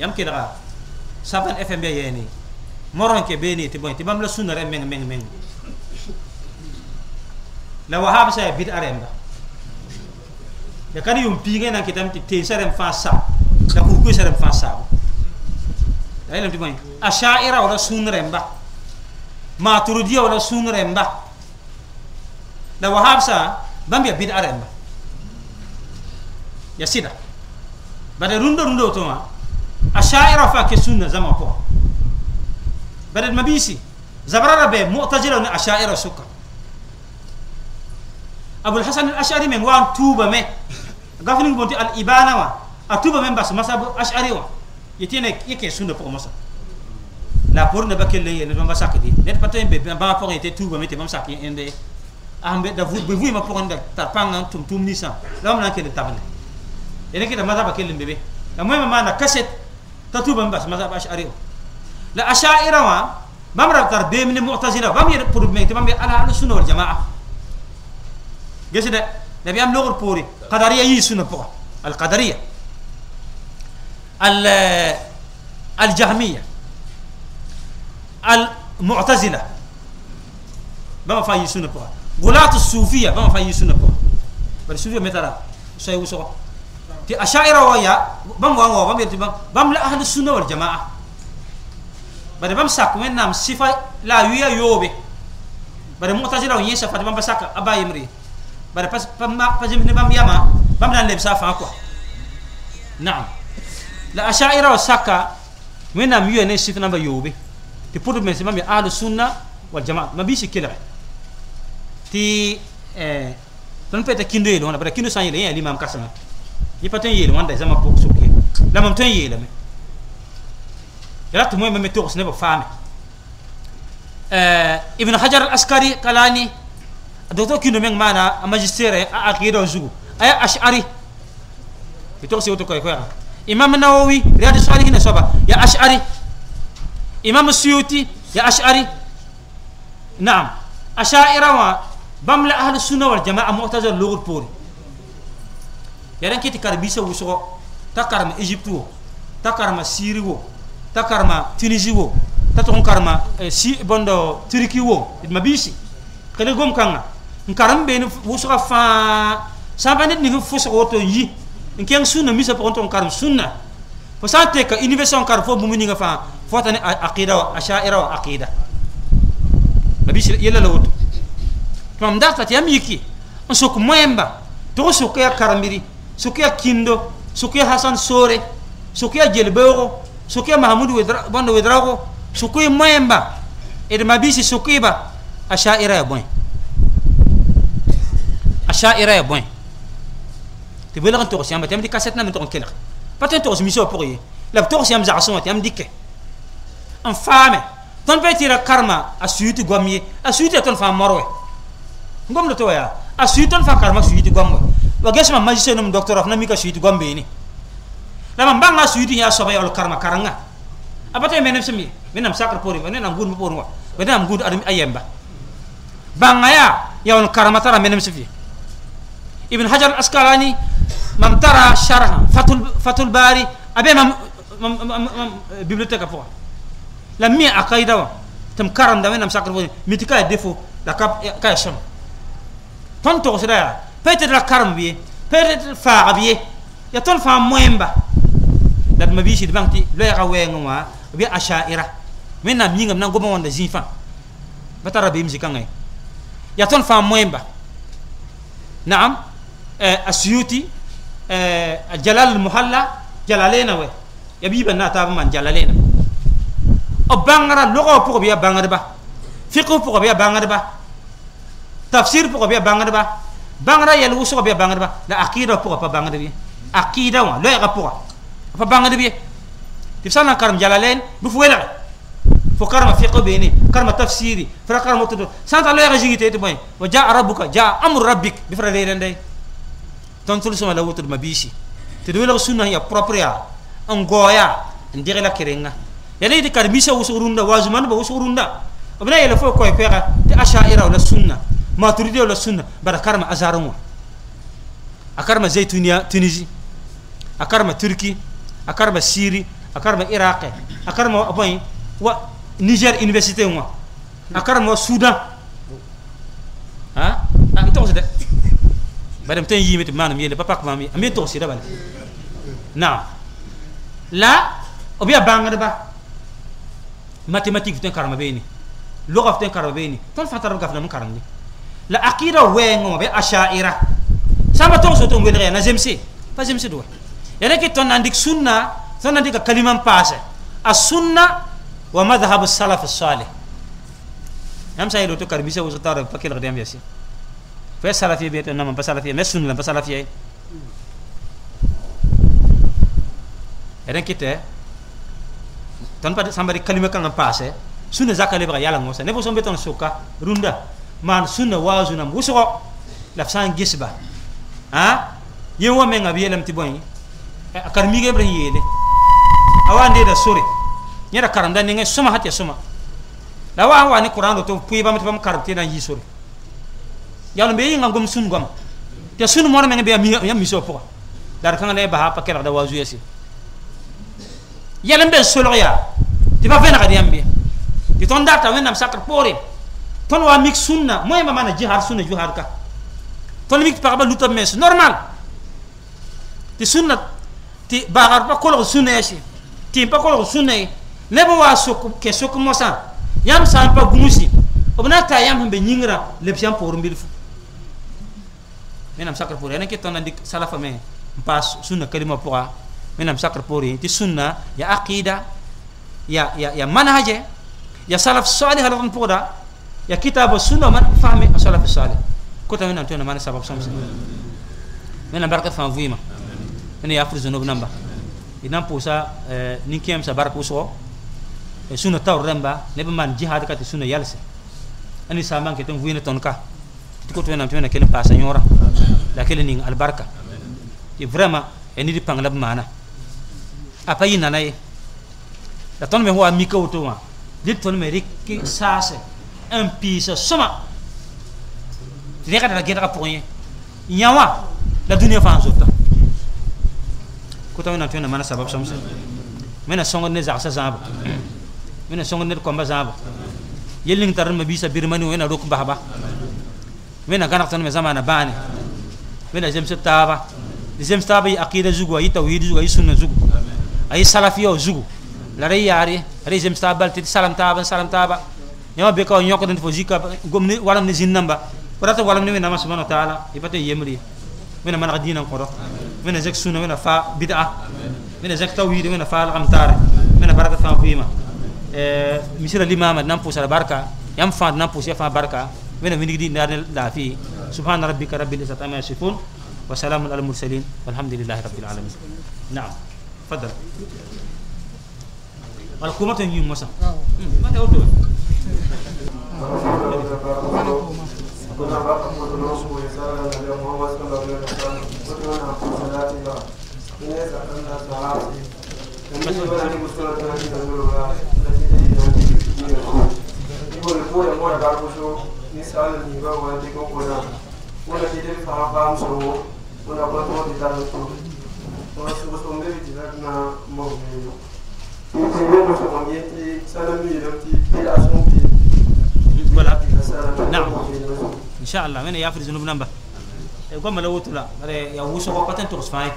S1: yam ke dara saban fm ya yene moron ke be ni te bon bam la sunna rem meng meng meng la wahab sa bid'a remba ya kan yum pinge nan kitam te te sarem fa sa la ku ku sarem fa sa ay lam te bon asha'ira wala sunna remba maturidiyya wala sun remba da wahabsa bambia bid'a remba ya sida bada rundo rundo tuma ashaira fa ke sunna zama ko bada mabisi zabrara be mu'tazila ni ashaira suka abul hasan al ashari men wan tuba me gafni bonti al ibana wa atuba men bas masab ashari wa yetine yake sunna ko masab la pour ne pas que les bakelle yele bamba sakidi net patem bébé bamba pour était tout bamba te bamba sakki ende ambe da vous be vous ma pour un ende ta panga tout tout ni sa la mna kele tabne ene kida maza bakelle bebe la moi ma na cassette ta tout bamba maza ba ashari la ashaira wa bamra tar be min mu'tazila bam yir pour me te bamba ala al sunna wal jamaa de da bi am logor pori qadariya yi sunna pour al qadariya al al jahmiya المعتزلة بما فاي يسون بوا غلاة الصوفية بما فاي يسون بوا بل الصوفية مثلا شيء وسوا تي أشاعرة ويا بام وان وان بام يتبام بام لا أهل السنة والجماعة بل بام ساك وين نام صفة لا يويا يوبي بل معتزلة وين سفر بام بساك أبا يمري بل بس بام بام بام يما بام لا لبسا فاكوا نعم لا أشاعرة وساكا وين نام يويا نسيت نام يوبي ti pour men simam ya ahlu sunna wal jamaa ma bi shikila ti eh ton peta kindo yelo na bara kindo san yelo ya limam kasama yi paten yelo wanda zama pok sukke la mam ton yelo me ya to mo me to ne ba fami eh ibn hajar al askari kalani doto kindo men mana a magistere a akida zugu aya ash'ari to se to koy koy imam nawawi riyad salihin saba ya ash'ari إمام السيوطي يا أشعري نعم أشاعرة بملا أهل السنة والجماعة معتزلة لغة بوري يعني كي تكربيسة وسوق تكرم إيجيبتو تكرم سيريو تكرم تونسيو تتون كرم إيه، سي بندو تركيو ما بيسي كل قوم كنا نكرم بين وسوق فا سامبنت نيجي فوسق وتو يي إن كان سنة ميسا بقول تون سنة fo sante ka innovation kar fo mumini nga fa fo tane aqida wa ashaira wa aqida babish yela wut tam data ti amiki on sok moyemba to sok ya karamiri sok ya kindo sok ya hasan sore sok ya jelbeoro sok ya mahmud wedra bando wedrago sok ya moyemba eh, ed mabishi so ko ba ashaira ya boy ashaira ya boy te belagan to ko siamba tem di cassette na mi to ko kelakh patin tos miso pori la tos yam zarson yam dikke en femme ton petit la karma a suite gomi a suite ton femme moro ngom do toya a suite ton femme karma suite gomwe wa gesma majise nom docteur mi ka suite gombe ni la bang banga suite ya sobe ol karma karanga abata menem semi menam sakra pori menam gun pori wa menam gun adam ayemba bangaya ya on karma tara menem sifi ibn hajar askalani mam tara sharha fatul fatul bari abe mam bibliothèque fo la mi aqaida wa tam karam da wenam sakar fo mitika defo la kap ka sham ton to sida ya peut-être la karam bi peut-être fa bi ya ton fa moyemba dat ma bi shi banki lo ya wenga wa bi ashaira wenam nyingam nan gomo wanda zifa batara bi mzika ngai ya ton fa moyemba نعم السيوطي jalal muhalla jalalena we ya biba na ta man jalalena o bangara logo pour biya bangara ba fiqh pour biya bangara ba tafsir pour biya bangara ba bangara yel wusu biya bangara ba la aqida pour pa bangara bi aqida wa lo ya pour pa bangara bi tibsana karam jalalen bu fu wela fo karma fiqh bene karma tafsiri fra karma tudu santa lo ya jigite to boy wa jaa rabbuka jaa amru rabbik bi fra de ton tul so la wutur mabisi te do sunna ya propria an goya ndire la kerenga yale de kar misa usurunda wazuman ba usurunda abna yele fo koy pera te ashaira wala sunna turidi wala sunna bara karma azarunwa akarma zaitunia tunisi akarma turki akarma siri akarma iraq akarma apoy wa niger université wa akarma sudan ha am tawsde badam tan yimit manam yele papa ko mami ambe to si dabal na la o biya bangada ba mathématique tan karama beni lugha tan karama beni tan fatar gaf karam ni la aqida wengo be ashaira sama ton so ton welre na jemsi pa jemsi do yana ki ton andik sunna ton andik kaliman pase as sunna wa madhhab as salaf as salih nam sayido to karbisa wo so tar pakil gadem yasi fe salafiye be to nam ba salafiye mesun lam ba salafiye eren kite ton pa sambari kalima kan passe sunna zakale ba ngosa ne bo sombe suka runda man sunna wazu nam wusugo laf gisba ha yen wa menga biyelam ti boy akar mi gebren yele awande da sore nyara karanda ne suma hatya suma lawa wa ni qur'an to puiba mit pam karti na yi sore yalla be yinga gom sun gom te sun mor men be ya miso fo dar kan ne ba ha pakera da wazu yesi yalla so lo ya ti ba fena kadi ambe ya ti ton data wen nam sakar pore ton wa mik sunna moy ma mana jihad sunna jihad ka ton mik pa ba lutam mes normal ti sunna ti ba bagar pa kolo sunna yesi ti pa kolo sunna ne ba wa sok ke sok mosa yam sa pa gumusi obna ta yam be nyingra le pian porum fu menam sakar puri ana kita nandi salafa eh? me pas sunna kalima pura menam sakar puri ti sunna ya aqida ya ya ya mana aja eh? ya salaf salih halan pura ya kitab sunna man fahmi eh? salaf salih kota menam tuna mana sabab samsi menam barka fa vima ene ya furzu namba inam pusa sa nikiem sa barka uso sunna tawremba ne man jihad kat sunna yalse ani saman kita vuina tonka تكون تمنا تمنا كلم باسا يورا لكن نين البركة يفرما إني دي بانغ لب معنا أبا ينانا يه لتون مه هو ميكا وتوما دي تون مه ريك ساس أم بيسا سما تريكا تلاقي تلقى بوين يوا لا دنيا فان زوتا كنت أنا تمنا ما أنا سبب سامس من السونغ نزع سزاب من السونغ نركم بزاب يلين ترى مبيسا بيرماني وين أروك بحبا من أغنق تنمي زمان باني من أجمس التابة الجمس التابة هي أقيدة زوغو هي توحيد زوغو هي سنة زوغو هي سلافية زوغو لاري ياري ري جمس التابة تتي سلام تابة سلام تابة يوم بيكا ونيوك دن فوزيكا غم ني والم ني زنن با ورات والم ني نما سبحانه وتعالى يبتو يمري من من دين القرآن من زك سنة من فا بدعة من زك توحيد من فا الغمتار من بركة فان فيما مثل الإمام نام فوس البركة يام فان نام فوس يفان بركة بنا من جديد نار دافي سبحان ربك رب العزة عما يصفون وسلام على المرسلين والحمد لله رب العالمين نعم تفضل الحكومة يوم مسا ما تقول هو نعم نعم نعم نعم نعم إن شاء الله من يافر ذنوب نمبر قام لو تلا يوسف وقتن تغس فاي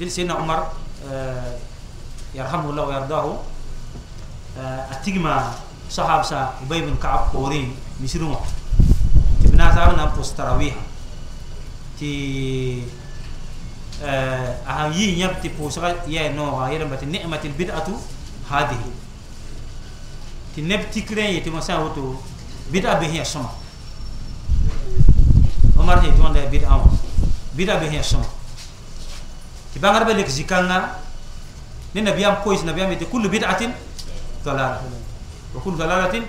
S1: دل سيدنا عمر يرحمه الله ويرضاه أتجمع صحاب سا أبي بن كعب قورين misirungo ti bina zaru na pos tarawih eh, ti eh aha yi nyab ti posa ya no ga yera bati ni'matil bid'atu hadi ti neb tikren ti masa wutu bid'a be hiya sama omar he tonda bid'a awo bid'a be hiya sama ti bangar be lek zikanga ni nabiyam kois nabiyam yeti kullu bid'atin dalalah wa kullu dalalatin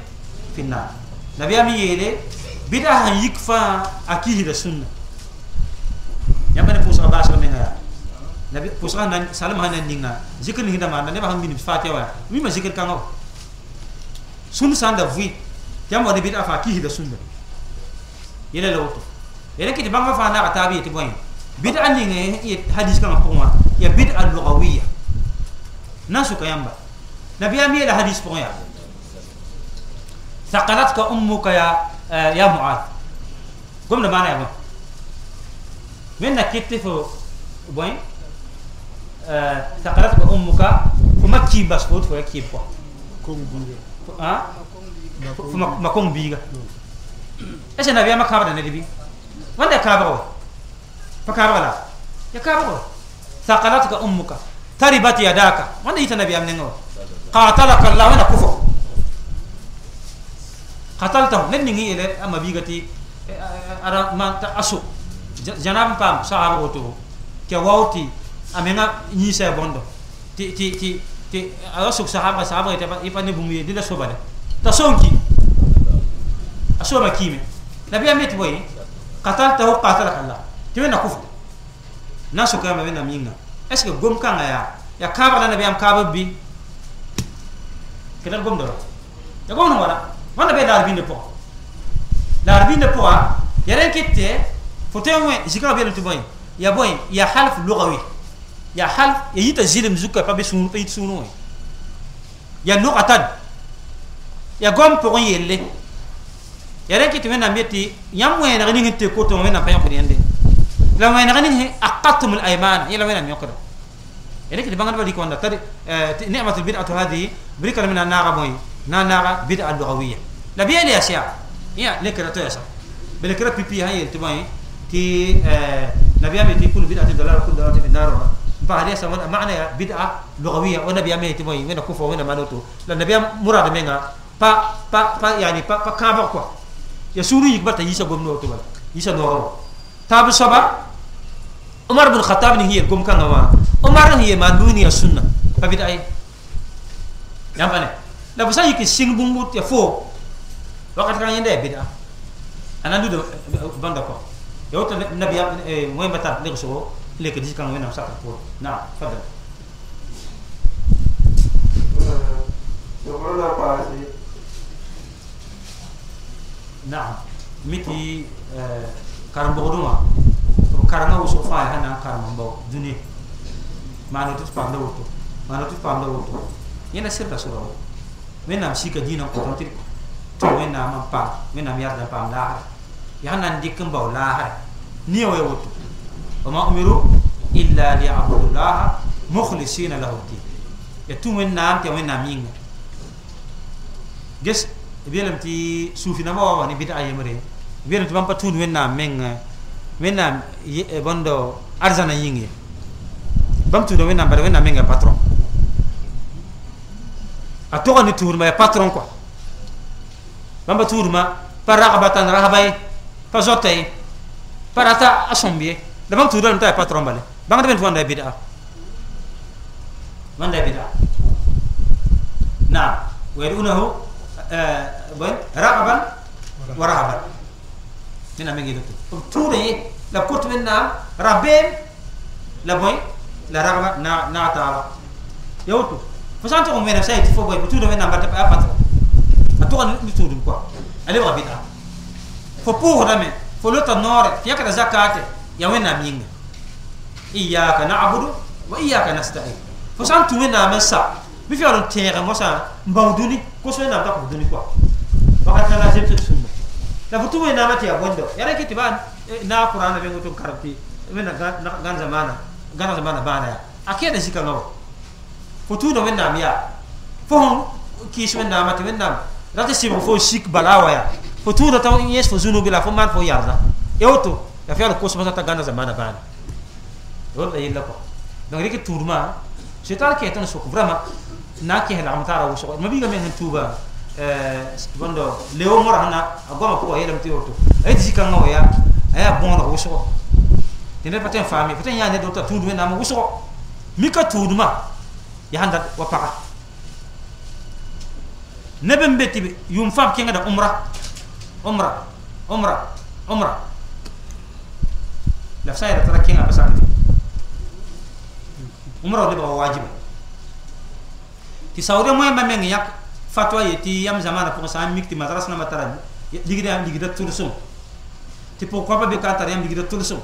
S1: finnar nabi ami yele bida han yikfa akihi da sunna nyamba ne pusa basra me ngaya nabi pusa nan salam hanan ninga zikr ni hidama nan ne ba han bin fatiha wa mi ma zikr kango sun da vui jamba de bida fa akihi da sunna yele lawto yele ki banga fa na atabi ti boy bida an ninga hadis kan ko ya bida al-lughawiyya nasu kayamba nabi ami yele hadis ko ya ثقلتك امك يا آه، يا معاذ قمنا معنا يا بوين منك كتف بوين آه ثقلتك امك فما كيم بس قلت فما كيم بوا ها فما ما كون بيجا ايش انا بيا ما كابر انا دبي وين كابر فكابر لا يا كابر ثقلتك امك تربت يداك وين يتنبي امنغو قاتلك الله وين كفر qataltahu len ngi ele ama bigati eh, ara ma ta asu janam pam sahar oto ke wauti amenga ni se bondo ti ti ti ti ara suk sahaba sahaba ite ipane bumi so bale ta asu ma kime nabi amet boy qataltahu khatal allah ti wena kufu nasu kama wena minga est ce gom kanga ya ya kaba nabi am kaba bi kedal gom do ya gom no wala wala be dar binde poa dar binde poa yaren kette foto mo jika be to boy ya boy ya half lugawi ya half ya yita zilim zuka pa be sunu pe sunu ya lugatan ya gom pour yelle yaren kette wena meti yam wena ngin te ko to wena pa yakuri ende la wena ngin aqatum al ayman ila wena yakuri يعني كده بعند بديك وانا ترى نعمة البدعة هذه بريكة من النار بوي نار بid'a lughawiyya La les ya sia. Iya, le kira to ya sa. Bele kira pipi ha ye tumai ti eh, nabi ame ti kul bid'ati dalal kul dalal fi nar. Fa hadiya sa wana ma'na ya bid'a lughawiyya wa nabi ame tumai wena kufa wena manoto. La nabi murad menga pa pa pa yani pa pa kaba kwa. Ya suru yikbata yisa gomno to bal. Yisa no. Tabu saba Omar bin Khattab ni hiye gom kanga wa. Umar hiye ma duniya sunna. Pa bid'a. Yang mana, La basa yiki sing ya fo lo xat kan yende bida ana du ban da ko yow to nabi ya moy mata ni ko le ke diskan wena sa ko na fadal Nah, miti karam bo duma. Karam bo so fa na karam bo duni. Mano tu pa ndo to. Mano tu pa ndo to. Yena sirta so ro. Mena si ka dina ko tantir. Ah wẽnnaam n pam wẽnnaam yarda n paam laagre yaa na n dɩk n bao laagre nia wa woto wama umiru illa liyabudullaha mukhlisina lahu din ya tũ nam, tɩ ya wẽnnaam yĩnga ges b yeelame tɩ suufi nambã wa wa ne bɩd a yembre b yeelame tɩ bãmb pa tũud wẽnnaam mengã wẽnnaam bõnd arzãna yĩng ye menga patron a togã ne ya patron quoi bamba turma paragabatan rahabay pazotay parata asombie da bang turma ta pa trombale bang da ben fonda bid'a man da bid'a ah. ah. na wa yadunahu wen eh, ragaban wa rahaban mina me gido gitu turi la kut minna rabbin la boy la ragaba na na taala yawtu fasantu ko mena sayt fo boy do mena batta patron atuga ni tudum kwa ale wa fo pour fo lota nore fiya kada ya wena minga iyyaka na'budu wa iyyaka nasta'in fo san tu fi alon tere mo sa mbawduni ko ta ko duni kwa ba e, ka rati sibg fo sik balawa ya fo tuura ta yes fo zunubi la fo man fo yarda ewto ya fiyalu kosmasa ta ganda zamana bana wala yilla ko donc tourma, turma shetar ke tan sok vraiment na ke hela amtara wo sok mabiga men tuba eh bondo leo morana hana agoma ko yela mti oto ay disi kan ngaw ya ay bondo wo sok tene paten fami paten ya ne do ta na mo wo sok mika tuduma ya handa wa paka beti betibe yum fab kenga da umrah umrah umrah umrah la sayra tara kenga basat umrah le ba wajib ti sawre moy ba mengi yak fatwa yeti ya, yam zamana pour sa mikti madras na matara ya, digida am digida tursum ti pourquoi pas be katar yam digida tursum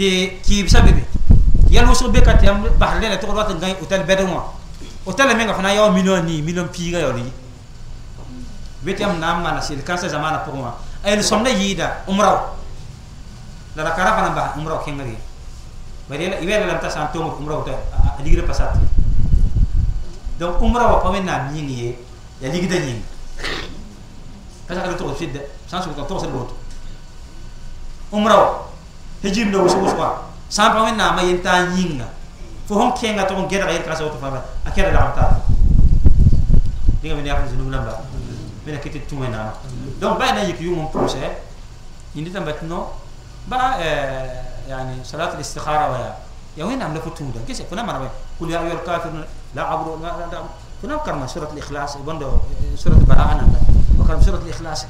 S1: ti bisa bebe yal wusu be katar yam bahle la to rata ngay hotel bedon yang menga fana yaw million ni million piga yori beti am nama mana sil kasa zaman pour moi eh, ay somna yida umraw la rakara fana bah umraw kengari bari la ibe la umrah santo umraw ta pasat. passat umrah apa? pa nama nyingi ye ya ligida nyingi kasa kala kalau sidda sans ko to sedot. to umraw hejim do wusu wusu pa sans pa yang? فهم كينغا تون جدا غير كاسو تفاهم أكيد العبتا دينا من يأخذ زنوب لمبا من أكيد تومينا دون بعدنا يك يوم بروسة يندي تنبتنو با آه، يعني صلاة الاستخارة ويا يا وين عم لفتو تودا كيس كنا مرة كل يا أيها الكافرون لا عبر لا لا كنا كرنا سورة الإخلاص يبندو آه، سورة البراءة نبدا وكرم سورة الإخلاص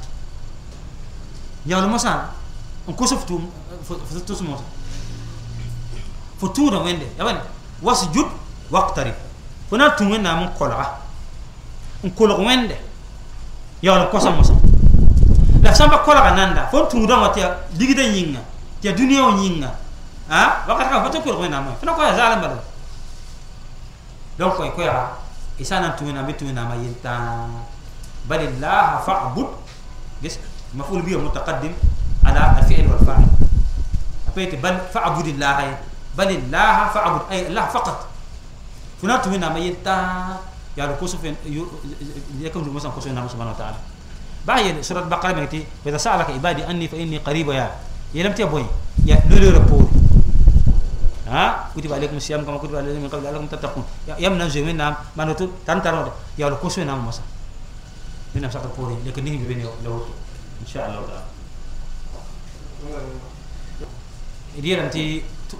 S1: يا المسان نكسفتو فتوس موت فتورة وين يا وين wasjud waqtarib fona tun wẽnnaam n kolga n kolg wẽnde ya n kõsa mosã la samba pa kolga nanda fo n tũudã wã tɩ ligda yĩnga tɩ ya dũniyã wã ka wakat kã fo tɩ kolg wẽnnaam fõna kɔya zaalem bala donc koy koɛɛga y sã na n na wẽnnaam bɩ tũ wẽnnaamã yeltã fabud ges maful biya mutaqaddim ala alfi'l walfa'il apete bal fa'budillah بل الله فعبد أي الله فقط فنات من ما يتا يا ركوس يكون مثلا كوسو نعم سبحانه وتعالى بعد سورة البقرة مكتي فإذا سألك عبادي أني فإني قريب يا يا لم تبوي يا لولو ربور ها كتب عليكم الصيام كما كتب عليكم من قبل لعلكم تتقون يا من زمن نام ما نتو تنتر يا ركوس نعم مثلا من نفسك ربور لكن نيجي بيني لو إن شاء الله تعالى دي لم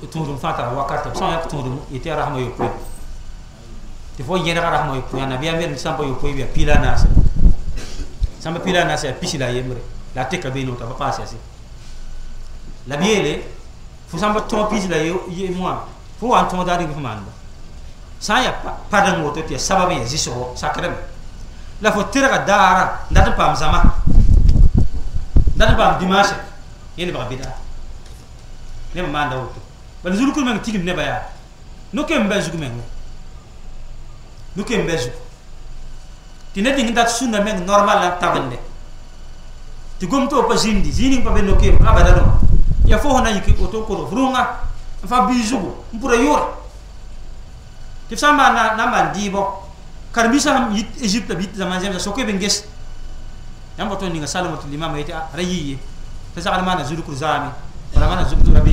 S1: tundum fata wakkarte so yak tundum ite rahma yo poy te fo yena rahma yo poy na biya mer sampa yo poy biya pila nasa sampa pila nasa pisila yemre la teka be no ta pa passe asi la biele fo sampa ton pisila yo ye moi fo an ton dari fo manda sa ya padan woto te sababe ya jiso sakrem la fo tira dara ndata pam sama ndata pam dimashe yele ba bida ne ma manda woto bal zulu kulmeng mang tigim ne baya no kem ba zugu meng no kem ba zugu ti ne ding dat sunna meng normal la tabande ti gom to pa jindi jini pa ben no kem abada no ya fo hona yiki oto ko vrunga fa bi zugu mpura yor ti samba na na man kar karbisa ham yit egypte bit zaman jam so ko ben ges yam boto ni ga salamatu limama yita ah, rayiye ta sa na zulu kur zami wala mana zulu rabi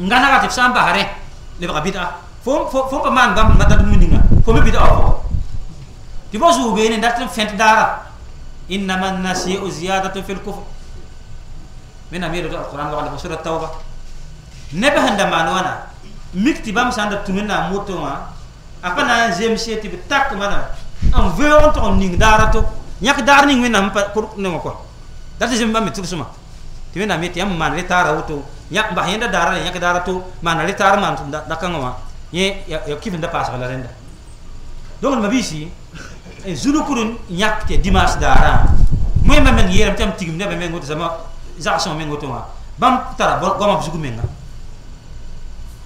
S1: ngana ka tip samba hare le ba bid'a fom fom fo pa man bam mata dum ninga fo me bid'a ko ti bo zu be ne fent dara inna man nasi uziyadatu fil kufr min amir al-quran wa ala surah tauba ne ba handa manwana mikti bam sanda tumina moto ma apa na jem se ti tak mana am veo on ning dara to nyak dar ning mena pa kur ne ko dat jem bam tu suma ti wenam ti am man wuto yak bah yenda dara ke dara tu mana le tar man da dakanga ma ye yo ya, ya ki da pas bala renda donc bisi e zulu kurun nyak te dimas dara moy ma men yeram tam tigim ne ba men ngoto sama zaxon men ngoto ma bam tara go ma bisu men na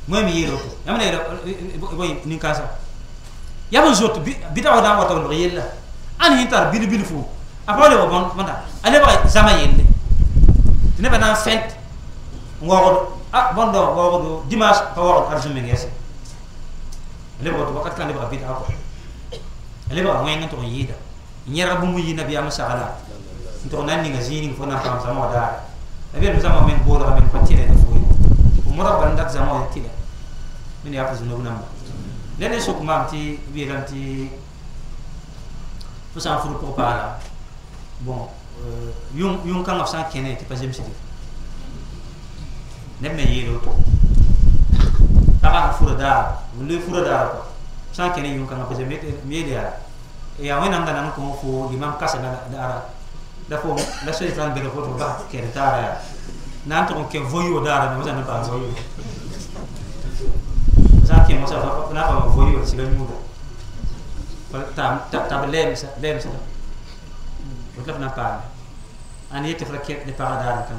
S1: moy mi yero ya yam yero boy e, e, e, ni kasa yam zot bi da wato no yella an hintar bidu bidu fu apole wa bon manda ale ba zama yende ne ba na fente وغد أبندر وغد دماش فوغد أرجو من ياسي اللي بغد وقت كان لبغى بيت أقوى اللي بغى وين أنتو ييدا إن يرى بمي نبي أمس على أنتو ناني غزيني فنا كم زمان دار أبي نزام من بولا من فتيلة نفوي ومرة بندك زمان تيلة من يأخذ نوبنا لأن سوق مامتي بيرانتي فسان فرق بقى على bon yung nemme yiro to taga furo da wulle furo da ko sa kene yun kan ko dia e ya wena ngana nan ko fu imam kasa na da ara da fo la sey tan be ko to ba ta tara nan to ke voyo da ara ne zan ba voyo sa ke mo sa na ba voyo si le ta ta ta be lem sa lem sa ko ta na pa ani te fra ke de paradar kan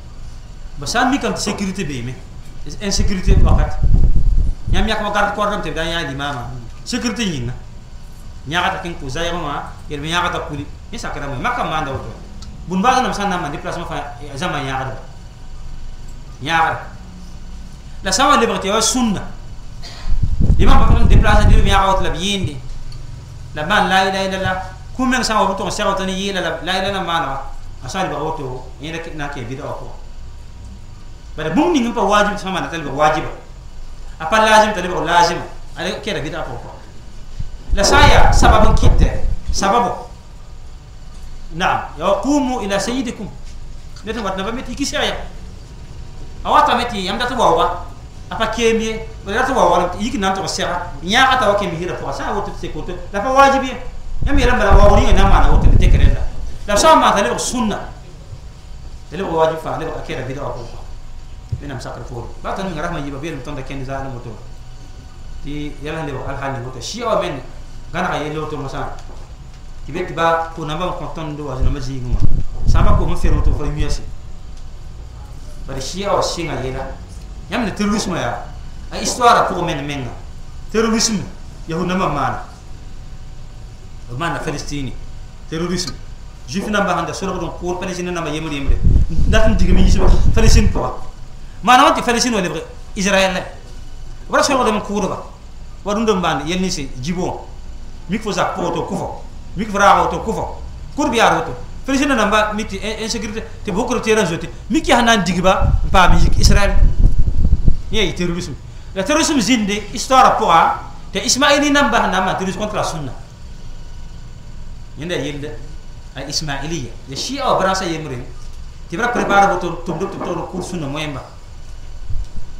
S1: بسان مي كم مي إن انسكيورتي وقت نعم يعني يا كم قرر قرر تبدا يا يعني دي ماما سكيورتي ينا نياغا تكين كوزا يا ماما يرمي يعني نياغا كولي يسا كده ما كم ما عنده وجه بن بعض نمسان نام عندي بلاس ما فا زمان نياغا نياغا لا سوا ليبرتي هو سنة لما بكرم دي بلاس دي نياغا وتلبيين دي لما لا إله إلا الله كم من سوا بتوع سيرو تاني يلا لا إله إلا ما أنا أصلا بقوته ينك ناكي بدأ أقوى bara bum ning pa wajib sama na talba wajiba apa lazim talba lazim ale kera bid'a ko la saya sababun kitte sababu na'am yaqumu ila sayyidikum nete watna ba meti kisaya awata meti yamda to wawa apa kemie wala to wawa yiki nan to sera nya kata wa kemi hira to sa wotu se koto la pa wajibi yami ran bala wawa ni na mana wotu te kerenda la sa ma talba sunna talba wajifa talba akira bid'a ko bina sakar fo ba ton ngara ma yiba biel ton da ken za na moto ti yala le al hal moto shi o men gana ga yelo to masa ti bet ba ko na ba ko ton do wajna ma zi ngwa sama ko mo fer moto fo yuyasi ba shi o shi nga yela yam ne terrorisme ya a histoire ko men menga terrorisme yahu na ma mana mana falistini terrorisme juif na ba handa sura don ko palestine na ma yemre yemre ndatum digami yisba palestine ko manam ti fere sino ne israel le wala so dem kuuro ba wadum dum bande yenni si jibo mik fo to poto kufo mik vrawo to kufo bi yaro to fere na namba ti insécurité te bokko te ran joti miki hanan digiba pa mi israel ye terrorisme la terrorisme zinde histoire pour te ismaili namba namba terrorisme contre la sunna yende yende ay ismaili ya shia o bransa yemre tibra prepare to to to kursu na moyemba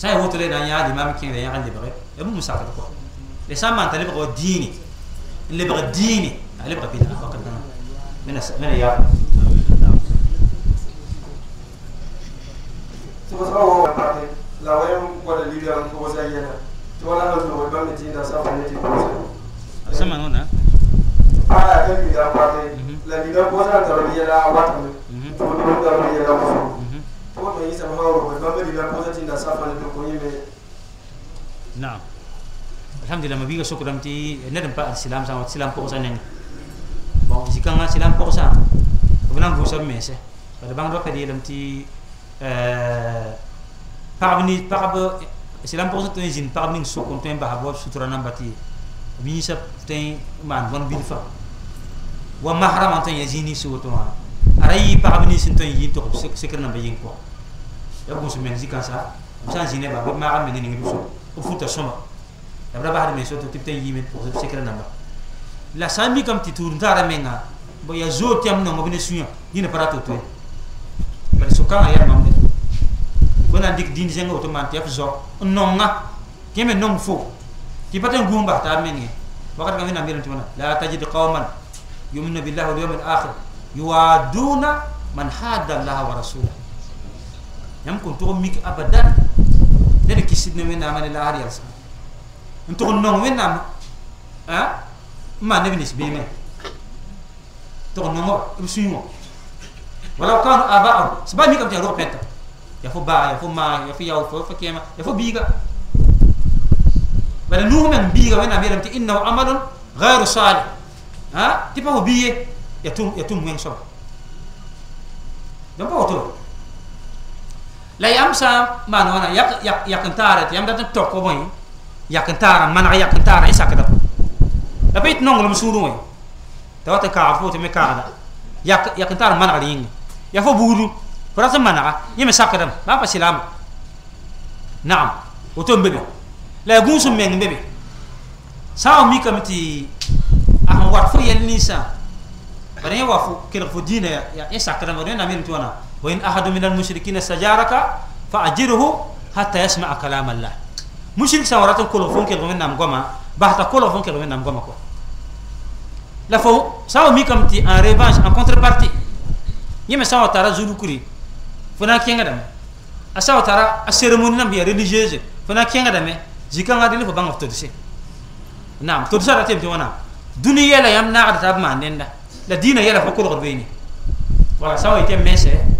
S1: sai woto le nan yaadi mam kin le yaadi bare e mu musa ko le samma tale ko dini le bare dini ale bare bid'a ko kan mena mena ya to so la wayam ko da libya ko wasayya to wala no no ban ti da sa fa ne ti ko sama no na ala ga mi da parte la libya ko sa da biya la wa to to da biya la Nah, alhamdulillah mabiga sokram ti ne dem silam sama silam ko sa Bang jika jikanga eh, silam ko sa bana bu sa mese bada bang roka di ti euh parmi parbe silam ko sa to jin parmi so ko bahagia ba habo sutura nam bati mi sa tem man bon bilfa wa mahram antan yazini suatu. arayi parmi sin ton yin to sekre nam bayin ko ya bu sumen si kansa musan zine ba ba ma amen ni ngi so o futa soma da bra ba me so to tipte yimen pour se secret namba la sambi kam ti tour ndara menga bo ya zo tiam no ngobine sunya yine para to to mais so kan ya mamde bona dik din jengo to man tiaf zo nonga keme nong fo ti paten gumba ta menga wakat kami na mirin mana? la tajid qauman yu'minu billahi wal yawmil akhir yuwaduna man hadda allaha wa rasulahu yam kon to mik abadan ne de kisid ne wena man la ariya sa en to non wena ha ma ne binis be me to non mo im suimo wala kan aba'u sba mik abja ro peta ya fo ba ya fo ma ya fo yaw fo fo kema ya fo biga bala nuhu men biga wena be lam ti innahu amalun ghairu salih ha tipa ho biye ya tum ya tum wen so dan pa to la yam sa mano na yak yak yak ntara yam da to ko moy yak ntara man yak ntara isa ka da nong nongol suru moy da wata ka afu te me ka da yak yak ntara man ali ing ya fo buru frasa man aga yeme da ba pa silam na'am to mbebe la sum men mbebe sa mi kamti ahon wat fo yel nisa bare wa fo kele fo dina ya isa da mo na tuana وإن أحد من المشركين استجارك فأجره حتى يسمع كلام الله مشرك سورة كل فنك من نام قما بحث كل فنك من نام قما كو لا فو ساو مي كم تي ان ريفانش ان كونتر بارتي يما ساو ترى زولو كوري فنا كينغا دام اساو تارا سيرموني نام بي ريليجيوز فنا كين كينغا جي كان غادي لفو بان بانغ تودسي نعم تودسا راتيم تي وانا دنيا لا يمنع تاب ما نندا لا دين يلا فكل غربيني ولا ساو يتم ميسه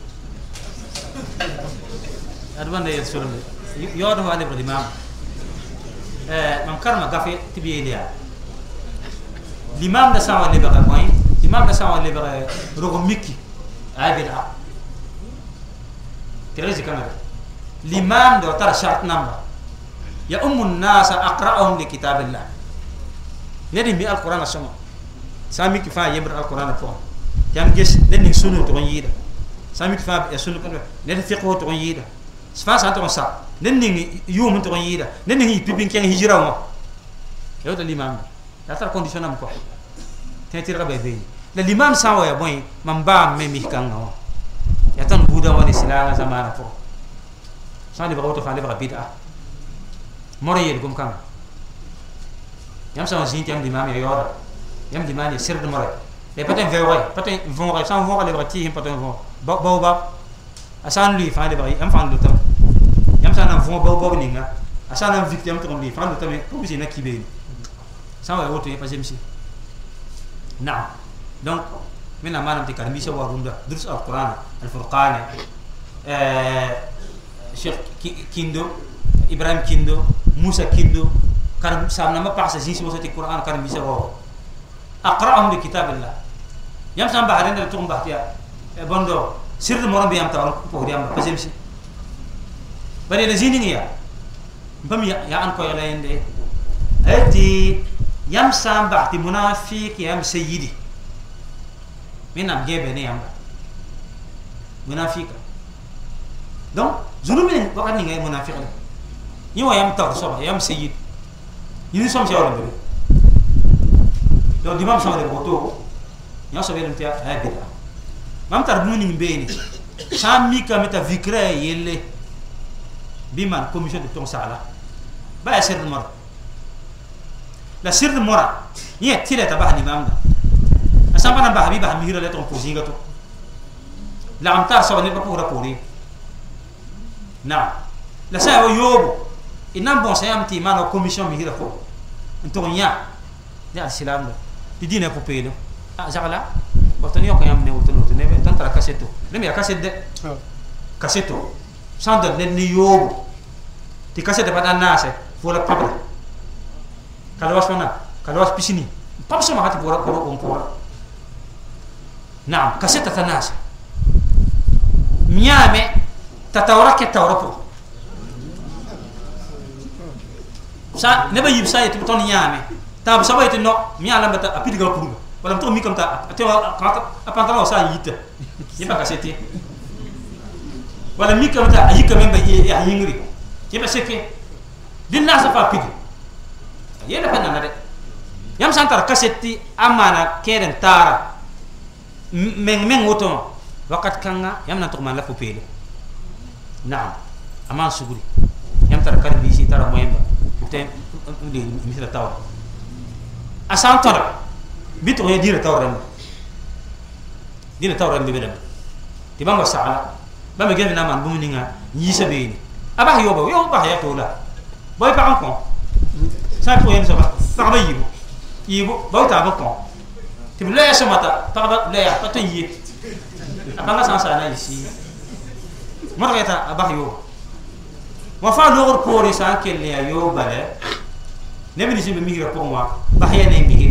S1: adwan ne yeso le yodo wale bro imam eh mam karma gafe tibiye dia l'imam da sa wale baga moy imam da sa wale baga rogo mikki abil a terezi kana l'imam do tara shart number ya ummu an-nas aqra'uhum li kitabillah yadi mi al-qur'an sama sami kifa yebra al-qur'an fo jam ges den sunu to yida sãn mit fãa ya sũlg ned fɩg fo tʋg n yɩɩda fãa sã n tʋg n sa ne ning yʋʋm n tʋg n yɩɩda ne ning yɩ pipi kẽng hijira wã ya wota limam la tara condition nam kɔ tẽ tɩrga ba beene la limam sã n wa ya bõe mam baam me mis-kãngã wã ya tãn buudã wa ne sɩlaagã zamaana pʋgẽ sã n lebga woto fãa lebga bɩd'a mor n yeel gom-kãngã yãmb sã n wa zĩig tɩ yãmb limam ya yaooda yãmb limam ya sɩrd mora la pa tõe n vɛooge pa tõe n võoge sã n võoga lebga tɩɩsẽ pa tõe n võoga baobab a sã n lʋɩ fãa am yam fãa yam sanam yãmb sã n na n võo baobab ninga a sã n na n vikt yam tɩg n lʋɩ fãa wa woto pa zemse naam donc mena maanam te karmi biisã wa rũndã alquran alfurqan alfurqane eh, cheikh kindo ibrahim kindo musa kindo kan samna ma pasa jinsi wosa ti qur'an karmi bisa wa aqra'ahum bi kitabillah yam sam baharen da tum bahtiya Eh, bondo sirri morom biyam am taw ko diam am jemsi si bari na zini ya bam ya ya an ko yala yende ati yam sam ba'ti munafiq yam sayyidi min am gebe ne yam munafiq donc zulum ne wakat ni ngay munafiq ni wa yam taw so yam sayyid ni som ci eh, wala be donc dimam so de ko to so be dum tiya ay mam tar buni mbeni sami ka meta vikre yelle biman commission de ton sala ba sir mora la sir mora ye tile tabahni mamda asamba na ba habiba mihira le ton pozinga to la amta so ne ba pour rapporter na la sa yobo inam bon sa amti man commission mihira ko ntonya ne al silam do didine ko pelo ah jala ba tani ko yamne wotono ne tan tara kaseto ne mi akaset de kaseto oh. sando ne ni yobo ti kaset de nase fola ya. papa. kala was mana kala was pisini pam sama hati bora bora on pora naam kaset ta nase miyame tatawra ke tawra po sa ne ba yib sa yitu ton yame tab sabaytu no miyala bata apidiga kurunga wala to mi kam ta te wa apa ta sa yita yeba ka seti wala mi kam ta ayi kam ya yingri yeba seke din na safa pidi yela pa na de yam santar kaseti amana keren tara meng meng woto wakat kanga yam na tukman la pupele na'am aman suguri yam tar kan bi si tara moyemba te mi misra tawa asantar bitqo dina tawran dina tawran bi bedam ti banga sala ba me gena man bumu ninga yi sabini abah yobo yo bah ya tola boy pa anko sa ko yen soba ta ba yibo yibo ba ta ba ko ti le ya samata ta ba le ya patin yi abanga yisi mo ta ta abah yo wa fa logor ko ri sa kelle ya yo bale ne bi ni sibe mi gira wa mi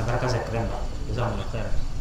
S1: هكذا كلامنا جزاهم الله خيرا